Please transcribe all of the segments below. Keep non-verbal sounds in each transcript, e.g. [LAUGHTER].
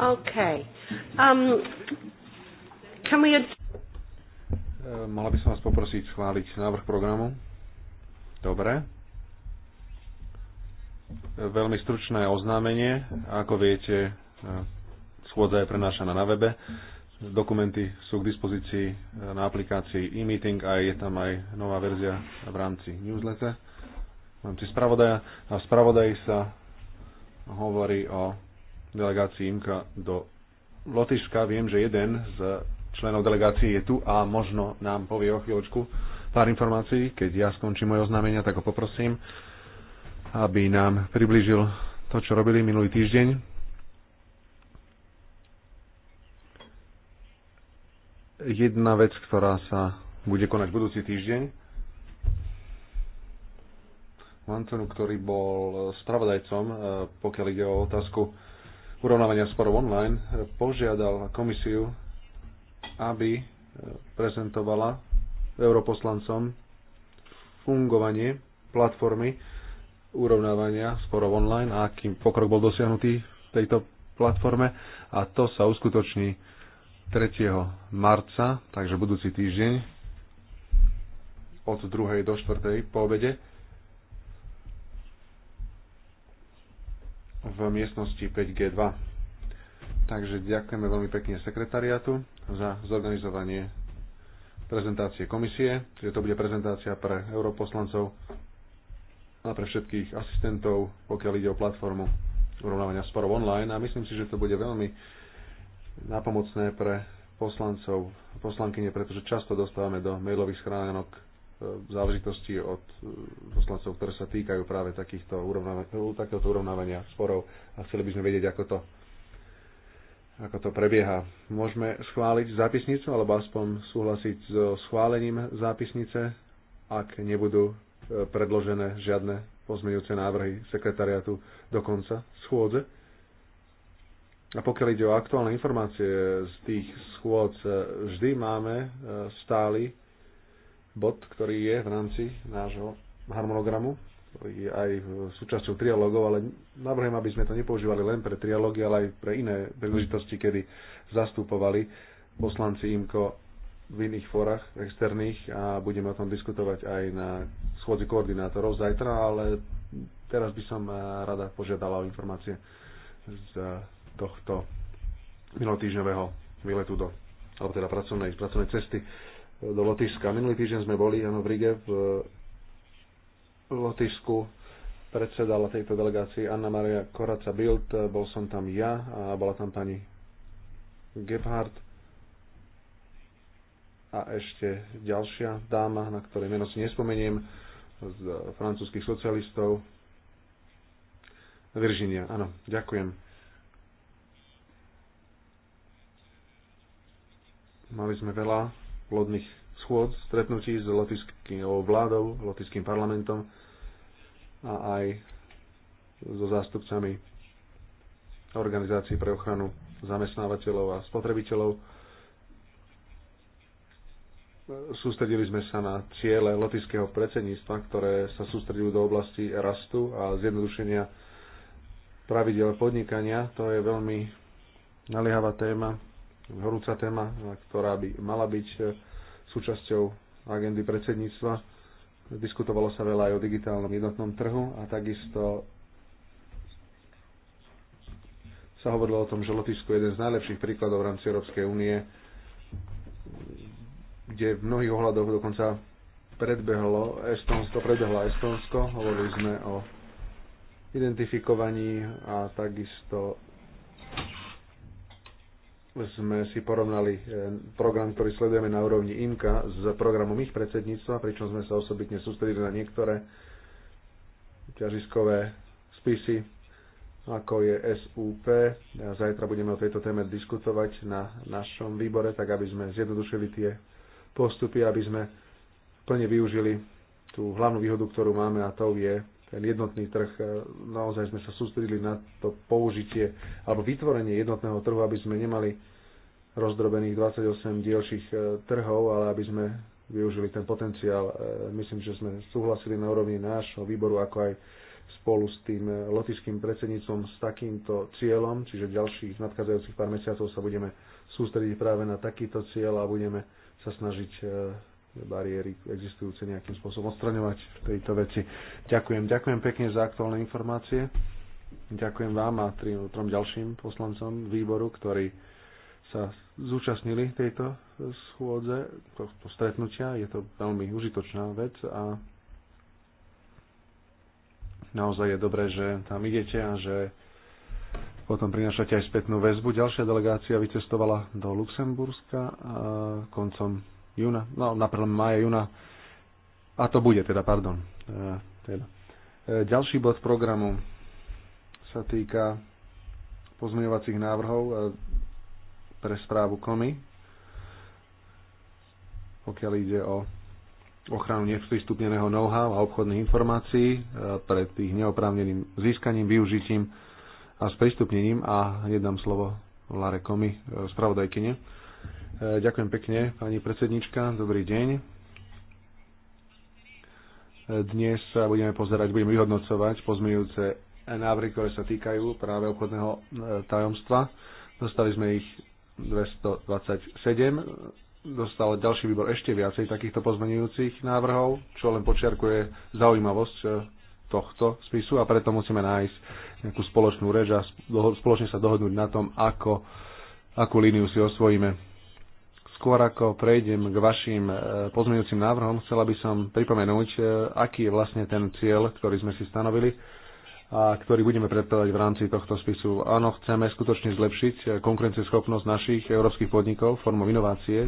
Okay. Um, can we... Eh, mala by som vás poprosiť schváliť návrh programu. Dobre. Eh, veľmi stručné oznámenie. Ako viete, eh, schôdza je prenášaná na webe. Dokumenty sú k dispozícii na aplikácii e-meeting a je tam aj nová verzia v rámci newsletter. V rámci spravodaja. A v spravodaji sa hovorí o delegácii IMKA do Lotyšska. Viem, že jeden z členov delegácie je tu a možno nám povie o chvíľočku pár informácií. Keď ja skončím moje oznámenia, tak ho poprosím, aby nám priblížil to, čo robili minulý týždeň. Jedna vec, ktorá sa bude konať budúci týždeň, Antonu, ktorý bol spravodajcom, eh, pokiaľ ide o otázku urovnávania sporov online eh, požiadal komisiu, aby eh, prezentovala europoslancom fungovanie platformy urovnávania sporov online a aký pokrok bol dosiahnutý v tejto platforme a to sa uskutoční 3. marca, takže budúci týždeň od 2. do 4. po obede v miestnosti 5G2. Takže ďakujeme veľmi pekne sekretariatu za zorganizovanie prezentácie komisie, čiže to bude prezentácia pre europoslancov a pre všetkých asistentov, pokiaľ ide o platformu urovnávania sporov online a myslím si, že to bude veľmi napomocné pre poslancov, poslankyne, pretože často dostávame do mailových schránok záležitosti od e, poslancov, ktoré sa týkajú práve takýchto urovnávania, e, takéhoto urovnávania sporov a chceli by sme vedieť, ako to, ako to prebieha. Môžeme schváliť zápisnicu alebo aspoň súhlasiť so schválením zápisnice, ak nebudú e, predložené žiadne pozmeňujúce návrhy sekretariatu do konca schôdze. A pokiaľ ide o aktuálne informácie z tých schôd, vždy máme stály bod, ktorý je v rámci nášho harmonogramu, ktorý je aj súčasťou trialogov, ale navrhujem, aby sme to nepoužívali len pre trialógy, ale aj pre iné príležitosti, kedy zastupovali poslanci IMKO v iných fórach externých a budeme o tom diskutovať aj na schôdzi koordinátorov zajtra, ale teraz by som eh, rada požiadala o informácie z tohto minulotýžňového výletu do, alebo teda pracovnej, pracovnej cesty do Lotyšska. Minulý týždeň sme boli, ano, v Rige, v Lotyšsku predsedala tejto delegácii Anna Maria Koraca Bild, bol som tam ja a bola tam pani Gebhardt a ešte ďalšia dáma, na ktorej meno si nespomeniem, z francúzských socialistov. Virginia, áno, ďakujem. Mali sme veľa plodných schôd, stretnutí s lotišskou vládou, lotišským parlamentom a aj so zástupcami organizácií pre ochranu zamestnávateľov a spotrebiteľov. Sústredili sme sa na ciele lotišského predsedníctva, ktoré sa sústredujú do oblasti rastu a zjednodušenia pravidel podnikania. To je veľmi naliehavá téma, horúca téma, ktorá by mala byť e, súčasťou agendy predsedníctva. Diskutovalo sa veľa aj o digitálnom jednotnom trhu a takisto sa hovorilo o tom, že Lotyšsko je jeden z najlepších príkladov v rámci Európskej únie, kde v mnohých ohľadoch dokonca predbehlo Estonsko, predbehlo Estonsko, hovorili sme o identifikovaní a takisto sme si porovnali e, program, ktorý sledujeme na úrovni IMKA s programom ich predsedníctva, pričom sme sa osobitne sústredili na niektoré ťažiskové spisy, ako je SUP. zajtra budeme o tejto téme diskutovať na našom výbore, tak aby sme zjednodušili tie postupy, aby sme plne využili tú hlavnú výhodu, ktorú máme a to je ten jednotný trh, e, naozaj sme sa sústredili na to použitie alebo vytvorenie jednotného trhu, aby sme nemali rozdrobených 28 dielších e, trhov, ale aby sme využili ten potenciál. E, myslím, že sme súhlasili na úrovni nášho výboru, ako aj spolu s tým lotišským predsedníctvom s takýmto cieľom, čiže ďalších nadchádzajúcich pár mesiacov sa budeme sústrediť práve na takýto cieľ a budeme sa snažiť bariéry existujúce nejakým spôsobom odstraňovať v tejto veci. Ďakujem, ďakujem pekne za aktuálne informácie. Ďakujem vám a tri trom ďalším poslancom výboru, ktorí sa zúčastnili tejto schôdze, tohto stretnutia. Je to veľmi užitočná vec a naozaj je dobré, že tam idete a že potom prinášate aj spätnú väzbu. Ďalšia delegácia vycestovala do Luxemburska a koncom júna, no na prvom maja, júna, a to bude teda, pardon. E, teda. E, ďalší bod programu sa týka pozmeňovacích návrhov e, pre správu Komy, pokiaľ ide o ochranu nevstupneného know-how a obchodných informácií pred tých neoprávneným získaním, využitím a sprístupnením. A hneď dám slovo Lare Komi, spravodajkyne. E, ďakujem pekne, pani predsednička. Dobrý deň. E, dnes sa budeme pozerať, budeme vyhodnocovať pozmejúce návrhy, ktoré sa týkajú práve obchodného e, tajomstva. Dostali sme ich 227 dostal ďalší výbor ešte viacej takýchto pozmenujúcich návrhov, čo len počiarkuje zaujímavosť tohto spisu a preto musíme nájsť nejakú spoločnú reč a spoločne sa dohodnúť na tom, ako, akú líniu si osvojíme. Skôr ako prejdem k vašim e, pozmeňujúcim návrhom, chcela by som pripomenúť, e, aký je vlastne ten cieľ, ktorý sme si stanovili a ktorý budeme predpovedať v rámci tohto spisu. Áno, chceme skutočne zlepšiť e, konkurencieschopnosť našich európskych podnikov formou inovácie.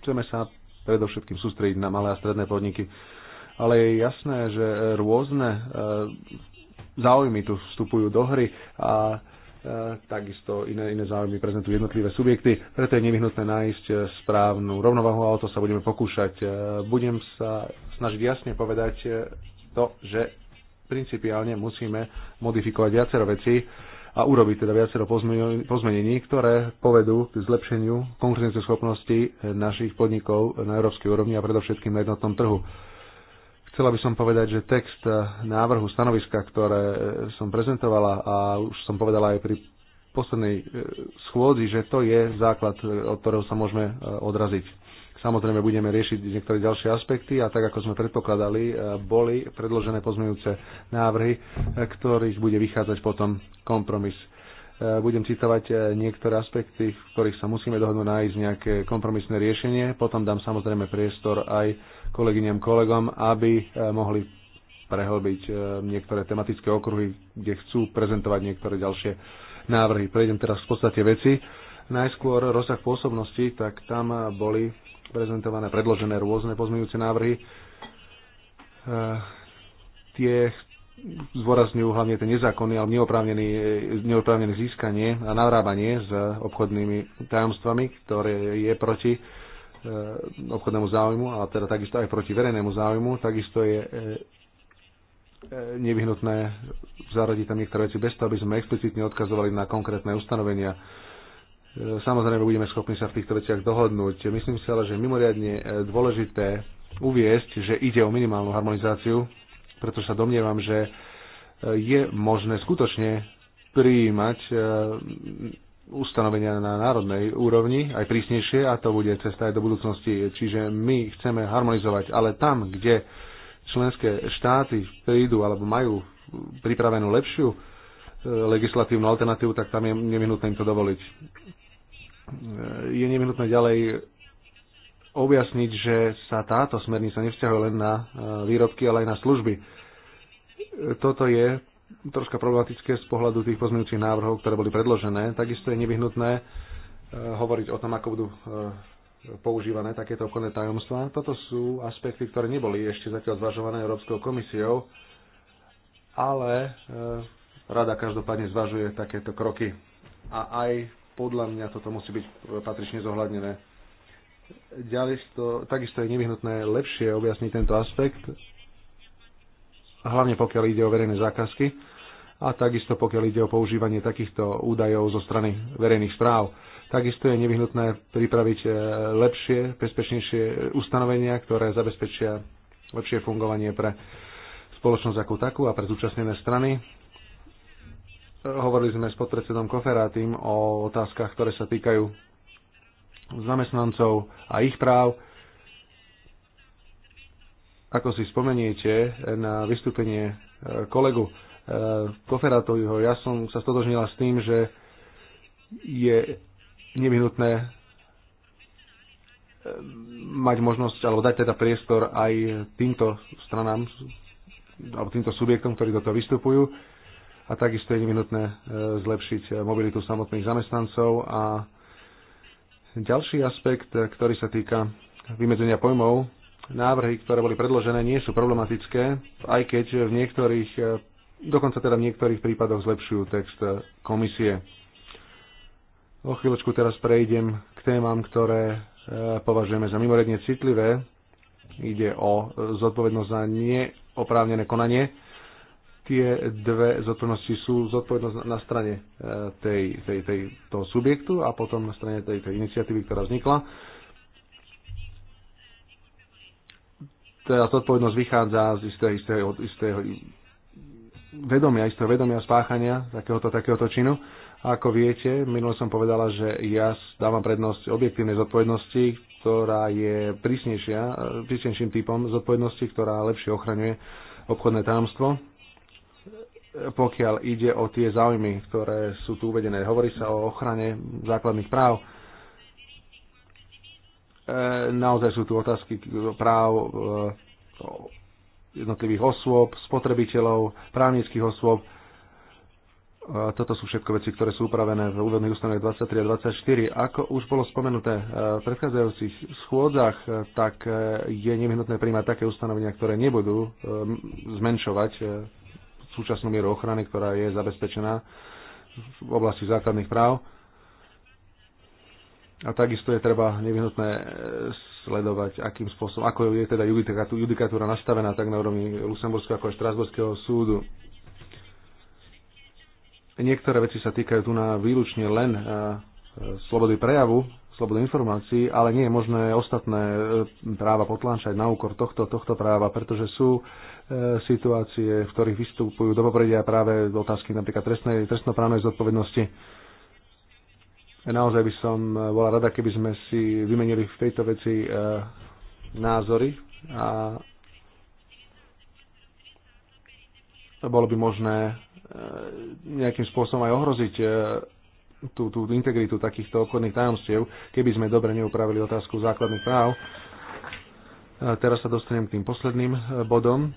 Chceme sa predovšetkým sústrediť na malé a stredné podniky. Ale je jasné, že rôzne záujmy tu vstupujú do hry a takisto iné, iné záujmy prezentujú jednotlivé subjekty, preto je nevyhnutné nájsť eh, správnu rovnovahu a o to sa budeme pokúšať. Eh, budem sa snažiť jasne povedať eh, to, že principiálne musíme modifikovať viacero veci a urobiť teda viacero pozmenení, ktoré povedú k zlepšeniu konkurencieschopnosti našich podnikov na európskej úrovni a predovšetkým na jednotnom trhu Chcela by som povedať, že text návrhu stanoviska, ktoré e, som prezentovala a už som povedala aj pri poslednej e, schôdzi, že to je základ, e, od ktorého sa môžeme odraziť. Samozrejme budeme riešiť niektoré ďalšie aspekty a tak, ako sme predpokladali, boli predložené pozmejúce návrhy, ktorých bude vychádzať potom kompromis. Budem citovať niektoré aspekty, v ktorých sa musíme dohodnúť nájsť nejaké kompromisné riešenie. Potom dám samozrejme priestor aj kolegyňam, kolegom, aby eh, mohli prehlbiť eh, niektoré tematické okruhy, kde chcú prezentovať niektoré ďalšie návrhy. Prejdem teraz v podstate veci. Najskôr rozsah pôsobnosti, tak tam boli prezentované, predložené rôzne pozmeňujúce návrhy. Eh, tie zdôrazňujú hlavne ten nezákonný ale neoprávnený, neoprávnené získanie a narábanie s obchodnými tajomstvami, ktoré je proti E, obchodnému záujmu a teda takisto aj proti verejnému záujmu, takisto je e, e, nevyhnutné zaradiť tam niektoré veci bez toho, aby sme explicitne odkazovali na konkrétne ustanovenia. Samozrejme, budeme schopní sa v týchto veciach dohodnúť. Myslím si ale, že je mimoriadne dôležité uviesť, že ide o minimálnu harmonizáciu, pretože sa domnievam, že je možné skutočne prijímať ustanovenia na národnej úrovni, aj prísnejšie, a to bude cesta aj do budúcnosti. Čiže my chceme harmonizovať, ale tam, kde členské štáty prídu alebo majú pripravenú lepšiu e, legislatívnu alternatívu, tak tam je nevyhnutné im to dovoliť. E, je nevyhnutné ďalej objasniť, že sa táto smernica nevzťahuje len na e, výrobky, ale aj na služby. Toto je troška problematické z pohľadu tých pozmeňujúcich návrhov, ktoré boli predložené. Takisto je nevyhnutné e, hovoriť o tom, ako budú e, používané takéto obchodné tajomstvá. Toto sú aspekty, ktoré neboli ešte zatiaľ zvažované Európskou komisiou, ale e, rada každopádne zvažuje takéto kroky. A aj podľa mňa toto musí byť patrične zohľadnené. Ďalej to, takisto je nevyhnutné lepšie objasniť tento aspekt hlavne pokiaľ ide o verejné zákazky a takisto pokiaľ ide o používanie takýchto údajov zo strany verejných správ. Takisto je nevyhnutné pripraviť e, lepšie, bezpečnejšie ustanovenia, ktoré zabezpečia lepšie fungovanie pre spoločnosť ako takú a pre zúčastnené strany. E, hovorili sme s podpredsedom tým o otázkach, ktoré sa týkajú zamestnancov a ich práv ako si spomeniete na vystúpenie e, kolegu e, Koferátovho, ja som sa stotožnila s tým, že je nevyhnutné e, mať možnosť, alebo dať teda priestor aj týmto stranám, alebo týmto subjektom, ktorí do toho vystupujú. A takisto je nevyhnutné zlepšiť mobilitu samotných zamestnancov. A ďalší aspekt, ktorý sa týka vymedzenia pojmov, návrhy, ktoré boli predložené, nie sú problematické, aj keď v niektorých, e, dokonca teda v niektorých prípadoch zlepšujú text e, komisie. O chvíľočku teraz prejdem k témam, ktoré e, považujeme za mimoriadne citlivé. Ide o zodpovednosť za neoprávnené konanie. Tie dve zodpovednosti sú zodpovednosť na strane tej, tej, tej, toho subjektu a potom na strane tej, tej iniciatívy, ktorá vznikla Teda zodpovednosť vychádza z istého, istého, istého vedomia, istého vedomia spáchania takéhoto, takéhoto činu. A ako viete, minule som povedala, že ja dávam prednosť objektívnej zodpovednosti, ktorá je prísnejšia, prísnejším typom zodpovednosti, ktorá lepšie ochraňuje obchodné tajomstvo pokiaľ ide o tie záujmy, ktoré sú tu uvedené. Hovorí sa o ochrane základných práv E, naozaj sú tu otázky práv e, jednotlivých osôb, spotrebiteľov, právnických osôb. E, toto sú všetko veci, ktoré sú upravené v úvodných ustanovách 23 a 24. Ako už bolo spomenuté v predchádzajúcich schôdzach, tak je nevyhnutné príjmať také ustanovenia, ktoré nebudú zmenšovať súčasnú mieru ochrany, ktorá je zabezpečená v oblasti základných práv a takisto je treba nevyhnutné e, sledovať, akým spôsobom, ako je teda judikatúra nastavená tak na úrovni Luxemburského ako aj Štrasburského súdu. Niektoré veci sa týkajú tu na výlučne len e, slobody prejavu, slobody informácií, ale nie je možné ostatné e, práva potláčať na úkor tohto, tohto práva, pretože sú situácie, v ktorých vystupujú do popredia práve otázky napríklad trestnej, trestnoprávnej zodpovednosti Naozaj by som e, bola rada, keby sme si vymenili v tejto veci e, názory a bolo by možné e, nejakým spôsobom aj ohroziť tú, tú integritu takýchto obchodných tajomstiev, keby sme dobre neupravili otázku základných práv. Teraz sa dostanem k tým posledným bodom.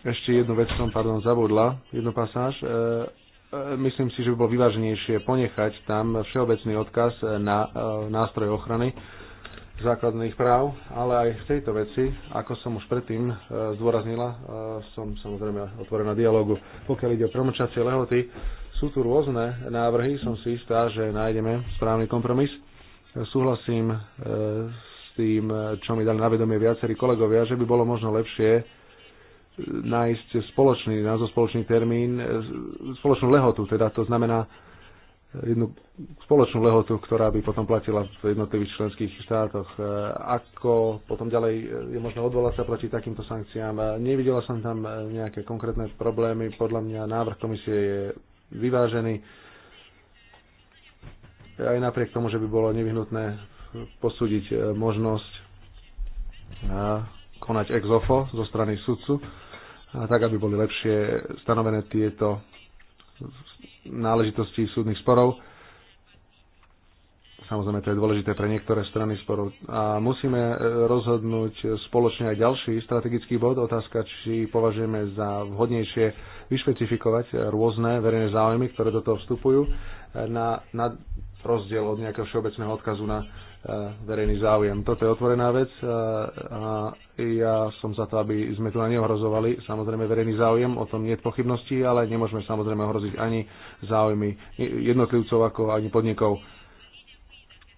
Ešte jednu vec som, pardon, zabudla, jednu pasáž. E, myslím si, že by bolo vyváženejšie ponechať tam všeobecný odkaz na e, nástroj ochrany základných práv, ale aj v tejto veci, ako som už predtým e, zdôraznila, som samozrejme otvorená dialogu. Pokiaľ ide o promočacie lehoty, sú tu rôzne návrhy, som si istá, že nájdeme správny kompromis. Súhlasím s tým, čo mi dali na vedomie viacerí kolegovia, že by bolo možno lepšie nájsť spoločný názov, spoločný termín, e, spoločnú lehotu, teda to znamená jednu spoločnú lehotu, ktorá by potom platila v jednotlivých členských štátoch. E, ako potom ďalej e, je možné odvolať sa proti takýmto sankciám? Nevidela som tam nejaké konkrétne problémy. Podľa mňa návrh komisie je vyvážený. Aj napriek tomu, že by bolo nevyhnutné posúdiť možnosť konať ex ofo zo strany sudcu a tak, aby boli lepšie stanovené tieto náležitosti súdnych sporov. Samozrejme, to je dôležité pre niektoré strany sporov. A musíme e, rozhodnúť spoločne aj ďalší strategický bod. Otázka, či považujeme za vhodnejšie vyšpecifikovať rôzne verejné záujmy, ktoré do toho vstupujú, e, na, na rozdiel od nejakého všeobecného odkazu na verejný záujem. Toto je otvorená vec a ja som za to, aby sme tu neohrozovali samozrejme verejný záujem, o tom nie je pochybnosti, ale nemôžeme samozrejme ohroziť ani záujmy jednotlivcov ako ani podnikov.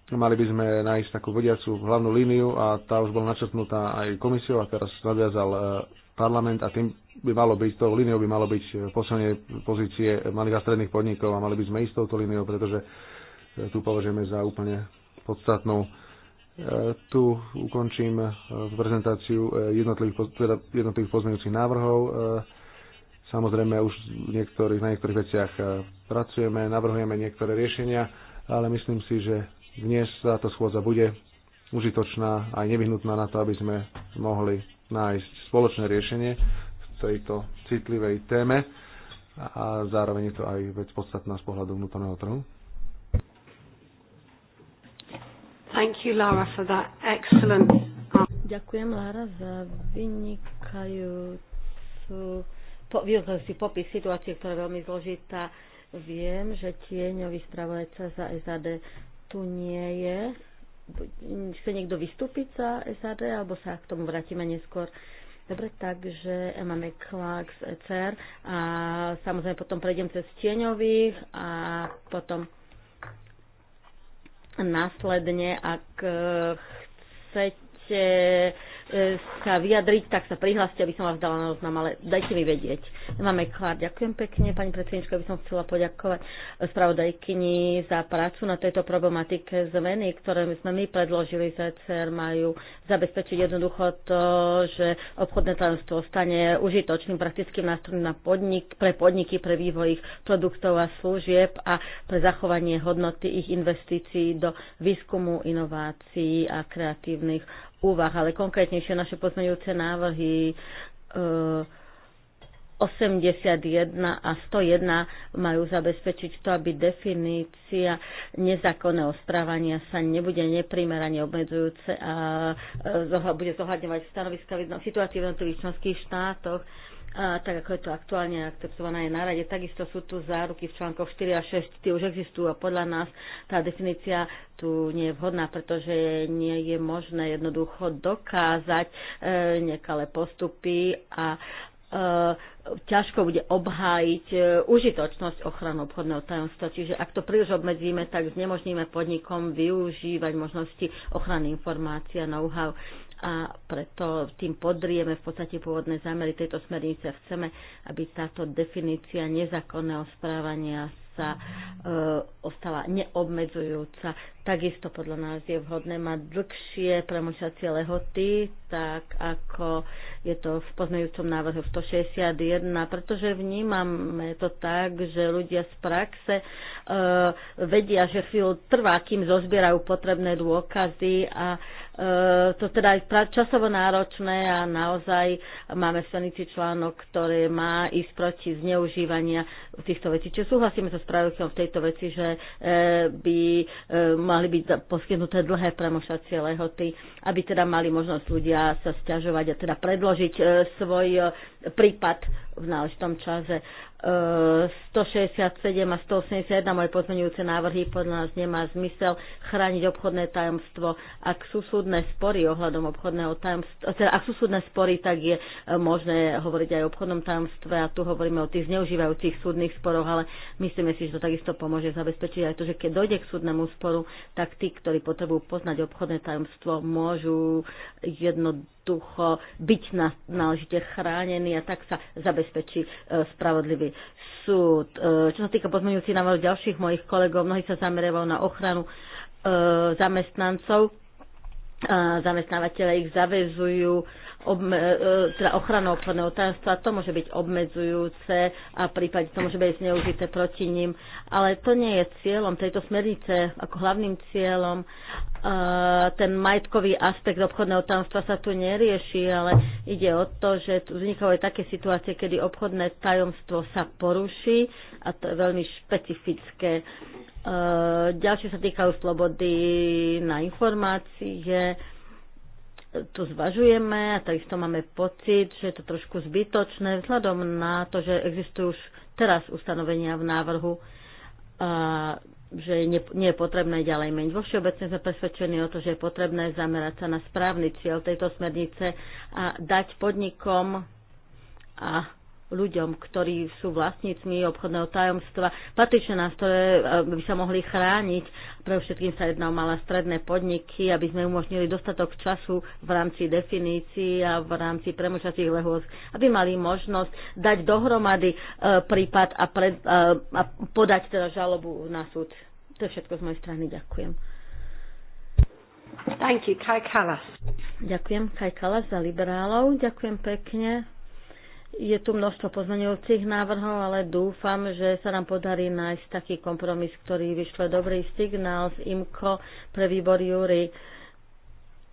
Mali by sme nájsť takú vodiacu hlavnú líniu a tá už bola načrtnutá aj komisiou a teraz nadviazal e, parlament a tým by malo byť, tou líniou by malo byť posilnenie pozície malých a stredných podnikov a mali by sme ísť touto líniou, pretože e, tu považujeme za úplne podstatnou. E, tu ukončím e, prezentáciu e, jednotlivých, teda jednotlivých pozmeňujúcich návrhov. Samozrejme, už v niektorých, na niektorých veciach pracujeme, navrhujeme niektoré riešenia, ale myslím si, že dnes táto schôdza bude užitočná aj nevyhnutná na to, aby sme mohli nájsť spoločné riešenie v tejto citlivej téme a zároveň je to aj vec podstatná z pohľadu vnútorného trhu. Thank you, Lara, for that excellent... Ďakujem, Lara, za vynikajúcu po, si popis situácie, ktorá je veľmi zložitá. Viem, že tieňový spravodajca za SAD tu nie je. Chce niekto vystúpiť za SAD, alebo sa k tomu vrátime neskôr? Dobre, takže máme Clark z ECR a samozrejme potom prejdem cez tieňových a potom Následne, ak eh, chcete E, sa vyjadriť, tak sa prihláste, aby som vás dala na oznam, ale dajte mi vedieť. Máme Klár, ďakujem pekne, pani predsednička, by som chcela poďakovať spravodajkyni za prácu na tejto problematike zmeny, ktoré sme my predložili za CR, er majú zabezpečiť jednoducho to, že obchodné tajomstvo stane užitočným praktickým nástrojom na podnik, pre podniky, pre vývoj ich produktov a služieb a pre zachovanie hodnoty ich investícií do výskumu, inovácií a kreatívnych úvah, ale konkrétnejšie naše pozmeňujúce návrhy 81 e, a 101 majú zabezpečiť to, aby definícia nezákonného správania sa nebude neprimerane obmedzujúce a e, bude zohľadňovať stanoviska v situácii v jednotlivých členských štátoch tak ako je to aktuálne akceptované aj na rade. Takisto sú tu záruky v článkoch 4 a 6, tie už existujú a podľa nás tá definícia tu nie je vhodná, pretože nie je možné jednoducho dokázať e, nekalé postupy a e, ťažko bude obhájiť e, užitočnosť ochranu obchodného tajomstva. Čiže ak to príliš obmedzíme, tak znemožníme podnikom využívať možnosti ochrany informácií a know-how a preto tým podrieme v podstate pôvodné zámery tejto smernice. Chceme, aby táto definícia nezákonného správania sa e, ostala neobmedzujúca. Takisto podľa nás je vhodné mať dlhšie premočacie lehoty, tak ako je to v poznajúcom návrhu 161, pretože vnímame to tak, že ľudia z praxe e, vedia, že chvíľu trvá, kým zozbierajú potrebné dôkazy a e, E, to teda je časovo náročné a naozaj máme v stanici článok, ktorý má ísť proti zneužívania týchto vecí. Čiže súhlasíme so spravodajcom v tejto veci, že e, by e, mali byť poskytnuté dlhé premošacie lehoty, aby teda mali možnosť ľudia sa stiažovať a teda predložiť svoj prípad v náležitom čase. 167 a 181 moje pozmeňujúce návrhy podľa nás nemá zmysel chrániť obchodné tajomstvo. Ak sú súdne spory ohľadom obchodného tajomstva, teda ak sú súdne spory, tak je e, možné hovoriť aj o obchodnom tajomstve a tu hovoríme o tých zneužívajúcich súdnych sporoch, ale myslíme si, že to takisto pomôže zabezpečiť aj to, že keď dojde k súdnemu sporu, tak tí, ktorí potrebujú poznať obchodné tajomstvo, môžu jednoducho byť náležite chránení a tak sa zabezpečí e, spravodlivý sú, e, Čo sa týka pozmeňujúcich návrhov ďalších mojich kolegov, mnohí sa zameriavajú na ochranu e, zamestnancov. E, zamestnávateľe ich zavezujú obme, e, teda ochranu obchodného tajomstva, to môže byť obmedzujúce a v prípade to môže byť zneužité proti ním. Ale to nie je cieľom tejto smernice, ako hlavným cieľom e, ten majetkový aspekt obchodného tajomstva sa tu nerieši, ale ide o to, že tu vznikajú aj také situácie, kedy obchodné tajomstvo sa poruší a to je veľmi špecifické. E, ďalšie sa týkajú slobody na informácie, to zvažujeme a takisto máme pocit, že je to trošku zbytočné vzhľadom na to, že existujú už teraz ustanovenia v návrhu, a, že nie, nie je potrebné ďalej meniť. Vo všeobecne sme presvedčení o to, že je potrebné zamerať sa na správny cieľ tejto smernice a dať podnikom a ľuďom, ktorí sú vlastníkmi obchodného tajomstva, patričné nástroje eh, aby sa mohli chrániť. Pre všetkým sa jedná o malé stredné podniky, aby sme umožnili dostatok času v rámci definícií a v rámci premočacích lehôz, aby mali možnosť dať dohromady eh, prípad a, e, a podať teda žalobu na súd. To je všetko z mojej strany. Ďakujem. Thank you, Kai Kalas. Ďakujem Kaj Kalas za liberálov. Ďakujem pekne je tu množstvo poznaňujúcich návrhov, ale dúfam, že sa nám podarí nájsť taký kompromis, ktorý vyšle dobrý signál z IMKO pre výbor Júry,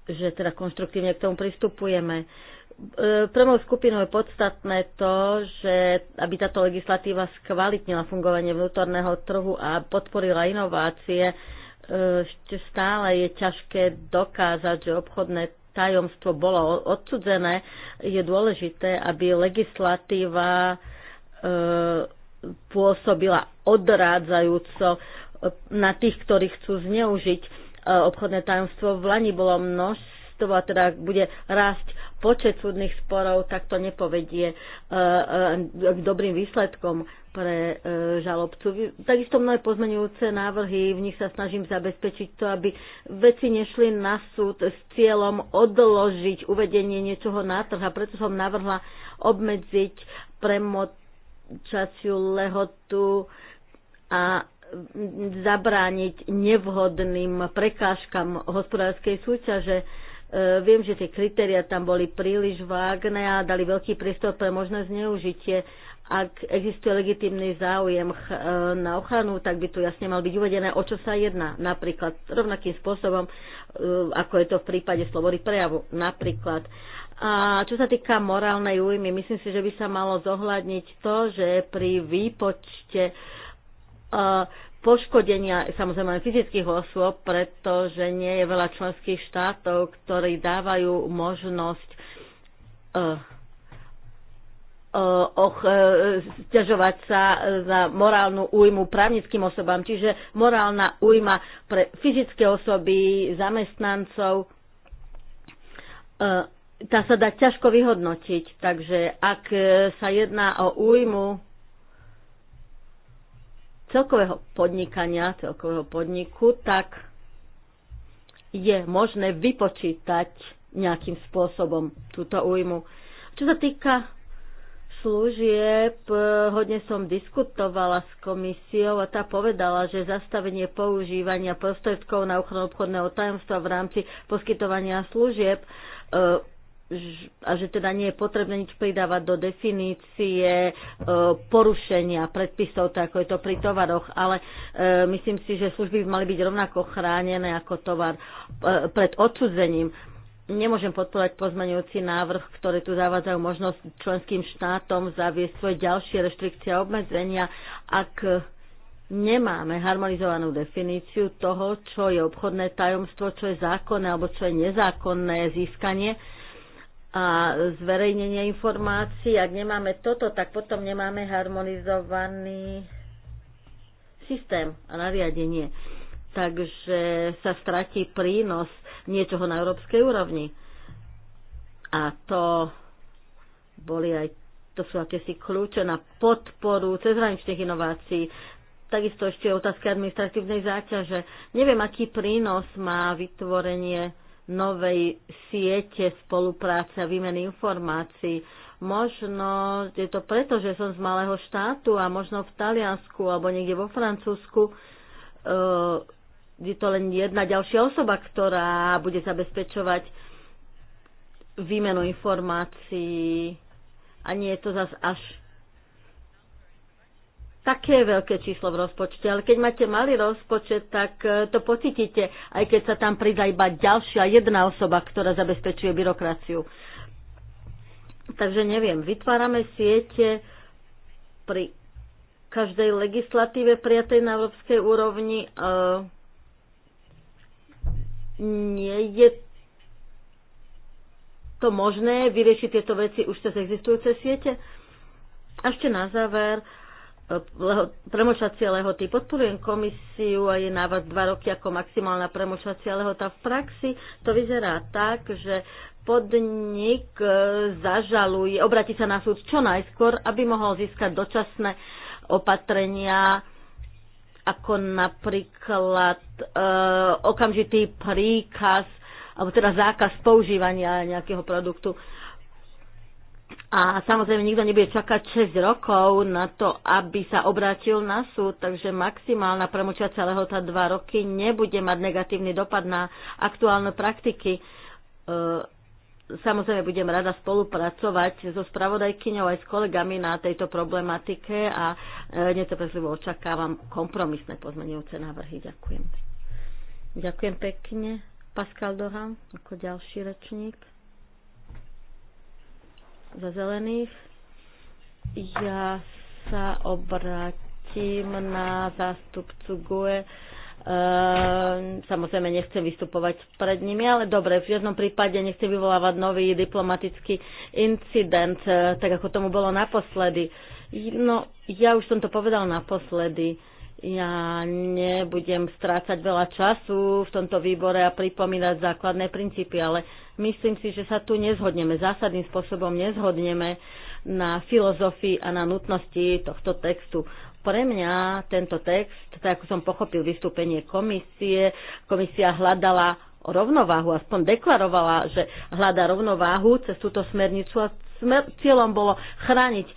že teda konštruktívne k tomu pristupujeme. E, pre moju skupinu je podstatné to, že aby táto legislatíva skvalitnila fungovanie vnútorného trhu a podporila inovácie, e, ešte stále je ťažké dokázať, že obchodné tajomstvo bolo odsudzené, je dôležité, aby legislatíva e, pôsobila odrádzajúco e, na tých, ktorí chcú zneužiť e, obchodné tajomstvo. V Lani bolo množstvo, a teda bude rásť počet súdnych sporov, tak to nepovedie e, e, k dobrým výsledkom pre e, žalobcu. Takisto mnohé pozmenujúce návrhy, v nich sa snažím zabezpečiť to, aby veci nešli na súd s cieľom odložiť uvedenie niečoho na trh a preto som navrhla obmedziť premočaciu lehotu a zabrániť nevhodným prekážkam hospodárskej súťaže E, viem, že tie kritéria tam boli príliš vágne a dali veľký priestor pre možné zneužitie. Ak existuje legitímny záujem e, na ochranu, tak by tu jasne mal byť uvedené, o čo sa jedná. Napríklad rovnakým spôsobom, e, ako je to v prípade slobody prejavu. Napríklad a čo sa týka morálnej újmy, myslím si, že by sa malo zohľadniť to, že pri výpočte poškodenia samozrejme fyzických osôb, pretože nie je veľa členských štátov, ktorí dávajú možnosť eh, eh, eh, stiažovať sa za morálnu újmu právnickým osobám, čiže morálna újma pre fyzické osoby, zamestnancov. Tá sa dá ťažko vyhodnotiť, takže ak sa jedná o újmu celkového podnikania, celkového podniku, tak je možné vypočítať nejakým spôsobom túto újmu. Čo sa týka služieb, hodne som diskutovala s komisiou a tá povedala, že zastavenie používania prostriedkov na ochranu obchodného tajomstva v rámci poskytovania služieb e, a že teda nie je potrebné nič pridávať do definície e, porušenia predpisov, tak ako je to pri tovaroch, ale e, myslím si, že služby by mali byť rovnako chránené ako tovar e, pred odsudzením. Nemôžem podporovať pozmeňujúci návrh, ktoré tu zavádzajú možnosť členským štátom zaviesť svoje ďalšie reštrikcie a obmedzenia, ak nemáme harmonizovanú definíciu toho, čo je obchodné tajomstvo, čo je zákonné alebo čo je nezákonné získanie a zverejnenie informácií. Ak nemáme toto, tak potom nemáme harmonizovaný systém a nariadenie. Takže sa stratí prínos niečoho na európskej úrovni. A to boli aj to sú akési kľúče na podporu cezhraničných inovácií. Takisto ešte otázka administratívnej záťaže. Neviem, aký prínos má vytvorenie novej siete spolupráce a výmeny informácií. Možno je to preto, že som z malého štátu a možno v Taliansku alebo niekde vo Francúzsku e, je to len jedna ďalšia osoba, ktorá bude zabezpečovať výmenu informácií a nie je to zase až také veľké číslo v rozpočte, ale keď máte malý rozpočet, tak e, to pocítite, aj keď sa tam pridá iba ďalšia jedna osoba, ktorá zabezpečuje byrokraciu. Takže neviem, vytvárame siete pri každej legislatíve prijatej na európskej úrovni. Nie je to možné vyriešiť tieto veci už cez existujúce siete? A ešte na záver, uh, premočacie lehoty. Podporujem komisiu a je na vás dva roky ako maximálna premočacia lehota. V praxi to vyzerá tak, že podnik e, zažaluje, obratí sa na súd čo najskôr, aby mohol získať dočasné opatrenia, ako napríklad e, okamžitý príkaz alebo teda zákaz používania nejakého produktu. A samozrejme, nikto nebude čakať 6 rokov na to, aby sa obrátil na súd, takže maximálna premočiaca lehota 2 roky nebude mať negatívny dopad na aktuálne praktiky. E, samozrejme, budem rada spolupracovať so spravodajkyňou aj s kolegami na tejto problematike a e, netrpezlivo očakávam kompromisné pozmenujúce návrhy. Ďakujem. Ďakujem pekne. Pascal Dohan ako ďalší rečník za zelených. Ja sa obrátim na zástupcu GUE. Ehm, samozrejme nechcem vystupovať pred nimi, ale dobre, v jednom prípade nechcem vyvolávať nový diplomatický incident, e, tak ako tomu bolo naposledy. No, ja už som to povedal naposledy. Ja nebudem strácať veľa času v tomto výbore a pripomínať základné princípy, ale Myslím si, že sa tu nezhodneme, zásadným spôsobom nezhodneme na filozofii a na nutnosti tohto textu. Pre mňa tento text, tak ako som pochopil vystúpenie komisie, komisia hľadala rovnováhu, aspoň deklarovala, že hľada rovnováhu cez túto smernicu a cieľom bolo chrániť e,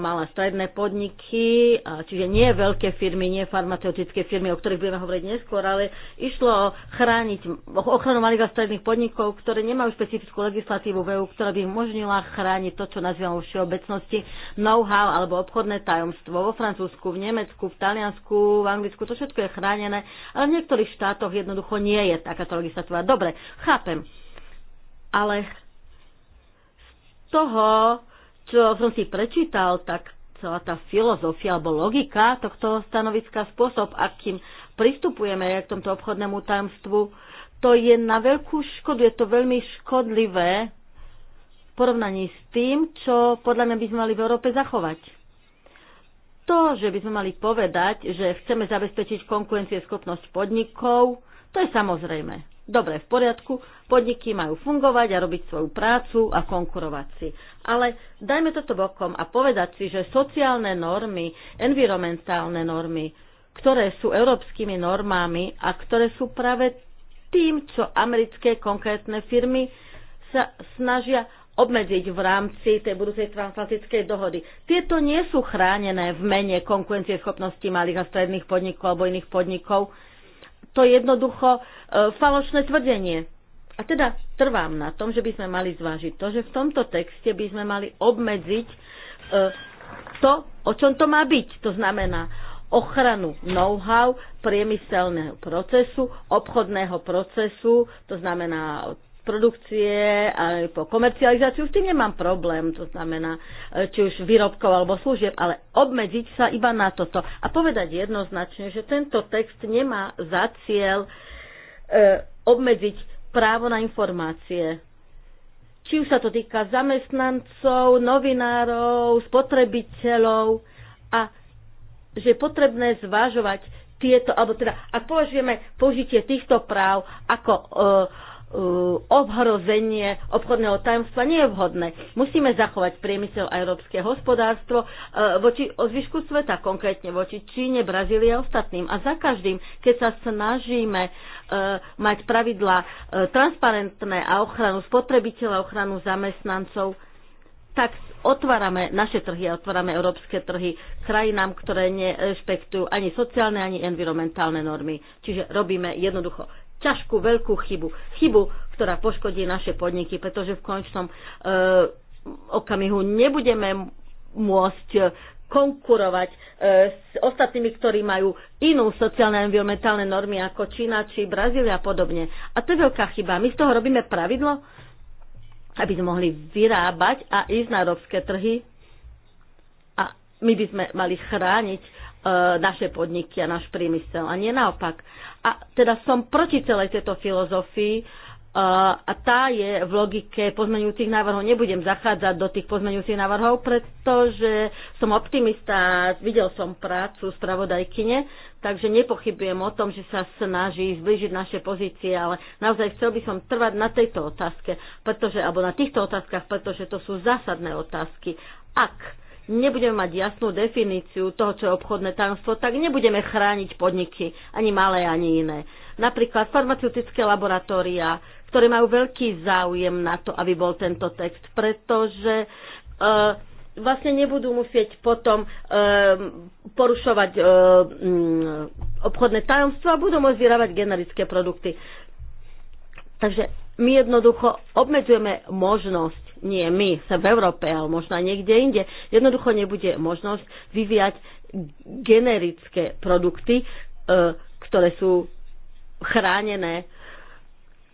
malé stredné podniky, a čiže nie veľké firmy, nie farmaceutické firmy, o ktorých budeme hovoriť neskôr, ale išlo o chrániť ochranu malých a stredných podnikov, ktoré nemajú špecifickú legislatívu v EU, ktorá by umožnila chrániť to, čo nazývame vo všeobecnosti know-how alebo obchodné tajomstvo vo Francúzsku, v Nemecku, v Taliansku, v Anglicku, to všetko je chránené, ale v niektorých štátoch jednoducho nie je takáto legislatíva. Dobre, chápem. Ale toho, čo som si prečítal, tak celá tá filozofia alebo logika tohto stanoviska, spôsob, akým pristupujeme k tomto obchodnému tajomstvu, to je na veľkú škodu, je to veľmi škodlivé v porovnaní s tým, čo podľa mňa by sme mali v Európe zachovať. To, že by sme mali povedať, že chceme zabezpečiť konkurencieschopnosť podnikov, to je samozrejme Dobre, v poriadku, podniky majú fungovať a robiť svoju prácu a konkurovať si. Ale dajme toto bokom a povedať si, že sociálne normy, environmentálne normy, ktoré sú európskymi normami a ktoré sú práve tým, čo americké konkrétne firmy sa snažia obmedziť v rámci tej budúcej transatlantickej dohody. Tieto nie sú chránené v mene konkurencieschopnosti malých a stredných podnikov alebo iných podnikov, to je jednoducho e, falošné tvrdenie. A teda trvám na tom, že by sme mali zvážiť to, že v tomto texte by sme mali obmedziť e, to, o čom to má byť. To znamená ochranu know-how, priemyselného procesu, obchodného procesu, to znamená produkcie aj po komercializáciu, s tým nemám problém, to znamená, e, či už výrobkov alebo služieb, ale obmedziť sa iba na toto a povedať jednoznačne, že tento text nemá za cieľ e, obmedziť právo na informácie. Či už sa to týka zamestnancov, novinárov, spotrebiteľov a že je potrebné zvažovať tieto, alebo teda, ak považujeme použitie týchto práv ako e, Eh, obhrozenie obchodného tajomstva nie je vhodné. Musíme zachovať priemysel a európske hospodárstvo eh, voči zvyšku sveta, konkrétne voči Číne, Brazílii a ostatným. A za každým, keď sa snažíme eh, mať pravidlá transparentné a ochranu spotrebiteľa, ochranu zamestnancov, tak otvárame naše trhy a otvárame európske trhy krajinám, ktoré nerešpektujú ani sociálne, ani environmentálne normy. Čiže robíme jednoducho ťažkú, veľkú chybu. Chybu, ktorá poškodí naše podniky, pretože v končnom e, eh, okamihu nebudeme môcť eh, konkurovať e, s ostatnými, ktorí majú inú sociálne a environmentálne normy ako Čína či Brazília a podobne. A to je veľká chyba. My z toho robíme pravidlo, aby sme mohli vyrábať a ísť na európske trhy. A my by sme mali chrániť E, naše podniky a náš priemysel a nie naopak. A teda som proti celej tejto filozofii, e, a tá je v logike pozmeňujúcich návrhov. Nebudem zachádzať do tých pozmeňujúcich návrhov, pretože som optimista, videl som prácu spravodajkyne, takže nepochybujem o tom, že sa snaží zbližiť naše pozície, ale naozaj chcel by som trvať na tejto otázke, pretože, alebo na týchto otázkach, pretože to sú zásadné otázky. Ak nebudeme mať jasnú definíciu toho, čo je obchodné tajomstvo, tak nebudeme chrániť podniky, ani malé, ani iné. Napríklad farmaceutické laboratória, ktoré majú veľký záujem na to, aby bol tento text, pretože e, vlastne nebudú musieť potom e, porušovať e, m, obchodné tajomstvo a budú môcť vyrábať generické produkty. Takže my jednoducho obmedzujeme možnosť, nie my, sa v Európe, ale možno aj niekde inde, jednoducho nebude možnosť vyvíjať generické produkty, e, ktoré sú chránené.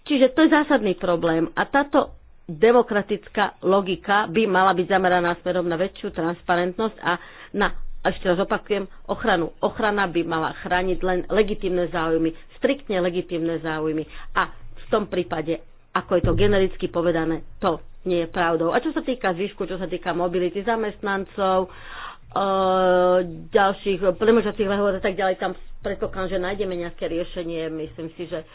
Čiže to je zásadný problém a táto demokratická logika by mala byť zameraná smerom na väčšiu transparentnosť a na a ešte raz opakujem, ochranu. Ochrana by mala chrániť len legitimné záujmy, striktne legitimné záujmy. A v tom prípade ako je to genericky povedané, to nie je pravdou. A čo sa týka zvyšku, čo sa týka mobility zamestnancov, e, ďalších premožacích lehôd a tak ďalej, tam predpokladám, že nájdeme nejaké riešenie. Myslím si, že e,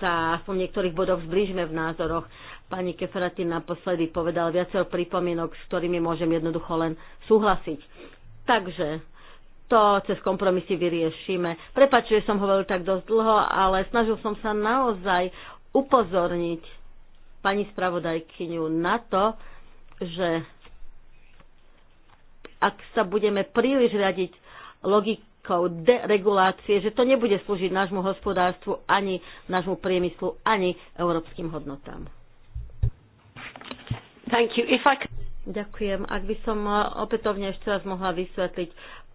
sa v niektorých bodoch zblížime v názoroch. Pani Keferati naposledy povedal viacero pripomienok, s ktorými môžem jednoducho len súhlasiť. Takže to cez kompromisy vyriešime. Prepač, že som hovoril tak dosť dlho, ale snažil som sa naozaj upozorniť pani spravodajkyňu na to, že ak sa budeme príliš riadiť logikou deregulácie, že to nebude slúžiť nášmu hospodárstvu, ani nášmu priemyslu, ani európskym hodnotám. Thank you. If I Ďakujem. Ak by som opätovne ešte raz mohla vysvetliť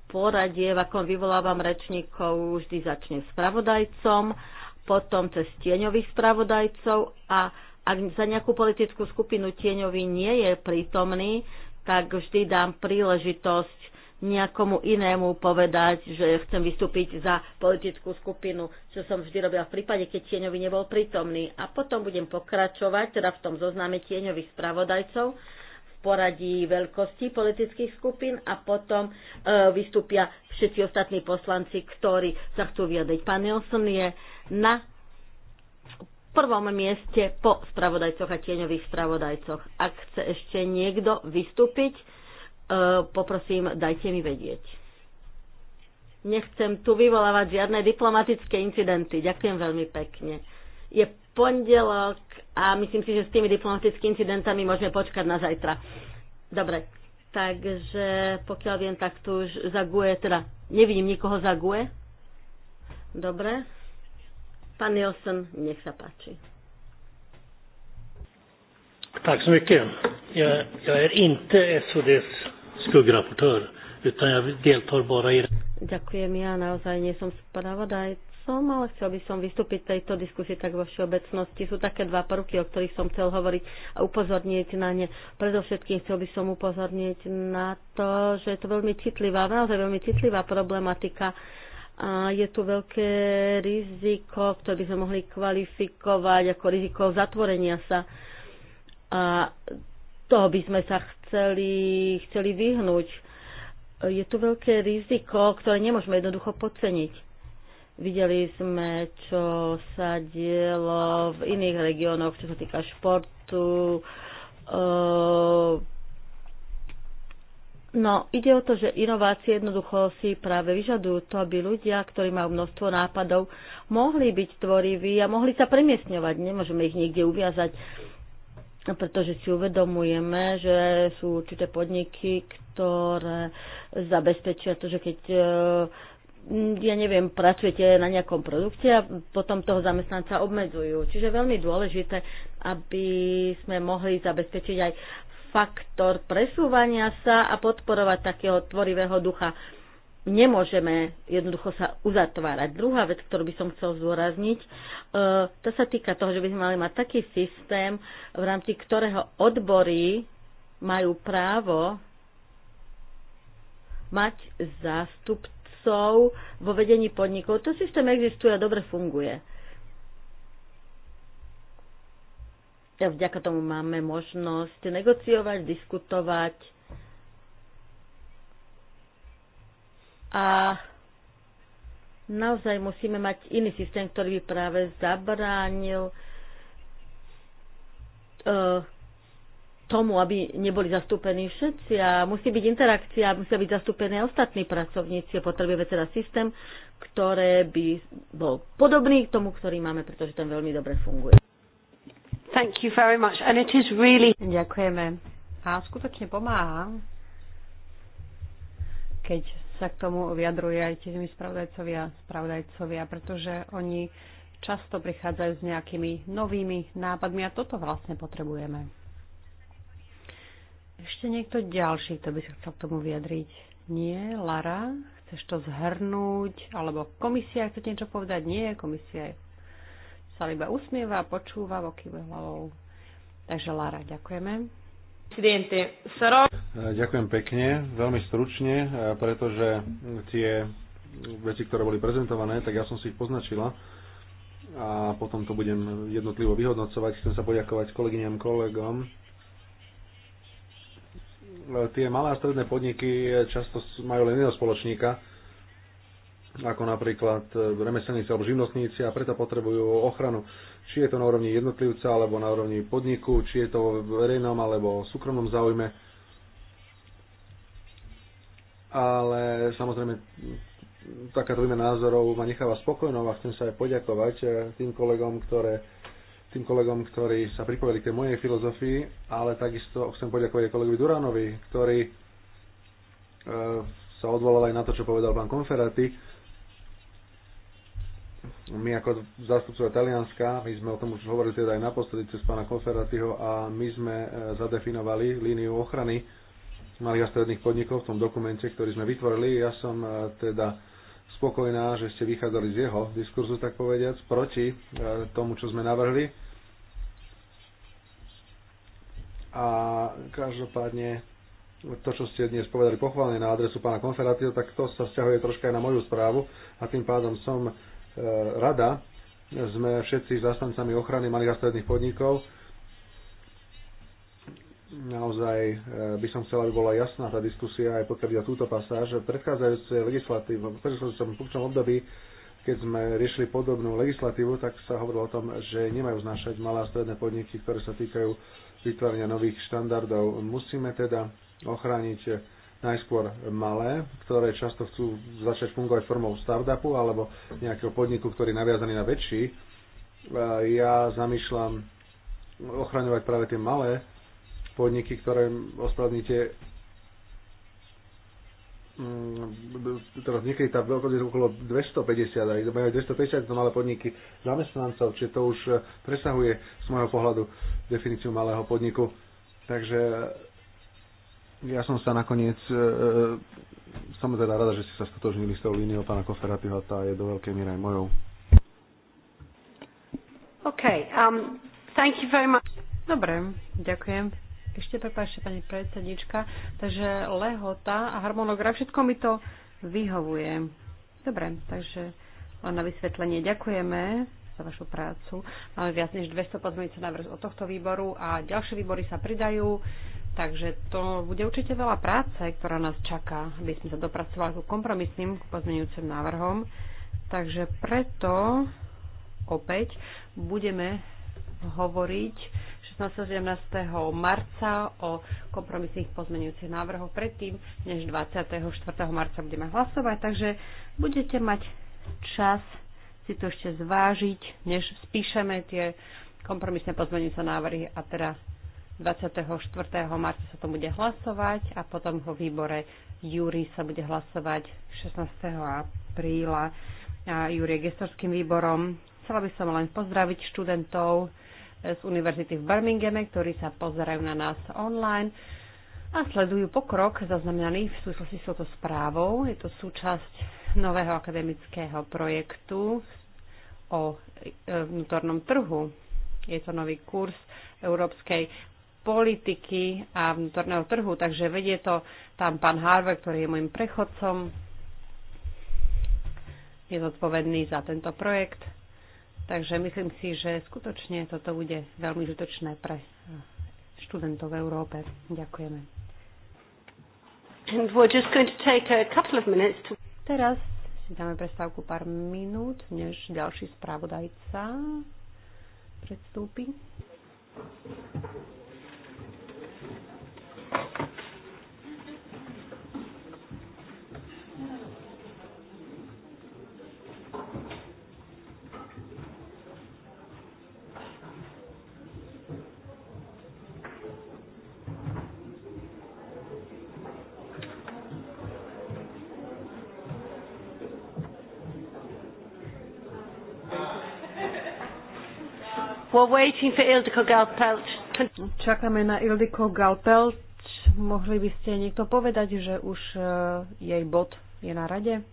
poradie, v akom vyvolávam rečníkov, vždy začnem spravodajcom potom cez tieňových spravodajcov a ak za nejakú politickú skupinu tieňový nie je prítomný, tak vždy dám príležitosť nejakomu inému povedať, že chcem vystúpiť za politickú skupinu, čo som vždy robila v prípade, keď tieňovi nebol prítomný. A potom budem pokračovať, teda v tom zozname tieňových spravodajcov poradí veľkosti politických skupín a potom e, vystúpia všetci ostatní poslanci, ktorí sa chcú vyjadriť. Pán Nelson je na prvom mieste po spravodajcoch a tieňových spravodajcoch. Ak chce ešte niekto vystúpiť, e, poprosím, dajte mi vedieť. Nechcem tu vyvolávať žiadne diplomatické incidenty. Ďakujem veľmi pekne. Je pondelok a myslím si, že s tými diplomatickými incidentami môžeme počkať na zajtra. Dobre, takže pokiaľ viem, tak tu už za GUE, teda nevidím nikoho za GUE. Dobre. Pán Nielsen, nech sa páči. Tak så mycket. Jag, jag är inte SODs skuggrapportör, utan jag deltar bara i... Ďakujem, ja naozaj nie som spravodajca som, ale chcel by som vystúpiť v tejto diskusii tak vo všeobecnosti. Sú také dva prvky, o ktorých som chcel hovoriť a upozorniť na ne. Predovšetkým chcel by som upozorniť na to, že je to veľmi citlivá, naozaj veľmi citlivá problematika a je tu veľké riziko, ktoré by sme mohli kvalifikovať ako riziko zatvorenia sa. A toho by sme sa chceli, chceli vyhnúť. Je tu veľké riziko, ktoré nemôžeme jednoducho podceniť Videli sme, čo sa dielo v iných regiónoch, čo sa týka športu. Eh, no, ide o to, že inovácie jednoducho si práve vyžadujú to, aby ľudia, ktorí majú množstvo nápadov, mohli byť tvoriví a mohli sa premiesňovať. Nemôžeme ich niekde uviazať, pretože si uvedomujeme, že sú určité podniky, ktoré zabezpečia to, že keď eh, Mm, ja neviem, pracujete na nejakom produkte a potom toho zamestnanca obmedzujú. Čiže veľmi dôležité, aby sme mohli zabezpečiť aj faktor presúvania sa a podporovať takého tvorivého ducha. Nemôžeme jednoducho sa uzatvárať. Druhá vec, ktorú by som chcel zdôrazniť, e, to sa týka toho, že by sme mali mať taký systém, v rámci ktorého odbory majú právo mať zástup sú vo vedení podnikov. To systém existuje a dobre funguje. A vďaka tomu máme možnosť negociovať, diskutovať a naozaj musíme mať iný systém, ktorý by práve zabránil e, tomu, aby neboli zastúpení všetci a musí byť interakcia, musia byť zastúpení ostatní pracovníci. Potrebujeme teda systém, ktoré by bol podobný k tomu, ktorý máme, pretože ten veľmi dobre funguje. Thank you very much. And it is really... Ďakujeme. A skutočne pomáha, keď sa k tomu vyjadruje aj tie spravodajcovia, spravodajcovia, pretože oni často prichádzajú s nejakými novými nápadmi a toto vlastne potrebujeme. Ešte niekto ďalší, kto by sa chcel k tomu vyjadriť? Nie, Lara, chceš to zhrnúť? Alebo komisia chce niečo povedať? Nie, komisia sa iba usmieva, počúva, okýve hlavou. Takže Lara, ďakujeme. Eh, ďakujem pekne, veľmi stručne, eh, pretože tie veci, ktoré boli prezentované, tak ja som si ich poznačila a potom to budem jednotlivo vyhodnocovať. Chcem sa poďakovať kolegyňam, kolegom tie malé a stredné podniky často majú len jedného spoločníka, ako napríklad remeselníci alebo živnostníci a preto potrebujú ochranu. Či je to na úrovni jednotlivca alebo na úrovni podniku, či je to v verejnom alebo súkromnom záujme. Ale samozrejme takáto výmena názorov ma necháva spokojnou a chcem sa aj poďakovať eh, tým kolegom, ktoré tým kolegom, ktorí sa pripojili k tej mojej filozofii, ale takisto chcem poďakovať kolegovi Duranovi, ktorý e, sa odvolal aj na to, čo povedal pán Konferati. My ako zástupcovia Talianska, my sme o tom už hovorili teda aj naposledy cez pána Konferatiho a my sme e, zadefinovali líniu ochrany malých a stredných podnikov v tom dokumente, ktorý sme vytvorili. Ja som e, teda spokojná, že ste vychádzali z jeho diskurzu, tak povediac, proti e, tomu, čo sme navrhli. A každopádne to, čo ste dnes povedali pochválne na adresu pána Konferatio, tak to sa vzťahuje troška aj na moju správu a tým pádom som e, rada, sme všetci zastancami ochrany malých a stredných podnikov. Naozaj e, by som chcela, aby bola jasná tá diskusia aj pokiaľ ide túto pasáž. V predchádzajúcej legislatíve, v predchádzajúcom funkčnom období, keď sme riešili podobnú legislatívu, tak sa hovorilo o tom, že nemajú znášať malé a stredné podniky, ktoré sa týkajú vytvorenia nových štandardov. Musíme teda ochrániť najskôr malé, ktoré často chcú začať fungovať formou startupu alebo nejakého podniku, ktorý je naviazaný na väčší. Ja zamýšľam ochraňovať práve tie malé podniky, ktoré ospravedlníte Mm, teraz niekedy tá veľkosť je okolo 250, aj majú 250 to malé podniky zamestnancov, čiže to už eh, presahuje z môjho pohľadu definíciu malého podniku. Takže eh, ja som sa nakoniec, e, som teda rada, že ste sa stotožnili s tou líniou pána Koferatyho, tá je do veľkej miery aj mojou. OK, um, thank you very much. Dobre, ďakujem ešte prepáčte, pani predsednička. Takže lehota a harmonogram, všetko mi to vyhovuje. Dobre, takže len na vysvetlenie ďakujeme za vašu prácu. Máme viac než 200 na návrh od tohto výboru a ďalšie výbory sa pridajú. Takže to bude určite veľa práce, ktorá nás čaká, aby sme sa dopracovali ku kompromisným pozmeňujúcim návrhom. Takže preto opäť budeme hovoriť 16. 17. marca o kompromisných pozmenujúcich návrhoch predtým, než 24. marca budeme hlasovať. Takže budete mať čas si to ešte zvážiť, než spíšeme tie kompromisné pozmenujúce návrhy a teda 24. marca sa to bude hlasovať a potom vo výbore Júri sa bude hlasovať 16. apríla júrie Júri gestorským výborom. Chcela by som len pozdraviť študentov, z univerzity v Birminghame, ktorí sa pozerajú na nás online a sledujú pokrok zaznamenaný v súvislosti s touto správou. Je to súčasť nového akademického projektu o e, vnútornom trhu. Je to nový kurz európskej politiky a vnútorného trhu, takže vedie to tam pán Harvey, ktorý je môjim prechodcom, je zodpovedný za tento projekt Takže myslím si, že skutočne toto bude veľmi užitočné pre eh, študentov v Európe. Ďakujeme. And we're just going to take a couple of minutes to... Teraz si dáme prestávku pár minút, než ďalší správodajca predstúpi. Thank you. We're waiting for Ildiko Galpelt. Čakáme na Ildiko Galpelt. Mohli by ste niekto povedať, že už eh, jej bod je na rade?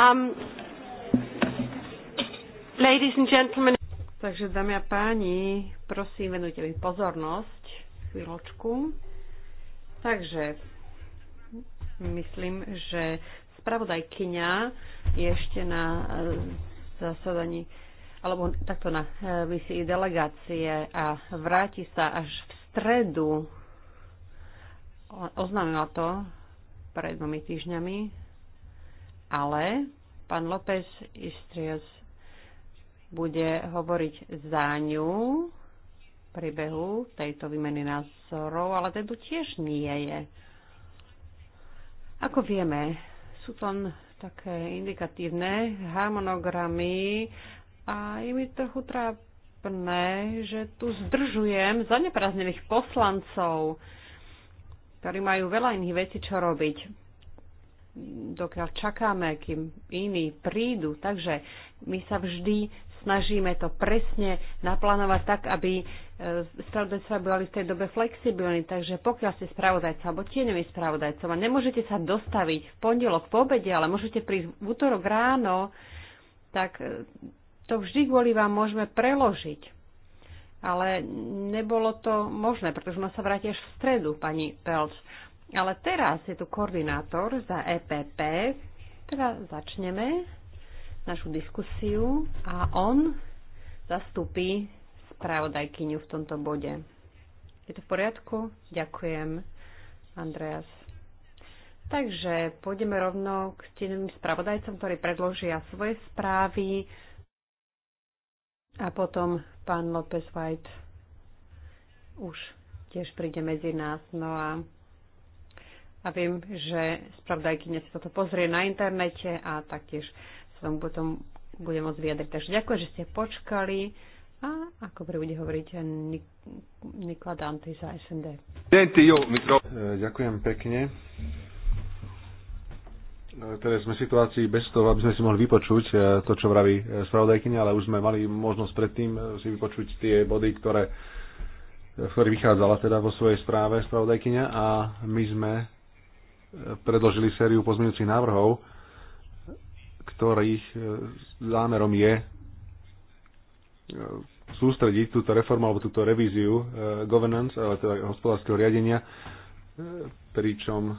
Um, ladies and gentlemen. Takže, dámy a páni, prosím, venujte mi pozornosť. Chvíľočku. Takže, myslím, že spravodajkyňa je ešte na eh, zasadaní alebo takto na misii eh, delegácie a vráti sa až v stredu. Oznámila to pred dvomi týždňami ale pán López Istrios bude hovoriť za ňu príbehu tejto výmeny názorov, ale ten tu tiež nie je. Ako vieme, sú to také indikatívne harmonogramy a je mi trochu trápne, že tu zdržujem zaneprázdnených poslancov, ktorí majú veľa iných vecí, čo robiť dokiaľ čakáme, kým iní prídu. Takže my sa vždy snažíme to presne naplánovať tak, aby e, spravodajcovia boli v tej dobe flexibilní. Takže pokiaľ ste spravodajca alebo tieňový spravodajcov a nemôžete sa dostaviť v pondelok po obede, ale môžete prísť v útorok ráno, tak e, to vždy kvôli vám môžeme preložiť. Ale nebolo to možné, pretože ona sa vráti až v stredu, pani Pelc. Ale teraz je tu koordinátor za EPP, teda začneme našu diskusiu a on zastupí spravodajkyňu v tomto bode. Je to v poriadku? Ďakujem, Andreas. Takže pôjdeme rovno k stenovým spravodajcom, ktorí predložia svoje správy a potom pán López White už tiež príde medzi nás. No a a viem, že spravodajkyňa si toto pozrie na internete a taktiež sa vám potom bude môcť vyjadriť. Takže ďakujem, že ste počkali a ako pre bude hovoriť Nikola Dante za SND. E, ďakujem pekne. E, Teraz sme v situácii bez toho, aby sme si mohli vypočuť e, to, čo vraví spravodajkyňa, ale už sme mali možnosť predtým si vypočuť tie body, ktoré, v vychádzala teda vo svojej správe spravodajkyňa a my sme predložili sériu pozmeňujúcich návrhov, ktorých e, zámerom je e, sústrediť túto reformu alebo túto revíziu e, governance, ale teda hospodárskeho riadenia, pričom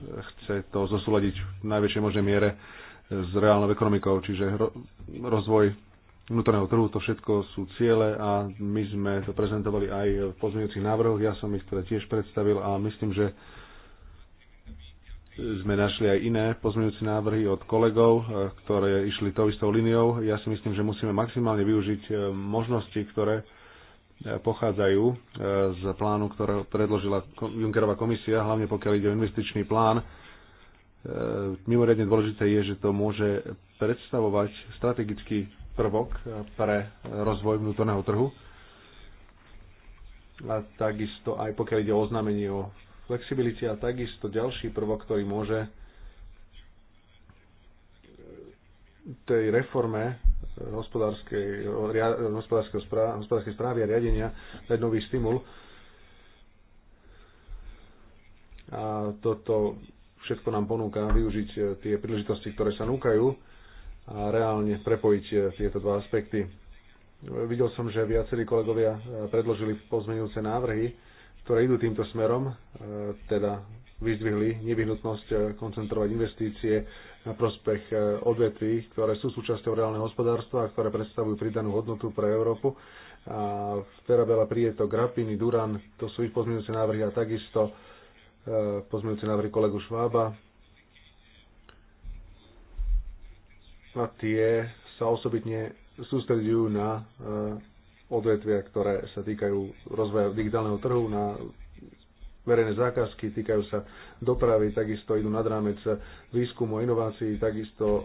chce to zosúľadiť v najväčšej možnej miere s reálnou ekonomikou, čiže rozvoj vnútorného trhu, to všetko sú ciele a my sme to prezentovali aj v pozmeňujúcich návrhoch, ja som ich teda tiež predstavil a myslím, že sme našli aj iné pozmeňujúce návrhy od kolegov, e, ktoré išli tou istou líniou. Ja si myslím, že musíme maximálne využiť e, možnosti, ktoré e, pochádzajú z plánu, ktorého predložila Junckerová komisia, hlavne pokiaľ ide o investičný plán. Mimoriadne dôležité je, že to môže predstavovať strategický prvok pre rozvoj vnútorného trhu a takisto aj pokiaľ ide o oznámenie o flexibility a takisto ďalší prvok, ktorý môže tej reforme hospodárskej, hospodárskej správy a riadenia dať nový stimul. A toto všetko nám ponúka využiť tie príležitosti, ktoré sa núkajú a reálne prepojiť tieto dva aspekty. Videl som, že viacerí kolegovia predložili pozmeňujúce návrhy ktoré idú týmto smerom, e, teda vyzdvihli nevyhnutnosť e, koncentrovať investície na prospech e, odvetví, ktoré sú súčasťou reálneho hospodárstva a ktoré predstavujú pridanú hodnotu pre Európu. A Terabela Prieto, grapiny, Duran, to sú ich pozmeňujúce návrhy a takisto pozmeňujúce návrhy kolegu Švába. A tie sa osobitne sústredujú na odvetvia, ktoré sa týkajú rozvoja digitálneho trhu na verejné zákazky, týkajú sa dopravy, takisto idú nad rámec výskumu a inovácií, takisto e,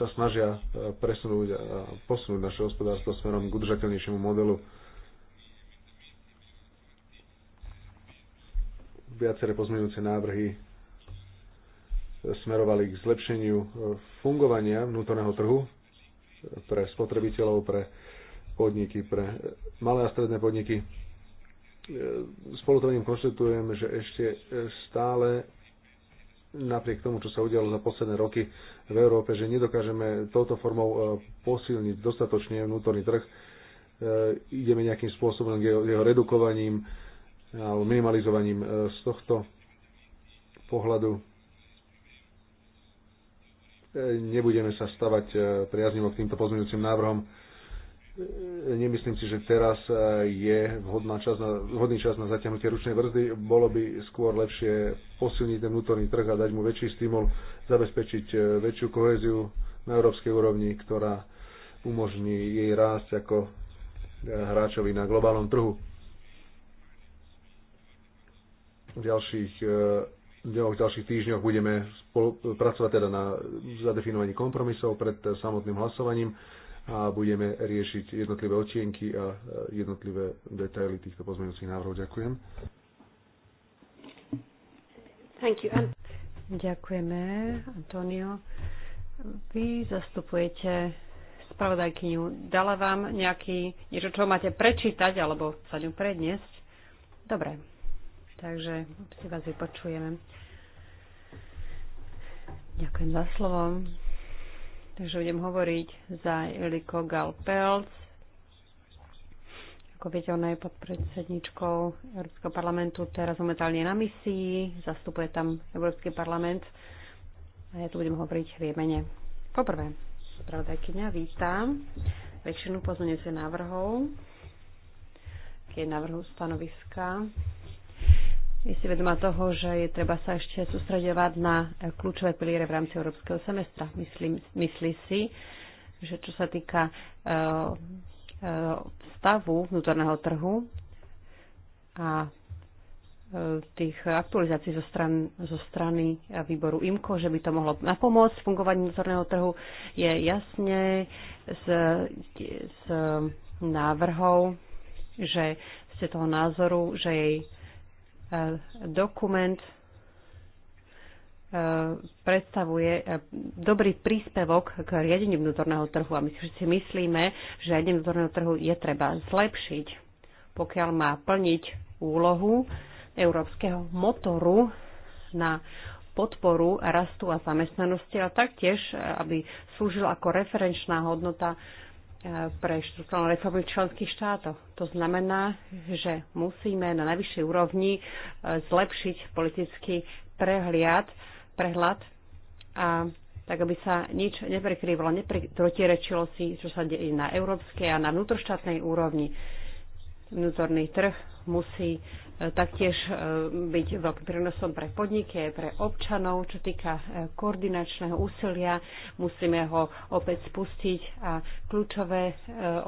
sa snažia e, presunúť a posunúť naše hospodárstvo smerom k udržateľnejšiemu modelu. Viaceré pozmeňujúce návrhy e, smerovali k zlepšeniu fungovania vnútorného trhu pre spotrebiteľov, pre podniky, pre malé a stredné podniky. E, spolu konštitujem, že ešte stále napriek tomu, čo sa udialo za posledné roky v Európe, že nedokážeme touto formou e, posilniť dostatočne vnútorný trh. E, ideme nejakým spôsobom k jeho redukovaním alebo minimalizovaním z tohto pohľadu. Nebudeme sa stavať priaznivo k týmto pozmeňujúcim návrhom nemyslím si, že teraz e, je vhodná čas na, vhodný čas na zatiahnutie ručnej brzdy. Bolo by skôr lepšie posilniť ten vnútorný trh a dať mu väčší stimul, zabezpečiť e, väčšiu kohéziu na európskej úrovni, ktorá umožní jej rásť ako e, hráčovi na globálnom trhu. V ďalších, v ďalších týždňoch budeme pracovať teda na zadefinovaní kompromisov pred samotným hlasovaním a budeme riešiť jednotlivé otienky a e, jednotlivé detaily týchto pozmeňujúcich návrhov. Ďakujem. Thank you. Ďakujeme, Antonio. Vy zastupujete spravodajkyňu. Dala vám nejaký, niečo, čo máte prečítať alebo sa ňu predniesť? Dobre, takže si vás vypočujeme. Ďakujem za slovo. Takže budem hovoriť za Iliko Galpels. Ako viete, ona je podpredsedničkou Európskeho parlamentu, teraz momentálne na misii, zastupuje tam Európsky parlament a ja tu budem hovoriť v Jemene. Poprvé, spravodajkyňa, vítam väčšinu pozmeňujúcich návrhov, keď návrhu stanoviska je si vedomá toho, že je treba sa ešte sústredovať na kľúčové piliere v rámci európskeho semestra. Myslí, myslí si, že čo sa týka e, e, stavu vnútorného trhu a e, tých aktualizácií zo, stran, zo strany výboru IMKO, že by to mohlo napomôcť fungovaní vnútorného trhu, je jasne s, s návrhou, že ste toho názoru, že jej Eh, dokument eh, predstavuje eh, dobrý príspevok k riadeniu vnútorného trhu a my si myslíme, že riadenie vnútorného trhu je treba zlepšiť, pokiaľ má plniť úlohu európskeho motoru na podporu rastu a zamestnanosti a taktiež, aby slúžila ako referenčná hodnota E, pre štruktúrne reformu v členských štátoch. To znamená, že musíme na najvyššej úrovni e, zlepšiť politický prehliad, prehľad a tak aby sa nič neprekrývalo, neprotirečilo si, čo sa deje na európskej a na vnútroštátnej úrovni. Vnútorný trh musí E, taktiež e, byť veľkým prínosom pre podniky, pre občanov. Čo týka e, koordinačného úsilia, musíme ho opäť spustiť a kľúčové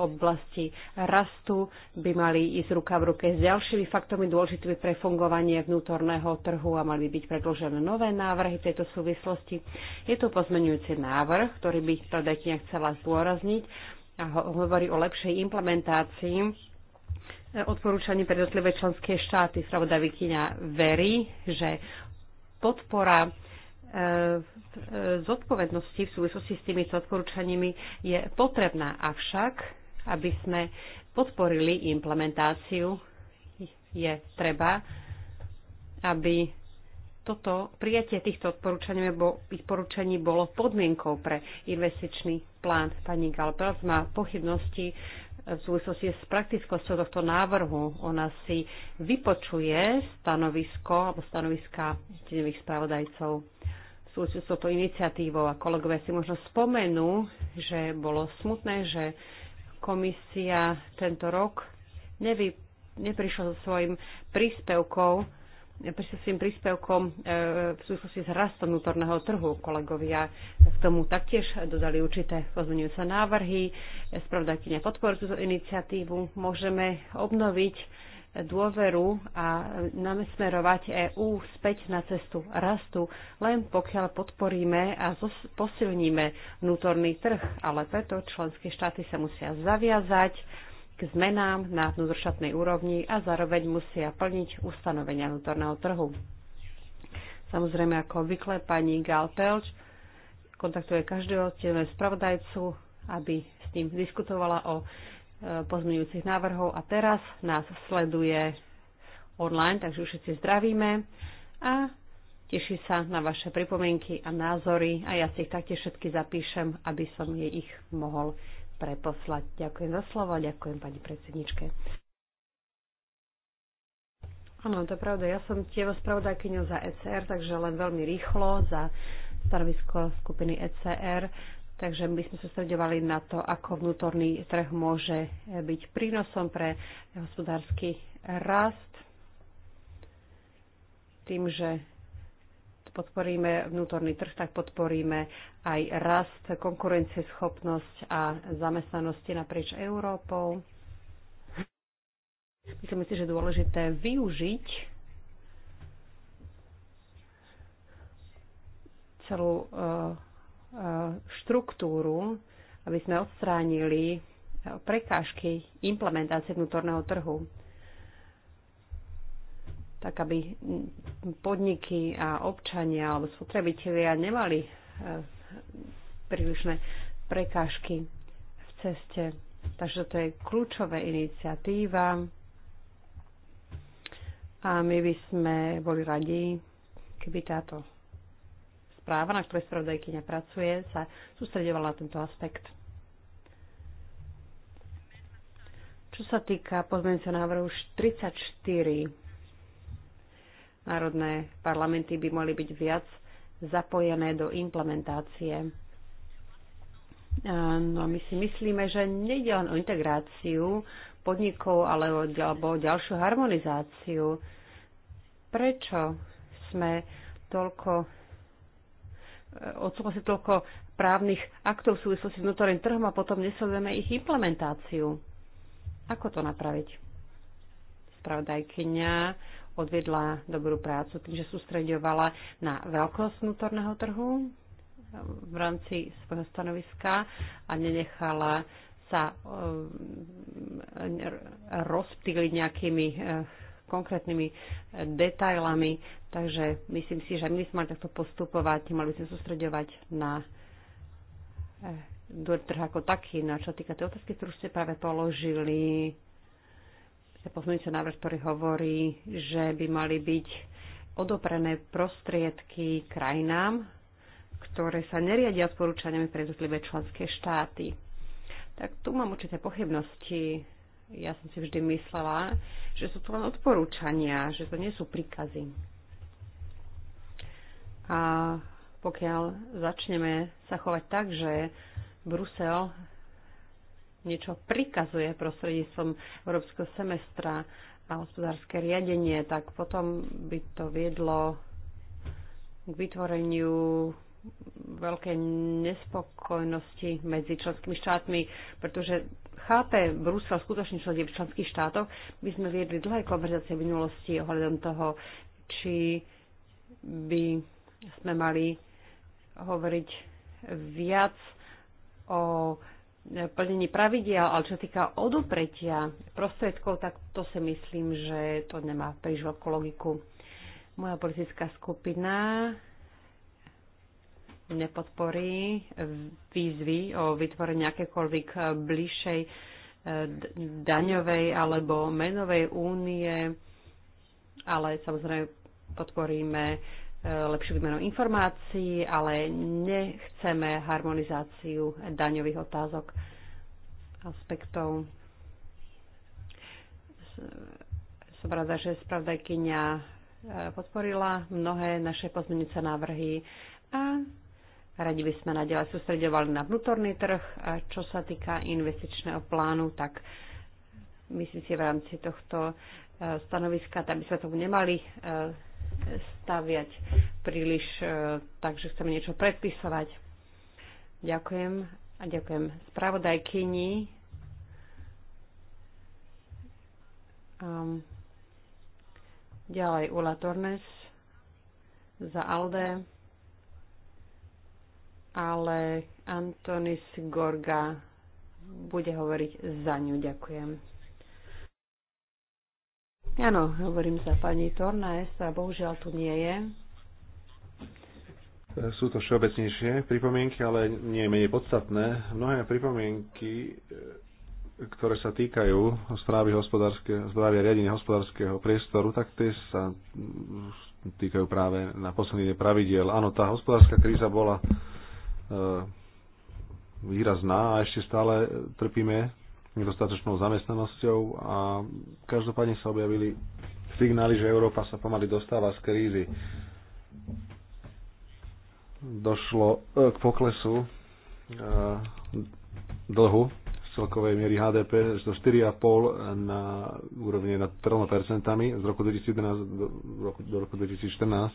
oblasti rastu by mali ísť ruka v ruke s ďalšími faktormi dôležitými pre fungovanie vnútorného trhu a mali byť predložené nové návrhy v tejto súvislosti. Je to pozmenujúci návrh, ktorý by teda chcela zdôrazniť a hovorí o lepšej implementácii odporúčaní pre jednotlivé členské štáty. Spravodavikyňa verí, že podpora e, e, zodpovednosti v súvislosti s týmito odporúčaniami je potrebná, avšak, aby sme podporili implementáciu, je treba, aby toto prijatie týchto odporúčaní, alebo ich poručení bolo podmienkou pre investičný plán. Pani Galpels má pochybnosti v súvislosti s praktickosťou tohto návrhu. Ona si vypočuje stanovisko alebo stanoviska tieňových spravodajcov v súvislosti s touto iniciatívou. A kolegovia si možno spomenú, že bolo smutné, že komisia tento rok nevy, neprišla so svojím príspevkou svojim príspevkom e, v súvislosti s rastom vnútorného trhu. Kolegovia k tomu taktiež dodali určité pozmeňujúce návrhy. Spravodajkynia podporuje túto iniciatívu. Môžeme obnoviť dôveru a namesmerovať EÚ späť na cestu rastu, len pokiaľ podporíme a posilníme vnútorný trh. Ale preto členské štáty sa musia zaviazať k zmenám na vnútrošatnej úrovni a zároveň musia plniť ustanovenia vnútorného trhu. Samozrejme, ako obvykle, pani Gal Pelč kontaktuje každého tieňového spravodajcu, aby s ním diskutovala o e, pozmeňujúcich návrhov a teraz nás sleduje online, takže už všetci zdravíme a teší sa na vaše pripomienky a názory a ja si ich taktiež všetky zapíšem, aby som jej ich mohol preposlať. Ďakujem za slovo, ďakujem pani predsedničke. Áno, to je pravda. Ja som tiež spravodajkyňou za ECR, takže len veľmi rýchlo za stanovisko skupiny ECR. Takže my sme sa stredovali na to, ako vnútorný trh môže byť prínosom pre hospodársky rast tým, že podporíme vnútorný trh, tak podporíme aj rast, konkurencieschopnosť a zamestnanosti naprieč Európou. Myslím si, že je dôležité využiť celú eh, eh, štruktúru, aby sme odstránili prekážky implementácie vnútorného trhu tak aby podniky a občania alebo spotrebitelia nemali e, prílišné prekážky v ceste. Takže to je kľúčová iniciatíva a my by sme boli radi, keby táto správa, na ktorej spravodajkyňa pracuje, sa sústredovala na tento aspekt. Čo sa týka pozmeňujúceho návrhu 34, národné parlamenty by mali byť viac zapojené do implementácie. No my si myslíme, že nejde len o integráciu podnikov, ale o, alebo o ďalšiu harmonizáciu. Prečo sme toľko e, odsúhlasí toľko právnych aktov v súvislosti s vnútorným trhom a potom nesledujeme ich implementáciu. Ako to napraviť? Spravodajkyňa odvedla dobrú prácu tým, že sústreďovala na veľkosť vnútorného trhu v rámci svojho stanoviska a nenechala sa um, rozptýliť nejakými eh, konkrétnymi eh, detailami. Takže myslím si, že my sme mali takto postupovať, mali by sme sústredovať na eh, trh ako taký. No a čo týka tej otázky, ktorú ste práve položili, pozmeňujúci návrh, ktorý hovorí, že by mali byť odoprené prostriedky krajinám, ktoré sa neriadia odporúčaniami pre jednotlivé členské štáty. Tak tu mám určité pochybnosti. Ja som si vždy myslela, že sú to len odporúčania, že to nie sú príkazy. A pokiaľ začneme sa chovať tak, že Brusel niečo prikazuje prostredníctvom európskeho semestra a hospodárske riadenie, tak potom by to viedlo k vytvoreniu veľkej nespokojnosti medzi členskými štátmi, pretože chápe Brusel skutočne, čo v členských štátoch. My sme viedli dlhé konverzácie v minulosti ohľadom toho, či by sme mali hovoriť viac o plnení pravidiel, ale čo týka odopretia prostriedkov, tak to si myslím, že to nemá príliš veľkú logiku. Moja politická skupina nepodporí výzvy o vytvorení akékoľvek bližšej eh, daňovej alebo menovej únie, ale samozrejme podporíme E, lepšiu výmenu informácií, ale nechceme harmonizáciu daňových otázok aspektov. Som rada, že spravodajkyňa e, podporila mnohé naše pozmeňujúce návrhy a radi by sme naďalej sústredovali na vnútorný trh. A čo sa týka investičného plánu, tak myslím si v rámci tohto e, stanoviska, aby sme tomu nemali staviať príliš, e, takže chceme niečo predpisovať. Ďakujem a ďakujem spravodajkyni. Um, ďalej Ula Tornes za Alde, ale Antonis Gorga bude hovoriť za ňu. Ďakujem. Áno, hovorím sa pani S a bohužiaľ tu nie je. Sú to všeobecnejšie pripomienky, ale nie je menej podstatné. Mnohé pripomienky, e, ktoré sa týkajú správy, správy riadenia hospodárskeho priestoru, tak tie sa týkajú práve na posledný pravidiel. Áno, tá hospodárska kríza bola e, výrazná a ešte stále trpíme nedostatočnou zamestnanosťou a každopádne sa objavili signály, že Európa sa pomaly dostáva z krízy. Došlo e, k poklesu e, dlhu z celkovej miery HDP zo 4,5 na úrovne nad 3% z roku 2011 do roku, do roku 2014.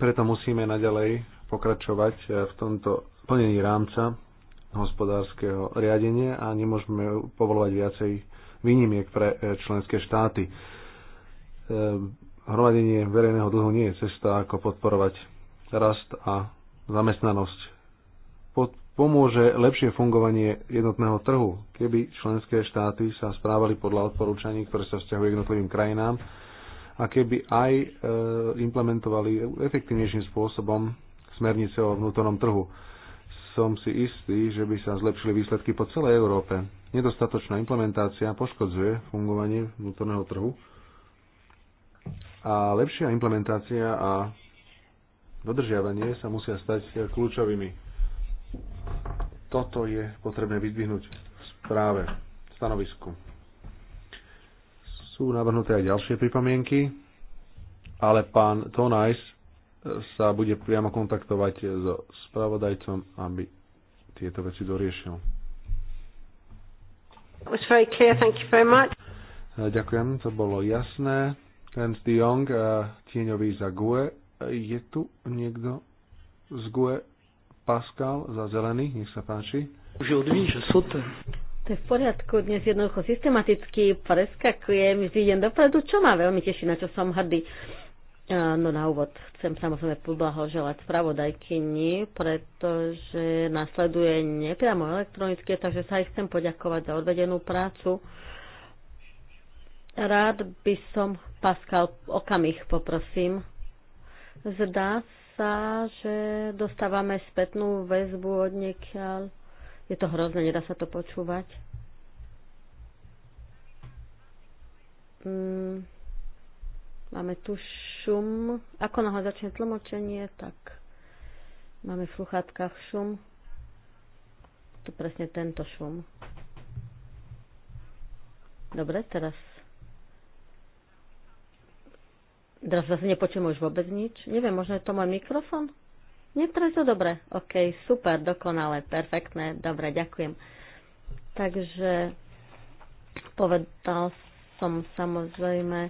Preto musíme naďalej pokračovať e, v tomto plnení rámca hospodárskeho riadenia a nemôžeme povolovať viacej výnimiek pre e, členské štáty. E, hromadenie verejného dlhu nie je cesta, ako podporovať rast a zamestnanosť. Pod, pomôže lepšie fungovanie jednotného trhu, keby členské štáty sa správali podľa odporúčaní, ktoré sa vzťahujú jednotlivým krajinám a keby aj e, implementovali efektívnejším spôsobom smernice o vnútornom trhu som si istý, že by sa zlepšili výsledky po celej Európe. Nedostatočná implementácia poškodzuje fungovanie vnútorného trhu a lepšia implementácia a dodržiavanie sa musia stať kľúčovými. Toto je potrebné vyzdvihnúť v správe, v stanovisku. Sú navrhnuté aj ďalšie pripomienky, ale pán Tonajs sa bude priamo kontaktovať so spravodajcom, aby tieto veci doriešil. Ďakujem, to bolo jasné. Ten de Jong, tieňový za GUE. Je tu niekto z GUE? Pascal za zelený, nech sa páči. Už že sú to. To je v poriadku, dnes jednoducho systematicky preskakujem, vždy idem dopredu, čo ma veľmi teší, na čo som hrdý. No na úvod chcem samozrejme poblahoželať spravodajkyni, pretože nasleduje nepriamo elektronické, takže sa aj chcem poďakovať za odvedenú prácu. Rád by som, Pascal, okamih poprosím. Zdá sa, že dostávame spätnú väzbu od niekiaľ. Je to hrozné, nedá sa to počúvať. Mm. Máme tu šum. Ako noho začne tlmočenie, tak máme v sluchátkach šum. To presne tento šum. Dobre, teraz Teraz zase nepočujem už vôbec nič. Neviem, možno je to môj mikrofón? Nie, teraz to dobre. OK, super, dokonale, perfektné, dobre, ďakujem. Takže povedal som samozrejme,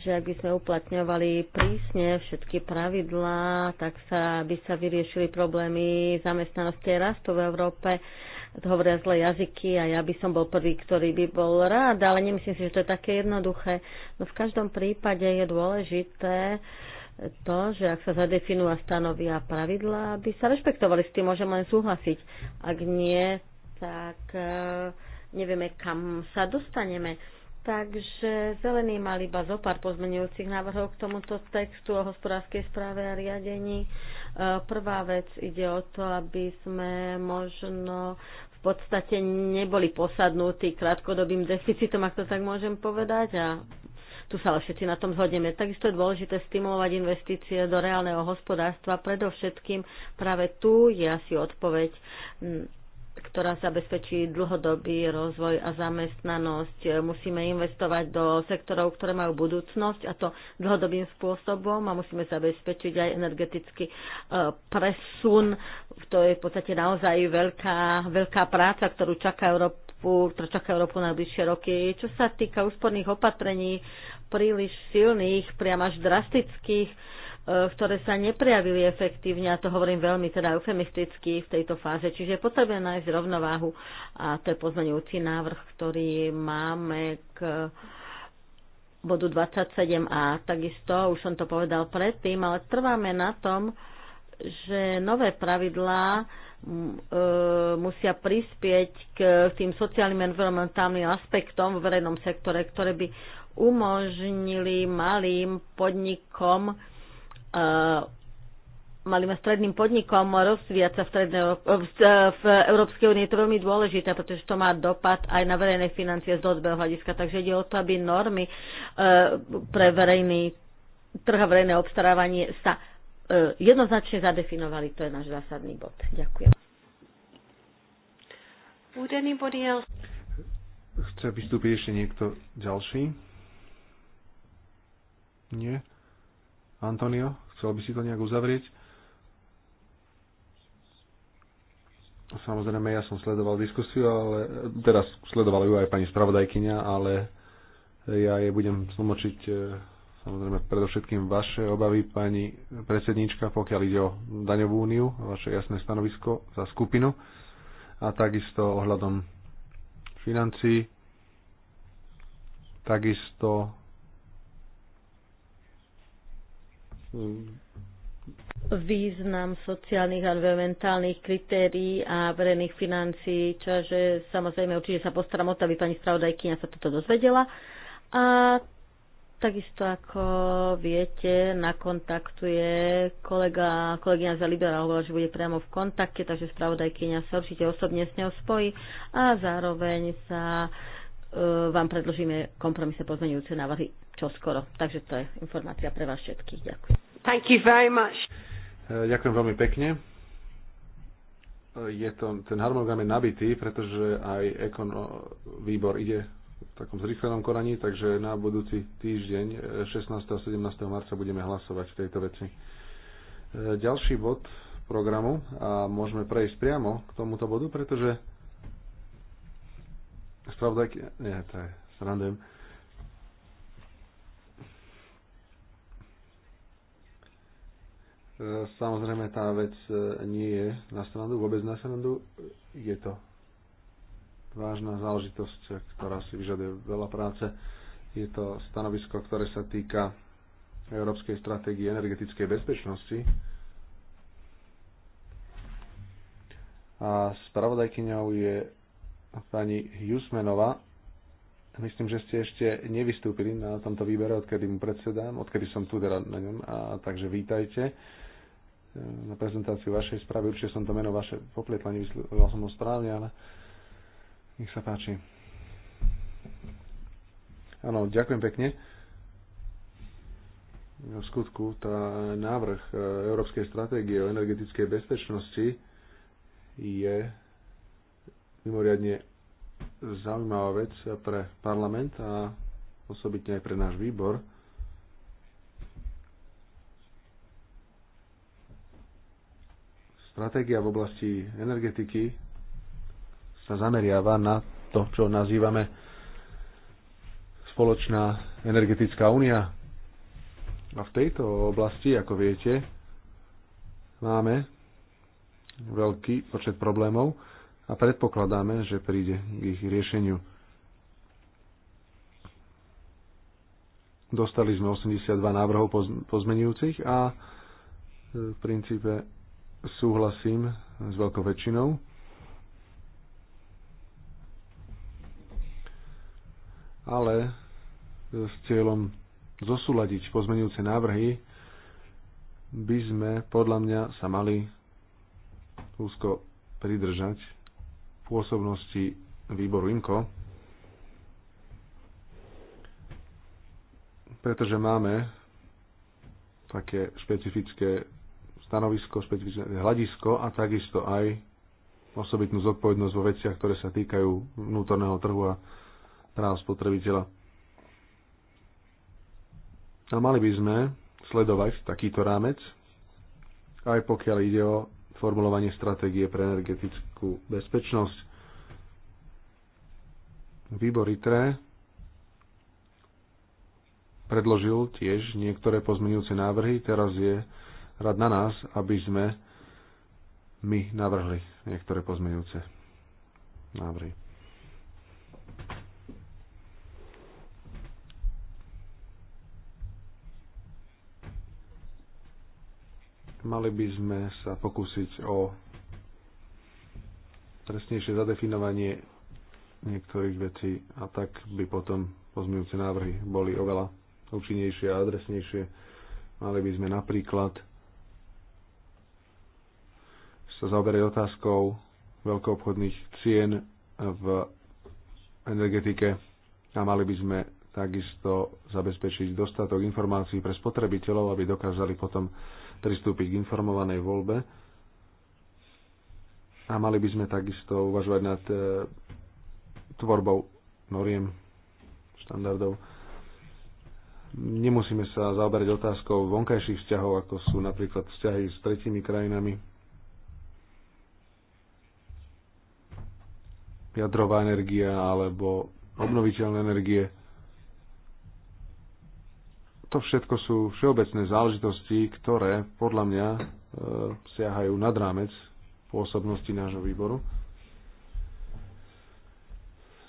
že ak by sme uplatňovali prísne všetky pravidlá, tak sa, by sa vyriešili problémy zamestnanosti a rastu v Európe. Hovoria zlé jazyky a ja by som bol prvý, ktorý by bol rád, ale nemyslím si, že to je také jednoduché. No v každom prípade je dôležité to, že ak sa zadefinujú a stanovia pravidlá, aby sa rešpektovali. S tým môžem len súhlasiť. Ak nie, tak eh, nevieme, kam sa dostaneme Takže zelení mali iba zo pár pozmenujúcich návrhov k tomuto textu o hospodárskej správe a riadení. E, prvá vec ide o to, aby sme možno v podstate neboli posadnutí krátkodobým deficitom, ak to tak môžem povedať, a tu sa ale všetci na tom zhodneme. Takisto je dôležité stimulovať investície do reálneho hospodárstva. Predovšetkým práve tu je asi odpoveď hm, ktorá zabezpečí dlhodobý rozvoj a zamestnanosť. Musíme investovať do sektorov, ktoré majú budúcnosť a to dlhodobým spôsobom a musíme zabezpečiť aj energetický e, presun. To je v podstate naozaj veľká, veľká práca, ktorú čaká Európu, ktorá čaká Európu na najbližšie roky. Čo sa týka úsporných opatrení, príliš silných, priam až drastických, Eh, ktoré sa neprejavili efektívne, a to hovorím veľmi teda eufemisticky v tejto fáze. Čiže potrebujeme nájsť rovnováhu a to je pozmeňujúci návrh, ktorý máme k eh, bodu 27a. Takisto, už som to povedal predtým, ale trváme na tom, že nové pravidlá mm, eh, musia prispieť k tým sociálnym environmentálnym aspektom v verejnom sektore, ktoré by umožnili malým podnikom Eh, malým a stredným podnikom rozvíjať sa v, strednej, eh, eh, v Európskej únii je to veľmi dôležité, pretože to má dopad aj na verejné financie z dlhodobého hľadiska. Takže ide o to, aby normy pre verejný trh a verejné obstarávanie sa jednoznačne zadefinovali. To je náš zásadný bod. Ďakujem. anybody else? Chce vystúpiť ešte niekto ďalší? Nie? Antonio, chcel by si to nejak uzavrieť? Samozrejme, ja som sledoval diskusiu, ale teraz sledovala ju aj pani spravodajkyňa, ale ja jej budem tlmočiť e, samozrejme predovšetkým vaše obavy, pani predsednička, pokiaľ ide o daňovú úniu, vaše jasné stanovisko za skupinu a takisto ohľadom financií, takisto význam sociálnych a environmentálnych kritérií a verejných financií, čože samozrejme určite sa postaram o to, aby pani spravodajkyňa sa toto dozvedela. A takisto ako viete, nakontaktuje kolega, kolegyňa za Libera, hovorila, že bude priamo v kontakte, takže spravodajkyňa sa určite osobne s ňou spojí a zároveň sa uh, E, vám predložíme kompromisné pozmeňujúce návrhy čoskoro. Takže to je informácia pre vás všetkých. Ďakujem. Thank you very much. E, ďakujem veľmi pekne. E, je to, ten harmonogram je nabitý, pretože aj ekon výbor ide v takom zrýchlenom koraní, takže na budúci týždeň 16. a 17. marca budeme hlasovať v tejto veci. Ďalší bod programu a môžeme prejsť priamo k tomuto bodu, pretože Spravodajky, nie, to je srandujem. E, samozrejme, tá vec e, nie je na srandu, vôbec na srandu. Je to vážna záležitosť, ktorá si vyžaduje veľa práce. Je to stanovisko, ktoré sa týka Európskej stratégie energetickej bezpečnosti. A spravodajkyňou je pani Jusmenova. Myslím, že ste ešte nevystúpili na tomto výbere, odkedy mu predsedám, odkedy som tu teda na ňom, a, takže vítajte e, na prezentáciu vašej správy. Určite som to meno vaše popletla, nevyslovil som ho správne, ale nech sa páči. Áno, ďakujem pekne. V skutku tá návrh e, Európskej stratégie o energetickej bezpečnosti je mimoriadne zaujímavá vec pre parlament a osobitne aj pre náš výbor. Stratégia v oblasti energetiky sa zameriava na to, čo nazývame spoločná energetická únia. A v tejto oblasti, ako viete, máme veľký počet problémov a predpokladáme, že príde k ich riešeniu. Dostali sme 82 návrhov pozmenujúcich a e, v princípe súhlasím s veľkou väčšinou. Ale e, s cieľom zosúľadiť pozmenujúce návrhy by sme podľa mňa sa mali úzko pridržať pôsobnosti výboru inko, pretože máme také špecifické stanovisko, špecifické hľadisko a takisto aj osobitnú zodpovednosť vo veciach, ktoré sa týkajú vnútorného trhu a práv spotrebiteľa. A mali by sme sledovať takýto rámec, aj pokiaľ ide o formulovanie stratégie pre energetickú bezpečnosť. Výbor ITRE predložil tiež niektoré pozmenujúce návrhy. Teraz je rad na nás, aby sme my navrhli niektoré pozmenujúce návrhy. Mali by sme sa pokúsiť o presnejšie zadefinovanie niektorých vecí a tak by potom pozmeňujúce návrhy boli oveľa účinnejšie a adresnejšie. Mali by sme napríklad sa zaoberať otázkou veľkoobchodných cien v energetike a mali by sme takisto zabezpečiť dostatok informácií pre spotrebiteľov, aby dokázali potom pristúpiť k informovanej voľbe a mali by sme takisto uvažovať nad e, tvorbou noriem, štandardov. Nemusíme sa zaoberať otázkou vonkajších vzťahov, ako sú napríklad vzťahy s tretími krajinami. Jadrová energia alebo obnoviteľné energie to všetko sú všeobecné záležitosti, ktoré podľa mňa e, siahajú nad rámec pôsobnosti nášho výboru.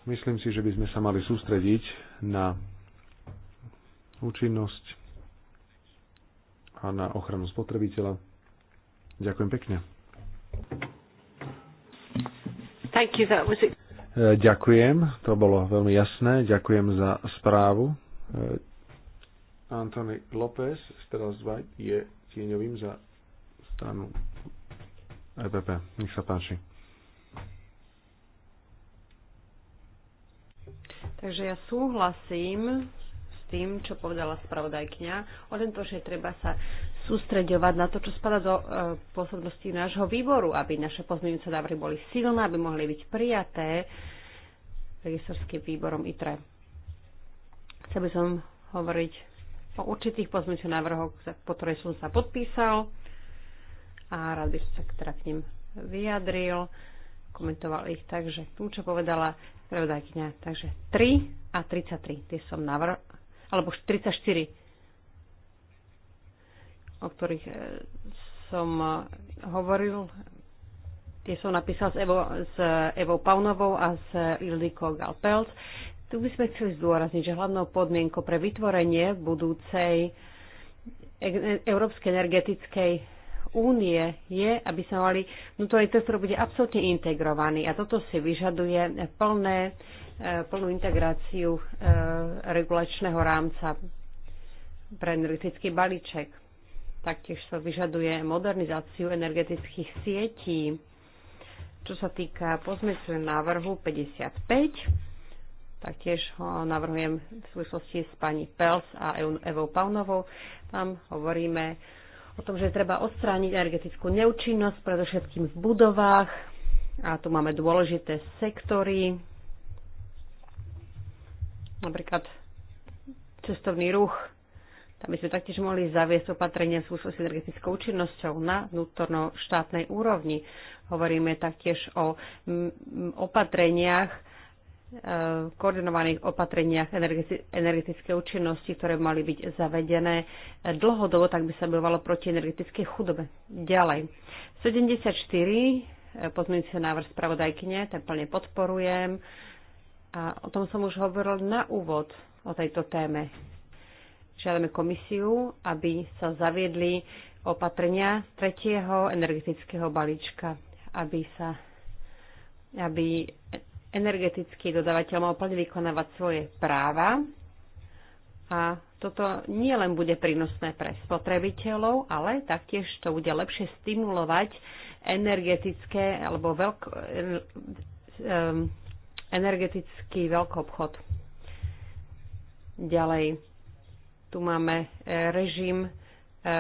Myslím si, že by sme sa mali sústrediť na účinnosť a na ochranu spotrebiteľa. Ďakujem pekne. Thank you, that was it. E, ďakujem, to bolo veľmi jasné. Ďakujem za správu. E, Antony López z teraz je tieňovým za stranu EPP. Nech sa páči. Takže ja súhlasím s tým, čo povedala spravodajkňa. O len to, že treba sa sústreďovať na to, čo spada do e, pôsobnosti nášho výboru, aby naše pozmeňujúce návrhy boli silné, aby mohli byť prijaté registrským výborom ITRE. Chcel by som hovoriť o určitých pozmeňujúcich návrhoch, po ktorej som sa podpísal a rád by som sa teda k ním vyjadril, komentoval ich tak, že tu, čo povedala spravodajkňa, takže 3 a 33, tie som navrhol, alebo 34, o ktorých e, som e, hovoril, tie som napísal s Evo, s Evou Paunovou a s Ildikou Galpelt. Tu by sme chceli zdôrazniť, že hlavnou podmienkou pre vytvorenie budúcej e- Európskej energetickej únie je, aby sa mali vnútorný trh, ktorý bude absolútne integrovaný. A toto si vyžaduje plné, e, plnú integráciu e, regulačného rámca pre energetický balíček. Taktiež sa vyžaduje modernizáciu energetických sietí. Čo sa týka pozmeňujúceho návrhu 55, Taktiež ho navrhujem v súvislosti s pani Pels a Evou Paunovou. Tam hovoríme o tom, že treba odstrániť energetickú neúčinnosť, predovšetkým v budovách. A tu máme dôležité sektory, napríklad cestovný ruch. Tam by sme taktiež mohli zaviesť opatrenia v súvislosti s energetickou účinnosťou na vnútorno štátnej úrovni. Hovoríme taktiež o opatreniach koordinovaných opatreniach energetickej účinnosti, ktoré mali byť zavedené dlhodobo, tak by sa bojovalo proti energetickej chudobe. Ďalej. 74, eh, pozmeňujúci návrh spravodajkyne, ten plne podporujem. A o tom som už hovoril na úvod o tejto téme. Žiadame komisiu, aby sa zaviedli opatrenia tretieho energetického balíčka, aby sa aby energetický dodávateľ mal plne vykonávať svoje práva a toto nie len bude prínosné pre spotrebiteľov, ale taktiež to bude lepšie stimulovať energetické alebo veľk, energetický obchod. Ďalej, tu máme eh, režim eh,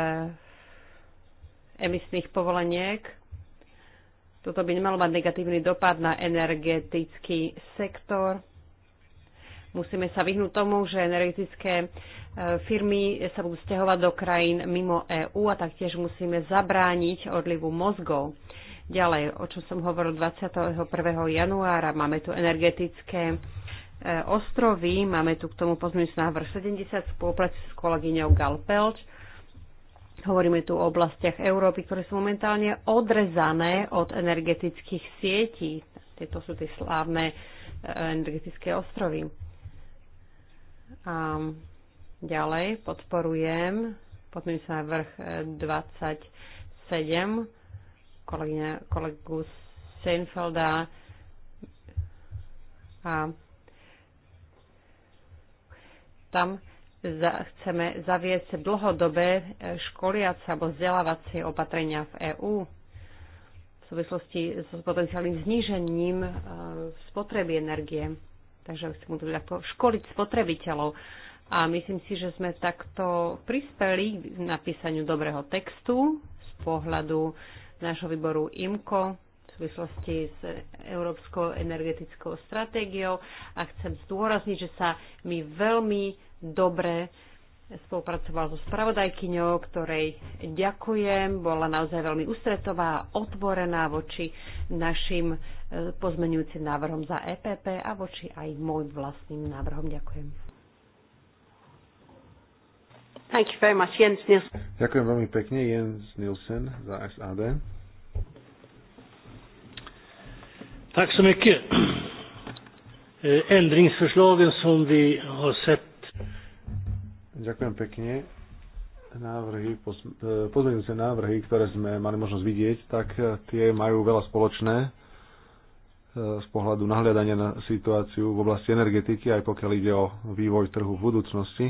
emisných povoleniek toto by nemalo mať negatívny dopad na energetický sektor. Musíme sa vyhnúť tomu, že energetické e, firmy sa budú stiahovať do krajín mimo EÚ a taktiež musíme zabrániť odlivu mozgov. Ďalej, o čom som hovoril 21. januára, máme tu energetické e, ostrovy, máme tu k tomu pozmeňujúci návrh 70 spolupráci s kolegyňou Galpelč. Hovoríme tu o oblastiach Európy, ktoré sú momentálne odrezané od energetických sietí. Tieto sú tie slávne e, energetické ostrovy. A ďalej podporujem, potom sa vrch 27, e, kolegyňa, kolegu Seinfelda a tam za, chceme zaviesť dlhodobé e, školiace alebo vzdelávacie opatrenia v EÚ v súvislosti s potenciálnym znížením e, spotreby energie. Takže chceme to ako teda školiť spotrebiteľov. A myslím si, že sme takto prispeli k napísaniu dobrého textu z pohľadu nášho výboru IMCO v súvislosti s Európskou energetickou stratégiou a chcem zdôrazniť, že sa my veľmi dobre spolupracoval so spravodajkyňou, ktorej ďakujem. Bola naozaj veľmi ústretová, otvorená voči našim e, pozmenujúcim návrhom za EPP a voči aj môj vlastným návrhom. Ďakujem. Thank you very much, Jens Nielsen. Ďakujem veľmi pekne, Jens Nielsen za SAD. Tak som mycket. Eh, ändringsförslagen som vi har sett Ďakujem pekne. Návrhy, e, pozmeňujúce návrhy, ktoré sme mali možnosť vidieť, tak e, tie majú veľa spoločné e, z pohľadu nahliadania na situáciu v oblasti energetiky, aj pokiaľ ide o vývoj trhu v budúcnosti.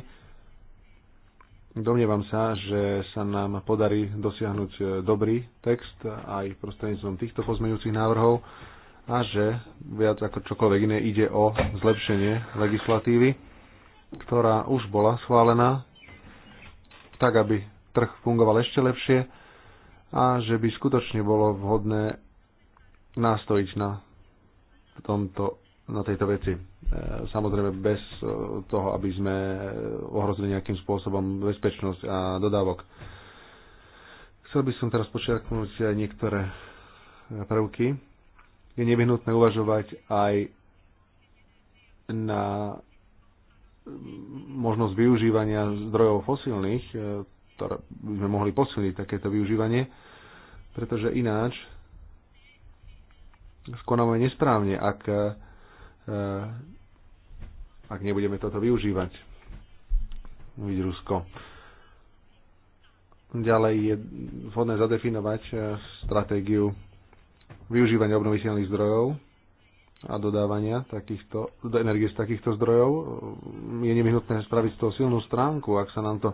Domnievam sa, že sa nám podarí dosiahnuť dobrý text aj prostredníctvom týchto pozmeňujúcich návrhov a že viac ako čokoľvek iné ide o zlepšenie legislatívy ktorá už bola schválená, tak aby trh fungoval ešte lepšie a že by skutočne bolo vhodné nástojiť na, tomto, na tejto veci. E, samozrejme bez e, toho, aby sme e, ohrozili nejakým spôsobom bezpečnosť a dodávok. Chcel by som teraz počiarknúť niektoré prvky. Je nevyhnutné uvažovať aj na možnosť využívania zdrojov fosílnych, e, ktoré by sme mohli posilniť takéto využívanie, pretože ináč skonáme nesprávne, ak, e, ak nebudeme toto využívať. Uvidí Rusko. Ďalej je vhodné zadefinovať e, stratégiu využívania obnoviteľných zdrojov a dodávania takýchto, do energie z takýchto zdrojov. Je nevyhnutné spraviť z toho silnú stránku, ak sa nám to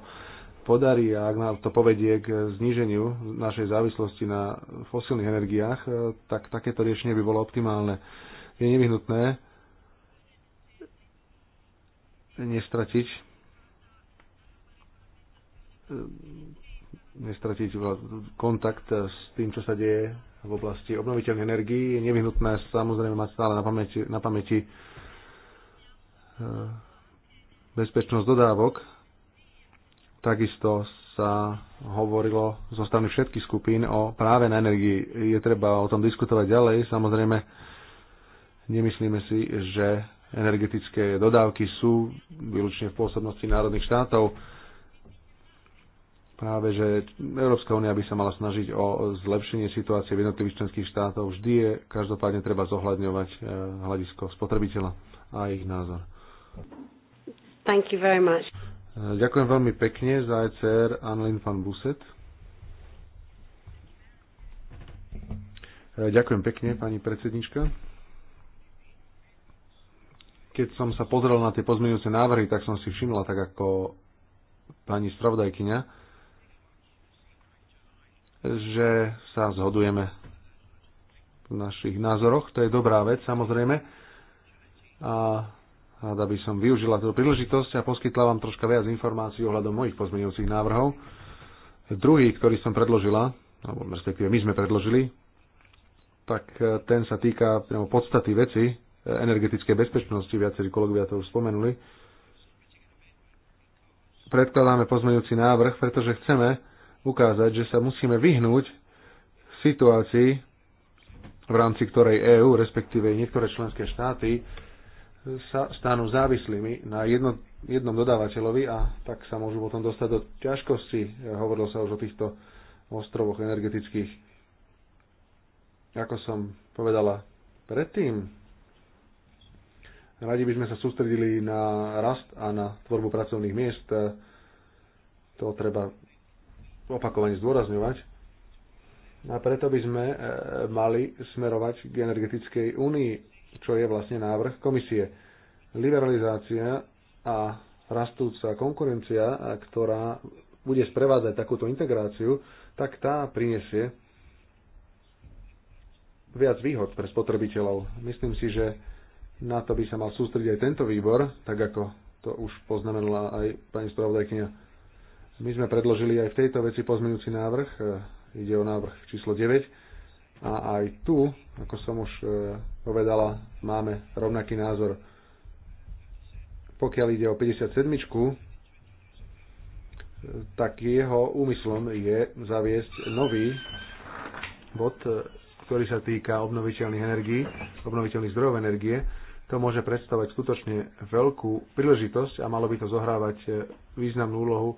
podarí a ak nám to povedie k zníženiu našej závislosti na fosílnych energiách, tak takéto riešenie by bolo optimálne. Je nevyhnutné nestratiť nestratiť kontakt s tým, čo sa deje v oblasti obnoviteľnej energií. Je nevyhnutné samozrejme mať stále na pamäti, na pamäti e, bezpečnosť dodávok. Takisto sa hovorilo zo strany všetkých skupín o práve na energii. Je treba o tom diskutovať ďalej. Samozrejme, nemyslíme si, že energetické dodávky sú výlučne v pôsobnosti národných štátov práve, že Európska únia by sa mala snažiť o zlepšenie situácie v jednotlivých členských štátov. Vždy je každopádne treba zohľadňovať eh, hľadisko spotrebiteľa a ich názor. Thank you very much. Eh, ďakujem veľmi pekne za ECR Anlin van Buset. Eh, ďakujem pekne, pani predsednička. Keď som sa pozrel na tie pozmeňujúce návrhy, tak som si všimla, tak ako pani spravodajkyňa, že sa zhodujeme v našich názoroch. To je dobrá vec, samozrejme. A rada by som využila tú príležitosť a poskytla vám troška viac informácií ohľadom mojich pozmeňujúcich návrhov. Druhý, ktorý som predložila, alebo respektíve my sme predložili, tak ten sa týka podstaty veci energetickej bezpečnosti, viacerí kolegovia to už spomenuli. Predkladáme pozmeňujúci návrh, pretože chceme, ukázať, že sa musíme vyhnúť situácii, v rámci ktorej EÚ, respektíve niektoré členské štáty, sa stanú závislými na jedno, jednom dodávateľovi a tak sa môžu potom dostať do ťažkosti. Hovorilo sa už o týchto ostrovoch energetických. Ako som povedala predtým, radi by sme sa sústredili na rast a na tvorbu pracovných miest. To treba opakovane zdôrazňovať. A preto by sme e, mali smerovať k energetickej únii, čo je vlastne návrh komisie. Liberalizácia a rastúca konkurencia, e, ktorá bude sprevádzať takúto integráciu, tak tá prinesie viac výhod pre spotrebiteľov. Myslím si, že na to by sa mal sústrediť aj tento výbor, tak ako to už poznamenala aj pani spravodajkynia. My sme predložili aj v tejto veci pozmeňujúci návrh, e, ide o návrh číslo 9 a aj tu, ako som už e, povedala, máme rovnaký názor. Pokiaľ ide o 57 e, tak jeho úmyslom je zaviesť nový bod, ktorý sa týka obnoviteľných energií, obnoviteľných zdrojov energie. To môže predstavovať skutočne veľkú príležitosť a malo by to zohrávať významnú úlohu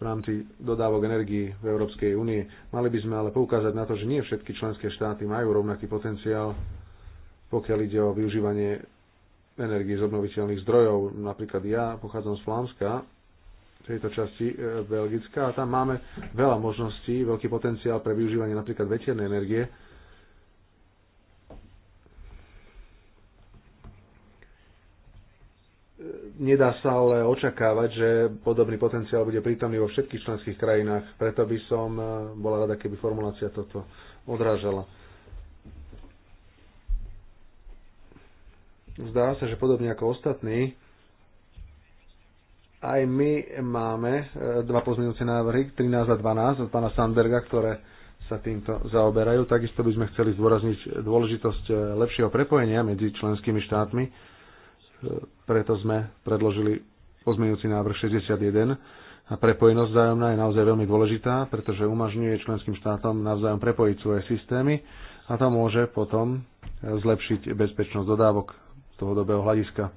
v rámci dodávok energii v Európskej únii. Mali by sme ale poukázať na to, že nie všetky členské štáty majú rovnaký potenciál, pokiaľ ide o využívanie energii z obnoviteľných zdrojov. Napríklad ja pochádzam z Flámska, tejto časti e, Belgická, a tam máme veľa možností, veľký potenciál pre využívanie napríklad veternej energie, Nedá sa ale očakávať, že podobný potenciál bude prítomný vo všetkých členských krajinách, preto by som e, bola rada, keby formulácia toto odrážala. Zdá sa, že podobne ako ostatní, aj my máme e, dva pozmeňujúce návrhy, 13 a 12 od pána Sanderga, ktoré sa týmto zaoberajú. Takisto by sme chceli zdôrazniť dôležitosť e, lepšieho prepojenia medzi členskými štátmi preto sme predložili pozmeňujúci návrh 61. A prepojenosť vzájomná je naozaj veľmi dôležitá, pretože umožňuje členským štátom navzájom prepojiť svoje systémy a to môže potom zlepšiť bezpečnosť dodávok z dobeho hľadiska.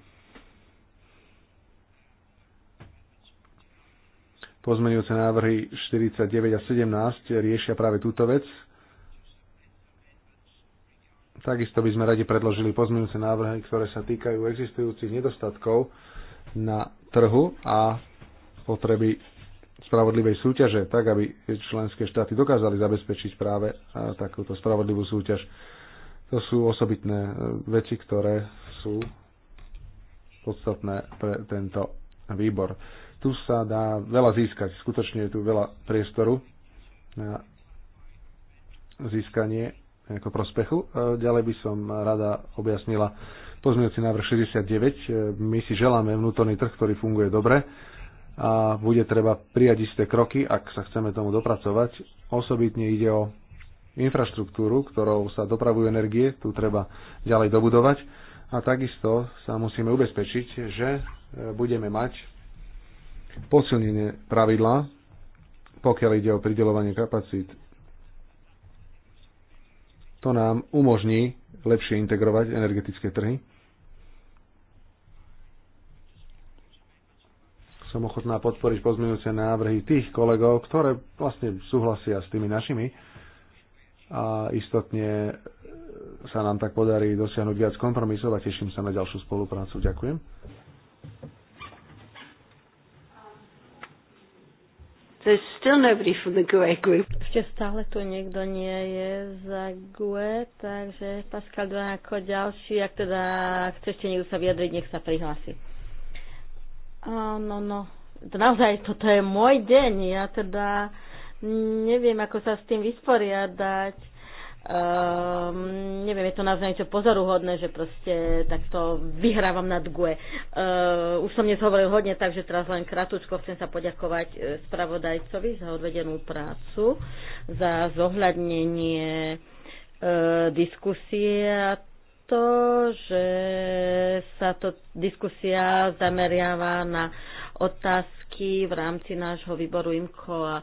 Pozmeňujúce návrhy 49 a 17 riešia práve túto vec, Takisto by sme radi predložili pozmeňujúce návrhy, ktoré sa týkajú existujúcich nedostatkov na trhu a potreby spravodlivej súťaže, tak aby členské štáty dokázali zabezpečiť práve takúto spravodlivú súťaž. To sú osobitné e, veci, ktoré sú podstatné pre tento výbor. Tu sa dá veľa získať, skutočne je tu veľa priestoru na získanie nejakého prospechu. Ďalej by som rada objasnila pozmeňujúci návrh 69. E, my si želáme vnútorný trh, ktorý funguje dobre a bude treba prijať isté kroky, ak sa chceme tomu dopracovať. Osobitne ide o infraštruktúru, ktorou sa dopravujú energie, tu treba ďalej dobudovať a takisto sa musíme ubezpečiť, že e, budeme mať posilnenie pravidla, pokiaľ ide o pridelovanie kapacít to nám umožní lepšie integrovať energetické trhy. Som ochotná podporiť pozmeňujúce návrhy tých kolegov, ktoré vlastne súhlasia s tými našimi a istotne sa nám tak podarí dosiahnuť viac kompromisov a teším sa na ďalšiu spoluprácu. Ďakujem. There's still nobody from the GUE group. Ešte stále tu niekto nie je za GUE, takže Pascal Dva ako ďalší, ak teda chce ešte niekto sa vyjadriť, nech sa prihlási. Áno, no, naozaj toto je môj deň, ja teda neviem, ako sa s tým vysporiadať Um, neviem, je to naozaj niečo pozoruhodné, že proste takto vyhrávam nad GUE. Uh, už som dnes hovoril hodne, takže teraz len kratučko chcem sa poďakovať e, spravodajcovi za odvedenú prácu, za zohľadnenie uh, diskusie a to, že sa to diskusia zameriava na uh, otázky v rámci nášho výboru IMCO a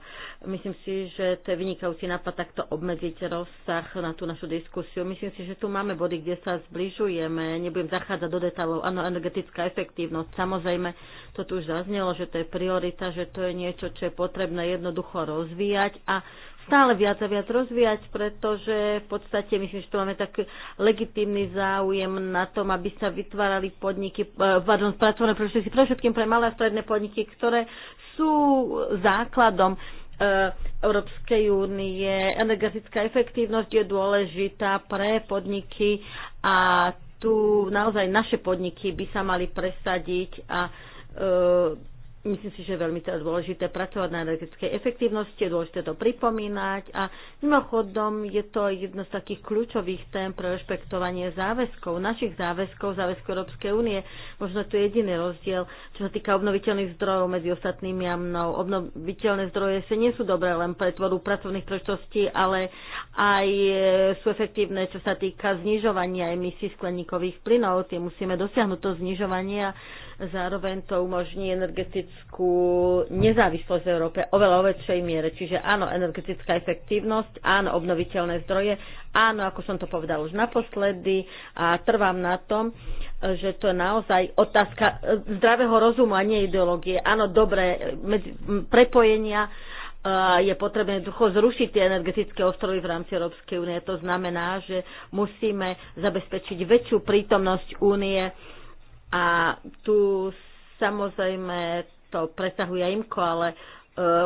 myslím si, že to je vynikajúci nápad takto obmedziť rozsah na tú našu diskusiu. Myslím si, že tu máme body, kde sa zbližujeme. Nebudem zachádzať do detailov, Áno, energetická efektívnosť. Samozrejme, to tu už zaznelo, že to je priorita, že to je niečo, čo je potrebné jednoducho rozvíjať a stále viac a viac rozvíjať, pretože v podstate myslím, že tu máme tak legitímny záujem na tom, aby sa vytvárali podniky, eh, pardon, pracovné prostredie, pre všetkým pre malé a stredné podniky, ktoré sú základom eh, Európskej únie. Energetická efektívnosť je dôležitá pre podniky a tu naozaj naše podniky by sa mali presadiť a eh, Myslím si, že je veľmi teda dôležité pracovať na energetickej efektívnosti, je dôležité to pripomínať a mimochodom je to jedno z takých kľúčových tém pre rešpektovanie záväzkov, našich záväzkov, záväzkov Európskej únie. Možno tu je jediný rozdiel, čo sa týka obnoviteľných zdrojov medzi ostatnými a mnou. Obnoviteľné zdroje sa nie sú dobré len pre tvorbu pracovných príležitostí, ale aj sú efektívne, čo sa týka znižovania emisí skleníkových plynov. Tie musíme dosiahnuť to znižovanie Zároveň to umožní energetickú nezávislosť v Európe oveľa o väčšej miere. Čiže áno, energetická efektívnosť, áno, obnoviteľné zdroje, áno, ako som to povedal už naposledy a trvám na tom, že to je naozaj otázka eh, zdravého rozumu a nie ideológie. Áno, dobré eh, medzi, prepojenia, eh, je potrebné jednoducho zrušiť tie energetické ostrovy v rámci Európskej únie. To znamená, že musíme zabezpečiť väčšiu prítomnosť únie a tu samozrejme to presahuje imko, ale e,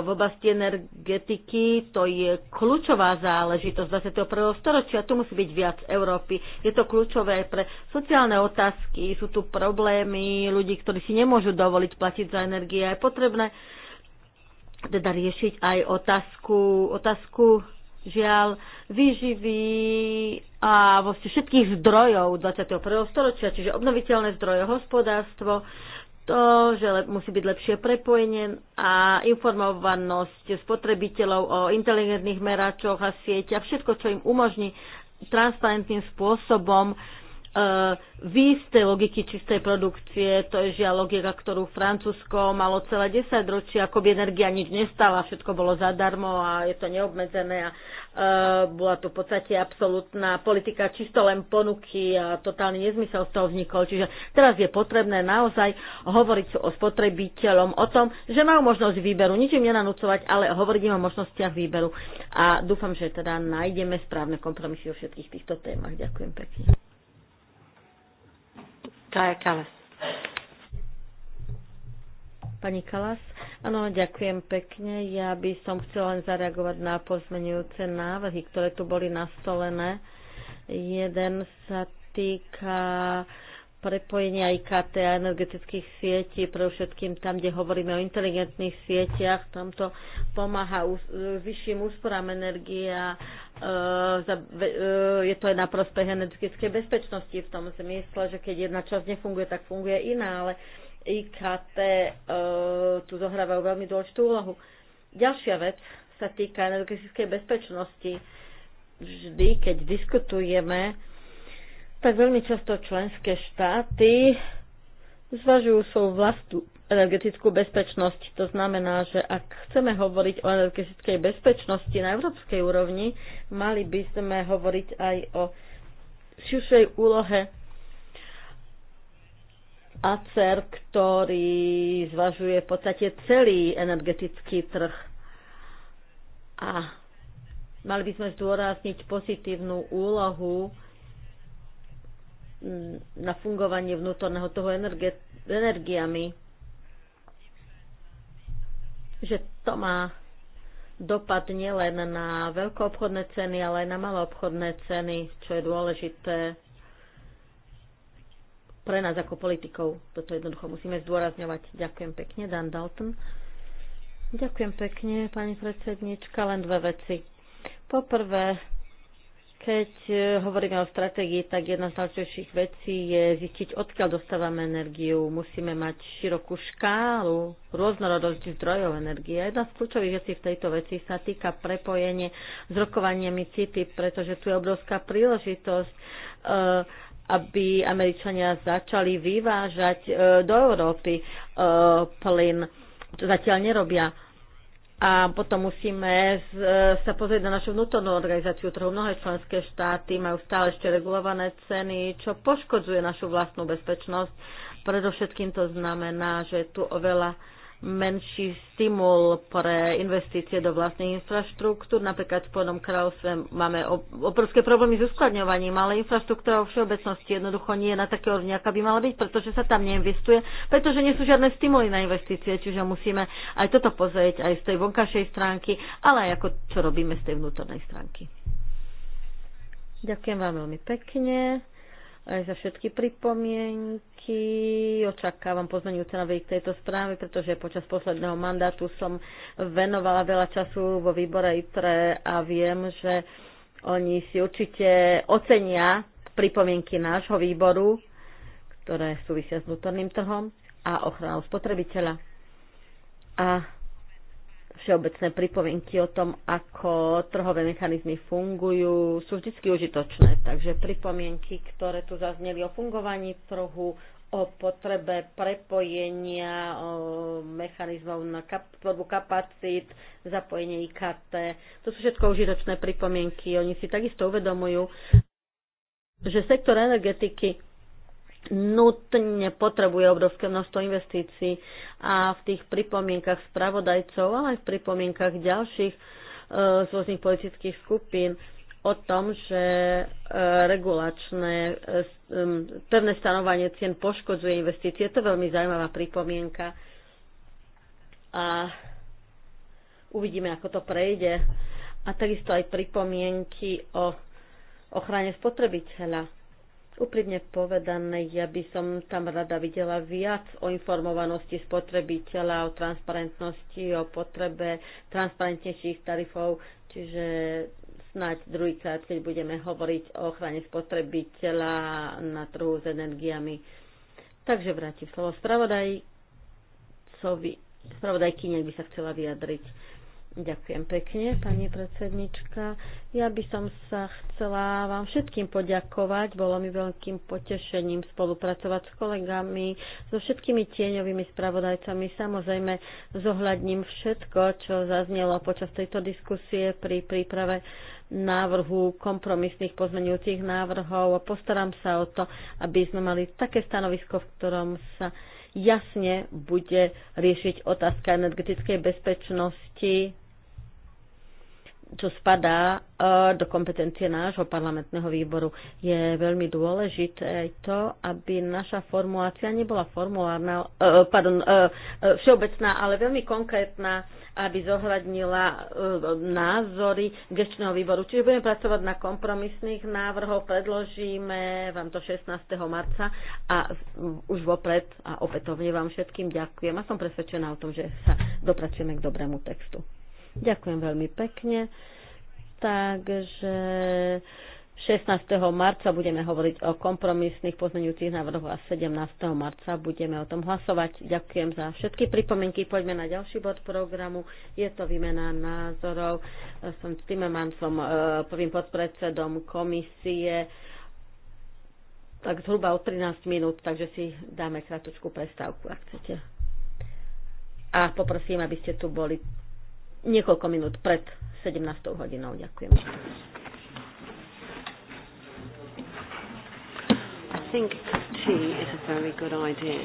v oblasti energetiky to je kľúčová záležitosť 21. storočia. Tu musí byť viac Európy. Je to kľúčové pre sociálne otázky. Sú tu problémy ľudí, ktorí si nemôžu dovoliť platiť za energie. Je potrebné teda riešiť aj otázku, otázku žiaľ výživy a vlastne všetkých zdrojov 21. storočia, čiže obnoviteľné zdroje, hospodárstvo, to, že musí byť lepšie prepojenie a informovanosť spotrebiteľov o inteligentných meračoch a sieťach, všetko, čo im umožní transparentným spôsobom Ehm, výjsť tej logiky čistej produkcie, to je žiaľ logika, ktorú Francúzsko malo celé 10 ročí, ako by energia nič nestala, všetko bolo zadarmo a je to neobmedzené a uh, bola to v podstate absolútna politika čisto len ponuky a totálny nezmysel z toho vznikol. Čiže teraz je potrebné naozaj hovoriť o spotrebiteľom o tom, že majú možnosť výberu, ničím nenanúcovať, ale hovoriť im o možnostiach výberu. A dúfam, že teda nájdeme správne kompromisy o všetkých týchto témach. Ďakujem pekne. Kaja Kalas. Pani Kalas, áno, ďakujem pekne. Ja by som chcela len zareagovať na pozmenujúce návrhy, ktoré tu boli nastolené. Jeden sa týka prepojenia IKT a energetických sietí, pre všetkým tam, kde hovoríme o inteligentných sieťach, tam to pomáha vyšším úsporám energie a Eh, eh, je to aj na prospech energetickej bezpečnosti v tom zmysle, že keď jedna časť nefunguje, tak funguje iná, ale IKT eh, tu zohrávajú veľmi dôležitú úlohu. Ďalšia vec sa týka energetickej bezpečnosti. Vždy, keď diskutujeme, tak veľmi často členské štáty zvažujú svoju vlastnú energetickú bezpečnosť. To znamená, že ak chceme hovoriť o energetickej bezpečnosti na európskej úrovni, mali by sme hovoriť aj o širšej úlohe ACER, ktorý zvažuje v podstate celý energetický trh. A mali by sme zdôrazniť pozitívnu úlohu mm, na fungovanie vnútorného toho energie, energiami že to má dopad nielen na veľkoobchodné ceny, ale aj na maloobchodné ceny, čo je dôležité pre nás ako politikov. Toto jednoducho musíme zdôrazňovať. Ďakujem pekne, Dan Dalton. Ďakujem pekne, pani predsednička. Len dve veci. Poprvé, keď e, hovoríme o stratégii, tak jedna z najlepších vecí je zistiť, odkiaľ dostávame energiu. Musíme mať širokú škálu, rôznorodosť zdrojov energie. Jedna z kľúčových vecí v tejto veci sa týka prepojenie s rokovaniami CITI, pretože tu je obrovská príležitosť e, aby Američania začali vyvážať e, do Európy plyn. čo zatiaľ nerobia a potom musíme z, e, sa pozrieť na našu vnútornú organizáciu trhu. Mnohé členské štáty majú stále ešte regulované ceny, čo poškodzuje našu vlastnú bezpečnosť. Predovšetkým to znamená, že tu oveľa menší stimul pre investície do vlastných infraštruktúr. Napríklad v Spojenom kráľovstve máme obrovské problémy s uskladňovaním, ale infraštruktúra vo všeobecnosti jednoducho nie je na také úrovni, aká by mala byť, pretože sa tam neinvestuje, pretože nie sú žiadne stimuly na investície, čiže musíme aj toto pozrieť aj z tej vonkajšej stránky, ale aj ako čo robíme z tej vnútornej stránky. Ďakujem vám veľmi pekne aj za všetky pripomienky. Očakávam pozmenujúce novej k tejto správe, pretože počas posledného mandátu som venovala veľa času vo výbore ITRE a viem, že oni si určite ocenia pripomienky nášho výboru, ktoré súvisia s vnútorným trhom a ochranou spotrebiteľa. A všeobecné pripomienky o tom, ako trhové mechanizmy fungujú, sú vždy užitočné. Takže pripomienky, ktoré tu zazneli o fungovaní trhu, o potrebe prepojenia o mechanizmov na kap- tvorbu kapacít, zapojenie IKT. To sú všetko užitočné pripomienky. Oni si takisto uvedomujú, že sektor energetiky nutne potrebuje obrovské množstvo investícií a v tých pripomienkach spravodajcov, ale aj v pripomienkach ďalších e, z rôznych politických skupín o tom, že e, regulačné e, pevné stanovanie cien poškodzuje investície. To je veľmi zaujímavá pripomienka a uvidíme, ako to prejde. A takisto aj pripomienky o ochrane spotrebiteľa Úprimne povedané, ja by som tam rada videla viac o informovanosti spotrebiteľa, o transparentnosti, o potrebe transparentnejších tarifov, čiže snáď druhýkrát, keď budeme hovoriť o ochrane spotrebiteľa na trhu s energiami. Takže vrátim slovo spravodajcovi, spravodajkyňa by sa chcela vyjadriť. Ďakujem pekne, pani predsednička. Ja by som sa chcela vám všetkým poďakovať. Bolo mi veľkým potešením spolupracovať s kolegami, so všetkými tieňovými spravodajcami. Samozrejme, zohľadním všetko, čo zaznelo počas tejto diskusie pri príprave návrhu kompromisných pozmenujúcich návrhov postaram sa o to, aby sme mali také stanovisko, v ktorom sa jasne bude riešiť otázka energetickej bezpečnosti čo spadá eh, do kompetencie nášho parlamentného výboru. Je veľmi dôležité aj to, aby naša formulácia nebola formulárna, eh, pardon, eh, všeobecná, ale veľmi konkrétna, aby zohľadnila názory gestčného výboru. Čiže budeme pracovať na kompromisných návrhoch, predložíme vám to 16. marca a už vopred a opätovne vám všetkým ďakujem a som presvedčená o tom, že sa dopracujeme k dobrému textu. Ďakujem veľmi pekne. Takže 16. marca budeme hovoriť o kompromisných pozmeňujúcich návrhoch a 17. marca budeme o tom hlasovať. Ďakujem za všetky pripomienky. Poďme na ďalší bod programu. Je to výmena názorov. Som s mancom, e, prvým podpredsedom komisie. Tak zhruba o 13 minút, takže si dáme kratučku prestávku, ak chcete. A poprosím, aby ste tu boli niekoľko minút pred 17. hodinou. Ďakujem. I think tea is a very good idea.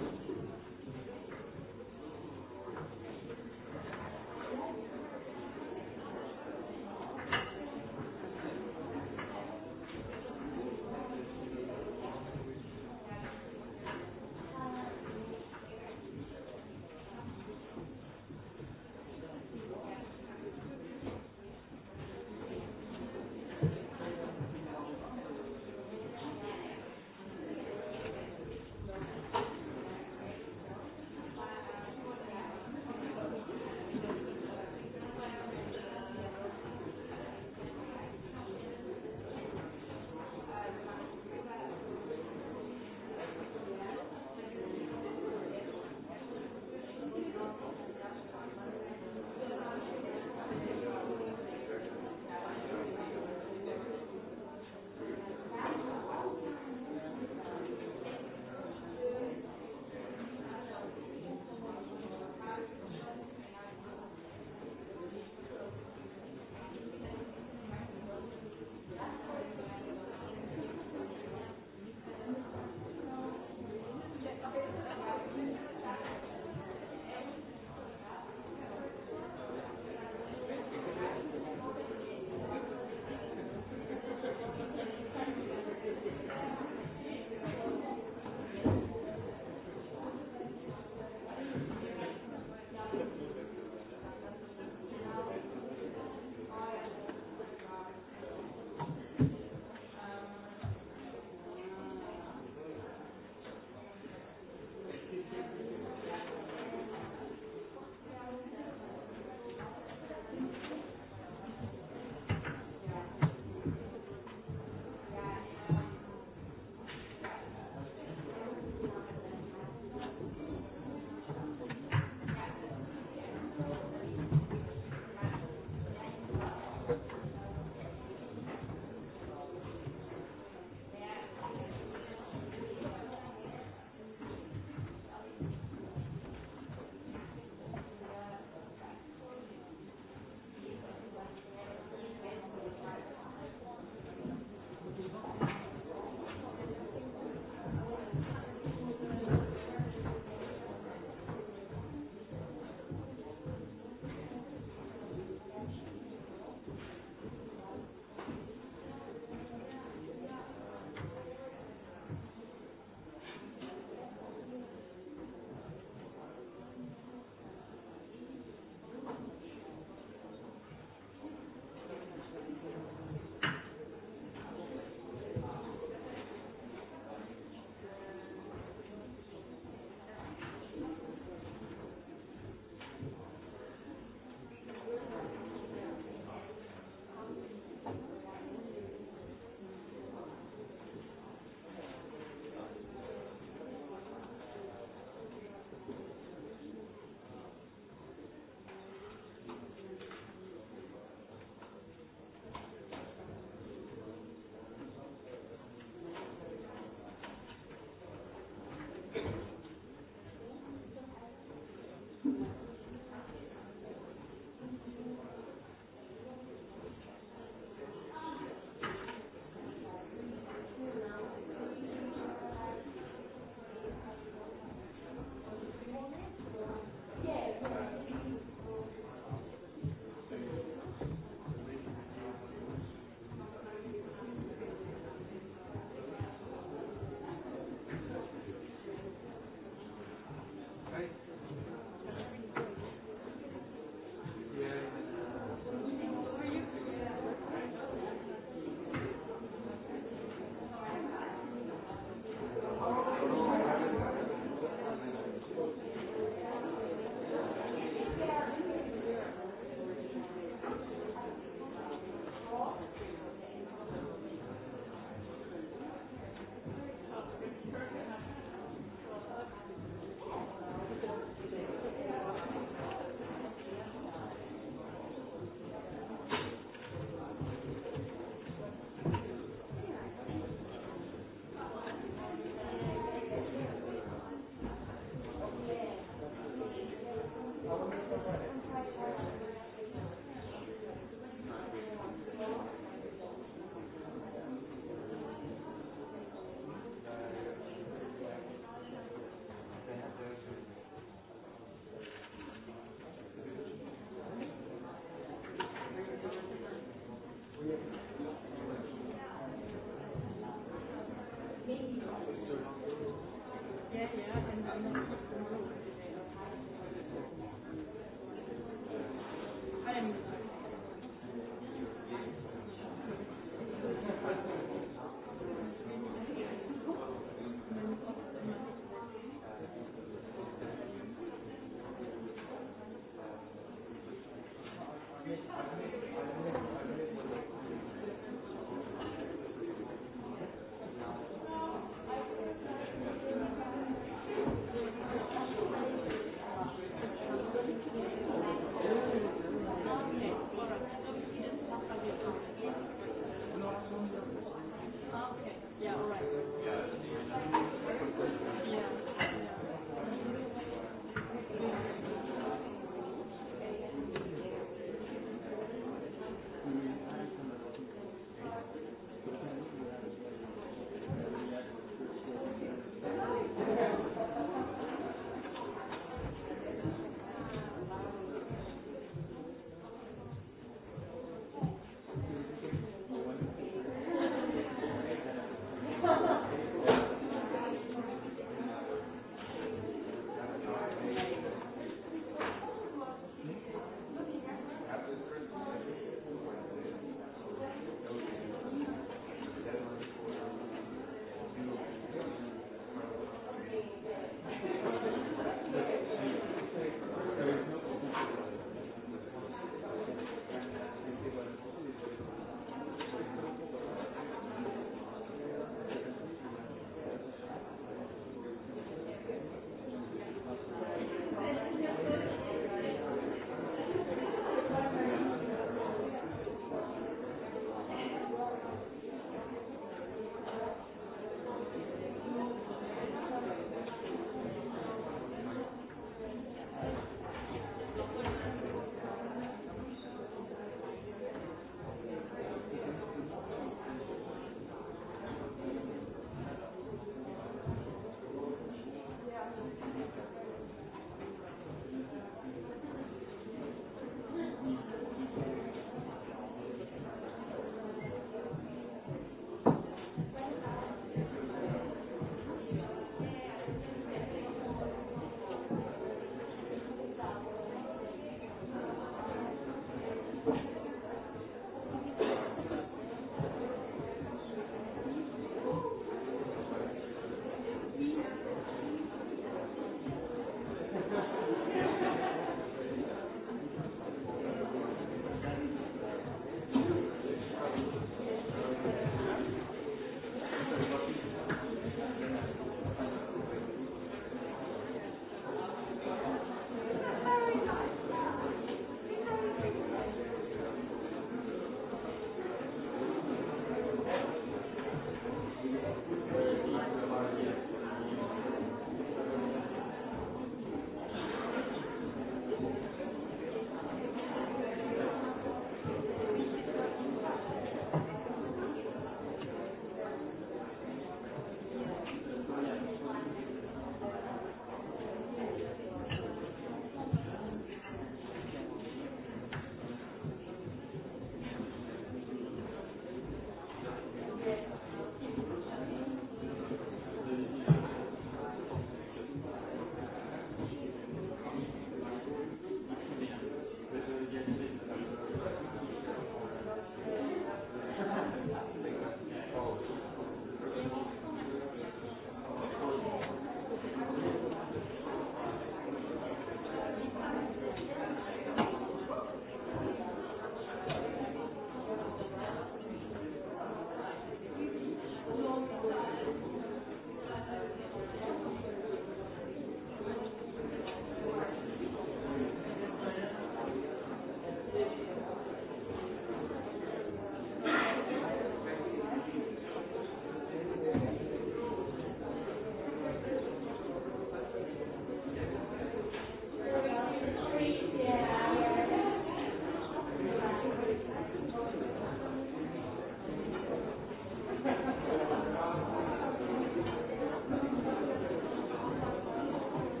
Thank you.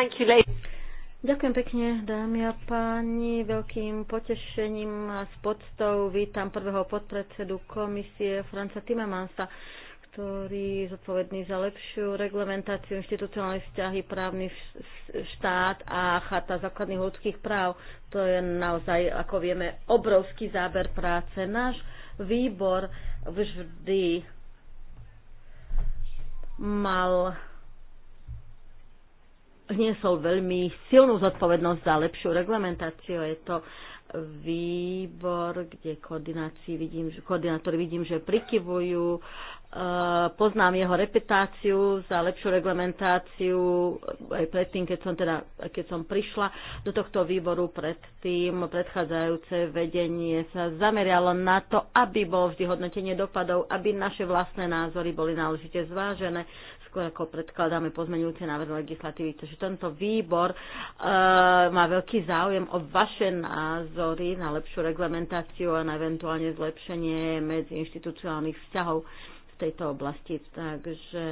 Thank you, ladies. Ďakujem pekne, dámy a páni. Veľkým potešením a s podstou vítam prvého podpredsedu komisie Franca Timemansa, ktorý je zodpovedný za lepšiu reglementáciu inštitucionálnych vzťahy, právny štát a chata základných ľudských práv. To je naozaj, ako vieme, obrovský záber práce. Náš výbor vždy mal zniesol veľmi silnú zodpovednosť za lepšiu reglementáciu. Je to výbor, kde koordinácii vidím, že koordinátori vidím, že prikyvujú. E, poznám jeho reputáciu za lepšiu reglementáciu aj predtým, keď som, teda, keď som prišla do tohto výboru predtým. Predchádzajúce vedenie sa zamerialo na to, aby bolo vždy hodnotenie dopadov, aby naše vlastné názory boli náležite zvážené skôr ako predkladáme pozmenujúce návrhy legislatívy. Takže tento výbor e, má veľký záujem o vaše názory na lepšiu reglementáciu a na eventuálne zlepšenie medziinstitucionálnych vzťahov v tejto oblasti. Takže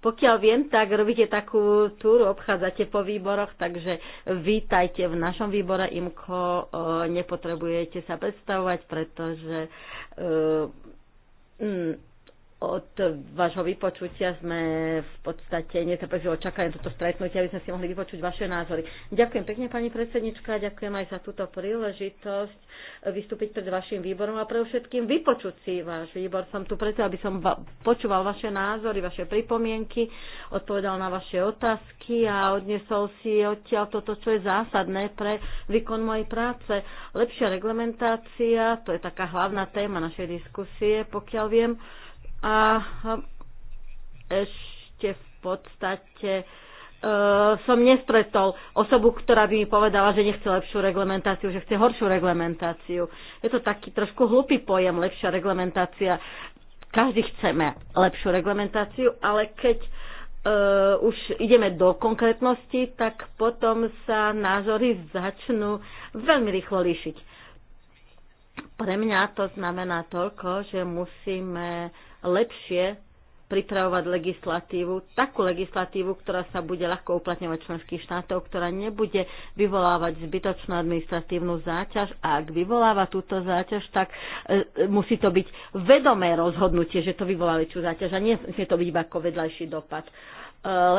pokiaľ viem, tak robíte takú túru, obchádzate po výboroch, takže vítajte v našom výbore IMKO, e, nepotrebujete sa predstavovať, pretože uh, od vášho vypočutia sme v podstate netrpezlivo čakali toto stretnutie, aby sme si mohli vypočuť vaše názory. Ďakujem pekne, pani predsednička, ďakujem aj za túto príležitosť vystúpiť pred vašim výborom a pre všetkým vypočuť si váš výbor. Som tu preto, aby som počúval vaše názory, vaše pripomienky, odpovedal na vaše otázky a odnesol si odtiaľ toto, čo je zásadné pre výkon mojej práce. Lepšia reglementácia, to je taká hlavná téma našej diskusie, pokiaľ viem. A ešte v podstate e, som nestretol osobu, ktorá by mi povedala, že nechce lepšiu reglementáciu, že chce horšiu reglementáciu. Je to taký trošku hlupý pojem, lepšia reglementácia. Každý chceme lepšiu reglementáciu, ale keď uh, už ideme do konkrétnosti, tak potom sa názory začnú veľmi rýchlo líšiť. Pre mňa to znamená toľko, že musíme uh, lepšie pripravovať legislatívu, takú legislatívu, ktorá sa bude ľahko uplatňovať členských štátov, ktorá nebude vyvolávať zbytočnú administratívnu záťaž a ak vyvoláva túto záťaž, tak e, e musí to byť vedomé rozhodnutie, že to vyvolá väčšiu záťaž a nie musí to byť iba ako vedľajší dopad. E,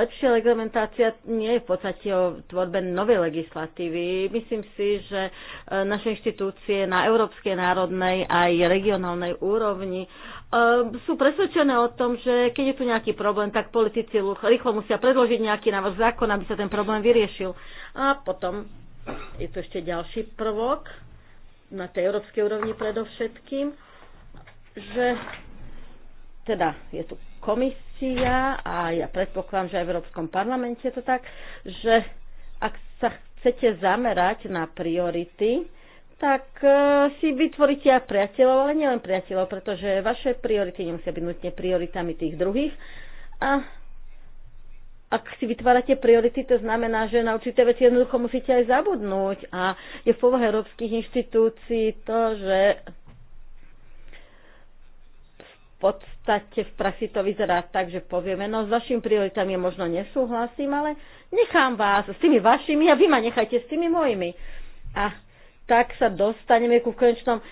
lepšia reglementácia nie je v podstate o tvorbe novej legislatívy. Myslím si, že e, naše inštitúcie na európskej, národnej aj regionálnej úrovni Ehm, sú presvedčené o tom, že keď je tu nejaký problém, tak politici rýchlo musia predložiť nejaký návrh zákon, aby sa ten problém vyriešil. A potom je tu ešte ďalší prvok na tej európskej úrovni predovšetkým, že teda je tu komisia a ja predpokladám, že aj v Európskom parlamente je to tak, že ak sa chcete zamerať na priority, tak e, si vytvoríte aj priateľov, ale nielen priateľov, pretože vaše priority nemusia byť nutne prioritami tých druhých. A ak si vytvárate priority, to znamená, že na určité veci jednoducho musíte aj zabudnúť. A je v povahe európskych inštitúcií to, že v podstate v praxi to vyzerá tak, že povieme, no s vašim prioritami možno nesúhlasím, ale nechám vás s tými vašimi a vy ma nechajte s tými mojimi. A tak sa dostaneme ku konečnom e,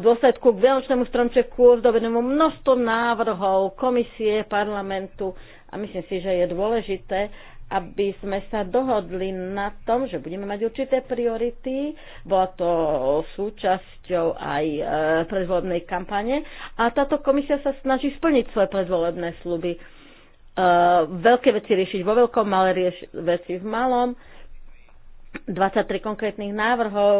dôsledku k veľočnému stromčeku zdobenému množstvom návrhov komisie, parlamentu a myslím si, že je dôležité, aby sme sa dohodli na tom, že budeme mať určité priority. Bola to súčasťou aj e, predvolebnej kampane a táto komisia sa snaží splniť svoje predvolebné sluby. E, eh, veľké veci riešiť vo veľkom, malé rieš- veci v malom. E, 23 konkrétnych návrhov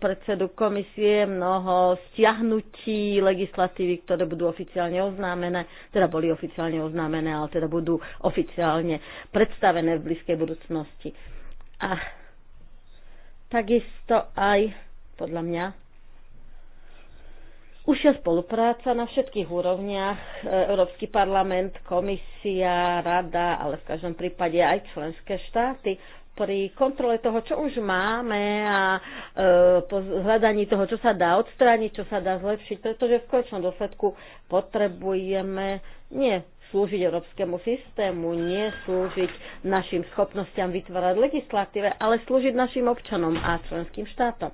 predsedu komisie, mnoho stiahnutí legislatívy, ktoré budú oficiálne oznámené, teda boli oficiálne oznámené, ale teda budú oficiálne predstavené v blízkej budúcnosti. A takisto aj, podľa mňa, Užšia spolupráca na všetkých úrovniach, e, Európsky parlament, komisia, rada, ale v každom prípade aj členské štáty pri kontrole toho, čo už máme a e, po hľadaní toho, čo sa dá odstrániť, čo sa dá zlepšiť, pretože v konečnom dôsledku potrebujeme nie slúžiť európskemu systému, nie slúžiť našim schopnostiam vytvárať legislatíve, ale slúžiť našim občanom a členským štátom.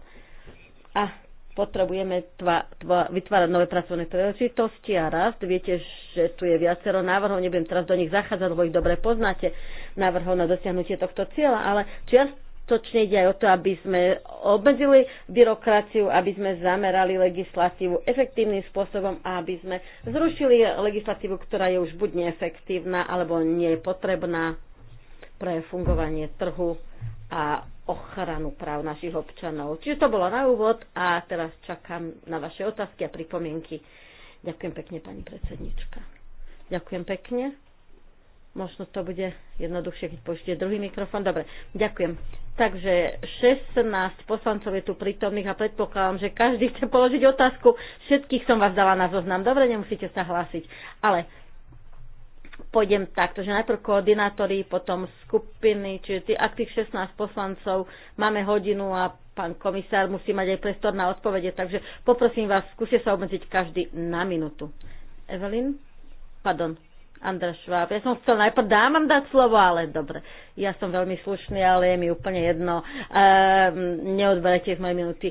A potrebujeme tva, tva, vytvárať nové pracovné príležitosti a rast. Viete, že tu je viacero návrhov, nebudem teraz do nich zachádzať, lebo ich dobre poznáte návrhov na dosiahnutie tohto cieľa, ale čiastočne ide aj o to, aby sme obmedzili byrokraciu, aby sme zamerali legislatívu efektívnym spôsobom a aby sme zrušili legislatívu, ktorá je už buď neefektívna alebo nie je potrebná pre fungovanie trhu a ochranu práv našich občanov. Čiže to bolo na úvod a teraz čakám na vaše otázky a pripomienky. Ďakujem pekne, pani predsednička. Ďakujem pekne. Možno to bude jednoduchšie, keď použite druhý mikrofón. Dobre, ďakujem. Takže 16 poslancov je tu prítomných a predpokladám, že každý chce položiť otázku. Všetkých som vás dala na zoznam. Dobre, nemusíte sa hlásiť. Ale pôjdem takto, že najprv koordinátori, potom skupiny, čiže tí, ak tých 16 poslancov máme hodinu a pán komisár musí mať aj priestor na odpovede, takže poprosím vás, skúste sa obmedziť každý na minútu. Evelyn? Pardon, Andra Šváb. Ja som chcel najprv dámam dať slovo, ale dobre. Ja som veľmi slušný, ale je mi úplne jedno. Ehm, Neodberajte v mojej minúty.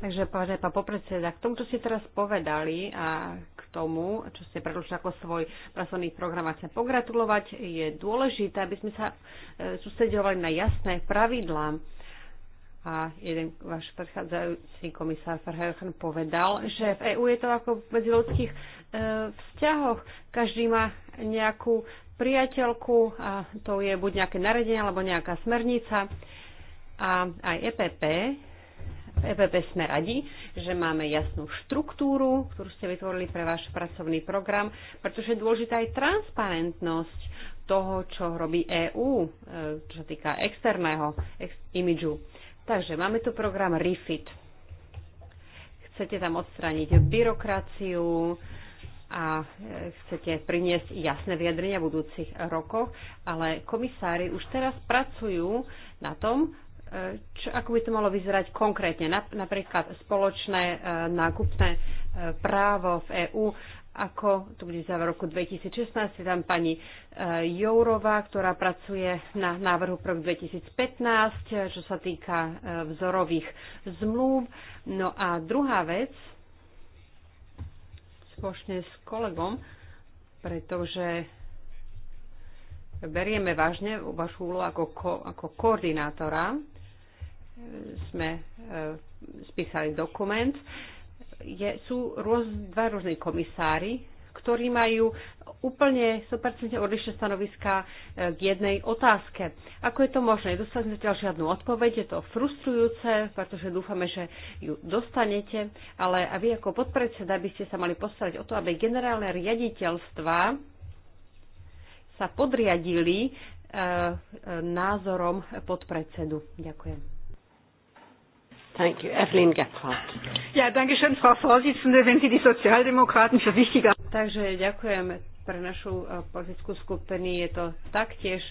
Takže, vážený pán popredseda, k tomu, čo ste teraz povedali a k tomu, čo ste predložili ako svoj pracovný program a chcem pogratulovať, je dôležité, aby sme sa e, sústredovali na jasné pravidlá a jeden váš predchádzajúci komisár Verheugen povedal, že v EÚ je to ako v medziludských e, vzťahoch. Každý má nejakú priateľku a to je buď nejaké naredenie alebo nejaká smernica. A aj EPP, v EPP sme radi, že máme jasnú štruktúru, ktorú ste vytvorili pre váš pracovný program, pretože je dôležitá aj transparentnosť toho, čo robí EÚ, e, čo sa týka externého ex- imidžu Takže máme tu program REFIT. Chcete tam odstrániť byrokraciu a e, chcete priniesť jasné vyjadrenia v budúcich rokoch, ale komisári už teraz pracujú na tom, e, čo, ako by to malo vyzerať konkrétne. Napríklad spoločné e, nákupné právo v EÚ ako to bude záver roku 2016. Je tam pani e, Jourová, ktorá pracuje na návrhu pre 2015, čo sa týka e, vzorových zmluv. No a druhá vec, spoločne s kolegom, pretože berieme vážne vašu úlohu ako, ko, ako koordinátora. E, sme spísali dokument je, sú rôz, dva rôzne komisári, ktorí majú úplne 100% odlišné stanoviska e, k jednej otázke. Ako je to možné? Dostali sme zatiaľ žiadnu odpoveď, je to frustrujúce, pretože dúfame, že ju dostanete, ale a vy ako podpredseda by ste sa mali postarať o to, aby generálne riaditeľstva sa podriadili e, e, názorom podpredsedu. Ďakujem. Thank you. Evelyn Gephardt. Ja, danke schön, Frau Vorsitzende, wenn Sie die Sozialdemokraten für wichtiger... Takže ďakujem pre našu eh, politickú skupinu. Je to taktiež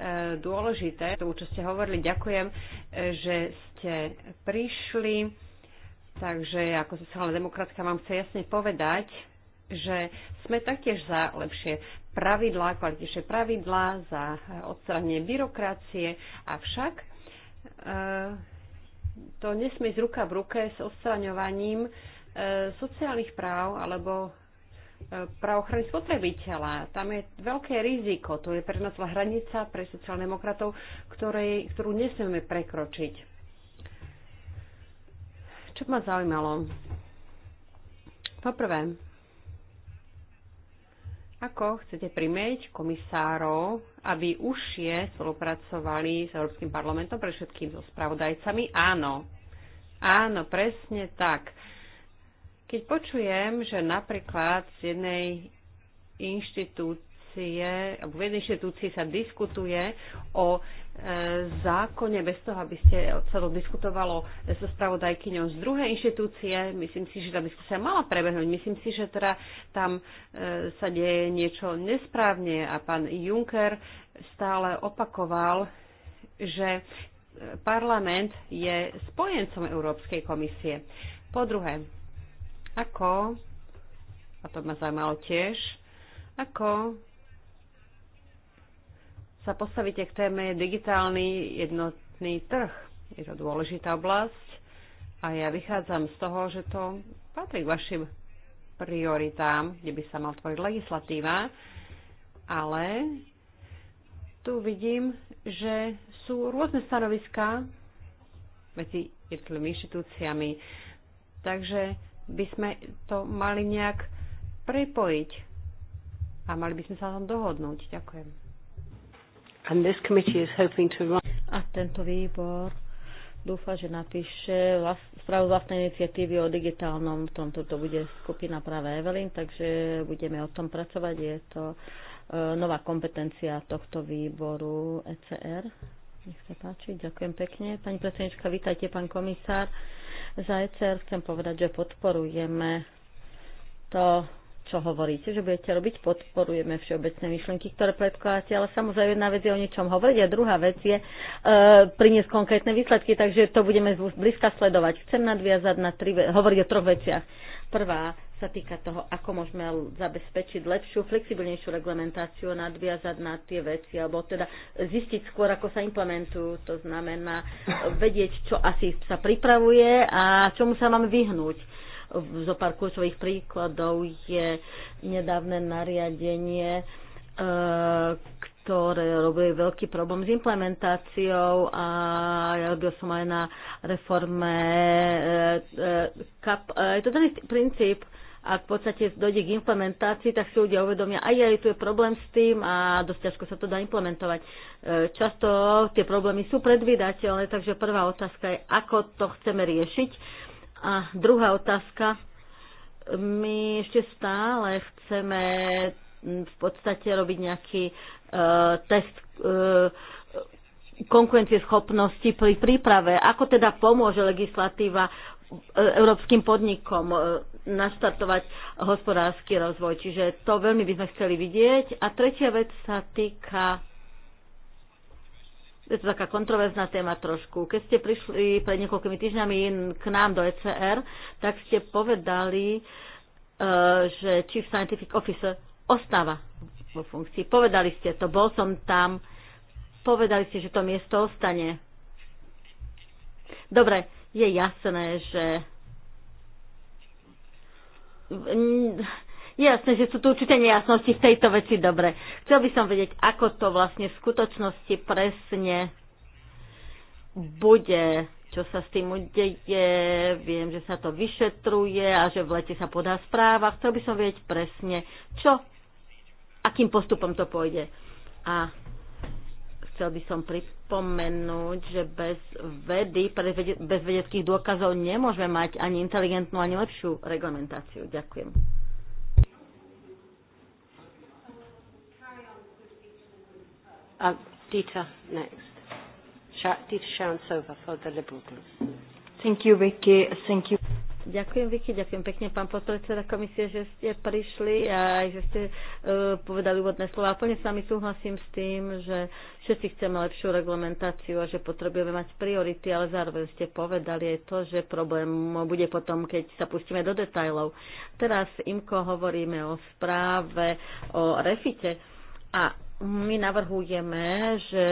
eh, dôležité, tomu, čo ste hovorili, ďakujem, eh, že ste prišli. Takže ako sociálna demokratka vám chce jasne povedať, že sme taktiež za lepšie pravidlá, kvalitnejšie pravidlá, za odstranenie byrokracie, avšak e to nesmie z ruka v ruke s odstraňovaním e, sociálnych práv alebo e, práv ochrany spotrebiteľa. Tam je veľké riziko. To je pre nás hranica pre sociálnodemokratov, ktorú nesmieme prekročiť. Čo ma zaujímalo? Poprvé, ako chcete primieť komisárov aby užšie spolupracovali s Európskym parlamentom, pre všetkým so spravodajcami. Áno, áno, presne tak. Keď počujem, že napríklad z jednej inštitúcie, alebo v jednej inštitúcii sa diskutuje o zákone, bez toho, aby ste to diskutovalo so spravodajkyňou z druhej inštitúcie. Myslím si, že tá diskusia mala prebehnúť. Myslím si, že teda tam e, sa deje niečo nesprávne a pán Juncker stále opakoval, že e, parlament je spojencom Európskej komisie. Po druhé, ako, a to ma zaujímalo tiež, ako sa postavíte k téme digitálny jednotný trh. Je to dôležitá oblasť a ja vychádzam z toho, že to patrí k vašim prioritám, kde by sa mal tvoriť legislatíva, ale tu vidím, že sú rôzne stanoviská medzi jednotlivými inštitúciami. Takže by sme to mali nejak prepojiť a mali by sme sa tam dohodnúť. Ďakujem. And this committee is hoping to run... A tento výbor dúfa, že napíše vlast, správu vlastnej iniciatívy o digitálnom. V tomto to bude skupina práve Evelyn, takže budeme o tom pracovať. Je to e, nová kompetencia tohto výboru ECR. Nech sa páči, ďakujem pekne. Pani predsednička, vítajte, pán komisár. Za ECR chcem povedať, že podporujeme to čo hovoríte, že budete robiť, podporujeme všeobecné myšlienky, ktoré predkladáte, ale samozrejme jedna vec je o niečom hovoriť a druhá vec je e, priniesť konkrétne výsledky, takže to budeme blízka sledovať. Chcem nadviazať na tri, hovoriť o troch veciach. Prvá sa týka toho, ako môžeme zabezpečiť lepšiu, flexibilnejšiu reglementáciu, nadviazať na tie veci, alebo teda zistiť skôr, ako sa implementujú. To znamená vedieť, čo asi sa pripravuje a čomu sa máme vyhnúť zo pár kľúčových príkladov je nedávne nariadenie, e, ktoré robili veľký problém s implementáciou a ja robil som aj na reforme e, e, kap, je to ten princíp, ak v podstate dojde k implementácii, tak si ľudia uvedomia, aj, aj tu je problém s tým a dosť ťažko sa to dá implementovať. Často tie problémy sú predvídateľné, takže prvá otázka je, ako to chceme riešiť a druhá otázka. My ešte stále chceme v podstate robiť nejaký uh, test e, uh, schopnosti pri príprave. Ako teda pomôže legislatíva e, európskym podnikom naštartovať hospodársky rozvoj. Čiže to veľmi by sme chceli vidieť. A tretia vec sa týka je to taká kontroverzná téma trošku. Keď ste prišli pred niekoľkými týždňami k nám do ECR, tak ste povedali, e, že Chief Scientific Officer ostáva vo funkcii. Povedali ste to, bol som tam, povedali ste, že to miesto ostane. Dobre, je jasné, že Jasne, že sú tu určite nejasnosti v tejto veci. Dobre. Chcel by som vedieť, ako to vlastne v skutočnosti presne bude, čo sa s tým udeje. Viem, že sa to vyšetruje a že v lete sa podá správa. Chcel by som vedieť presne, čo, akým postupom to pôjde. A chcel by som pripomenúť, že bez vedy, bez vedeckých dôkazov nemôžeme mať ani inteligentnú, ani lepšiu reglementáciu. Ďakujem. Uh, Dita next. Dita for the Liberal Group. Thank you, Vicky. Thank you. Ďakujem, Vicky, ďakujem pekne, pán podpredseda komisie, že ste prišli a aj, že ste uh, povedali úvodné slova. Plne s vami súhlasím s tým, že všetci chceme lepšiu reglementáciu a že potrebujeme mať priority, ale zároveň ste povedali aj to, že problém bude potom, keď sa pustíme do detajlov. Teraz Imko hovoríme o správe, o refite a my navrhujeme, že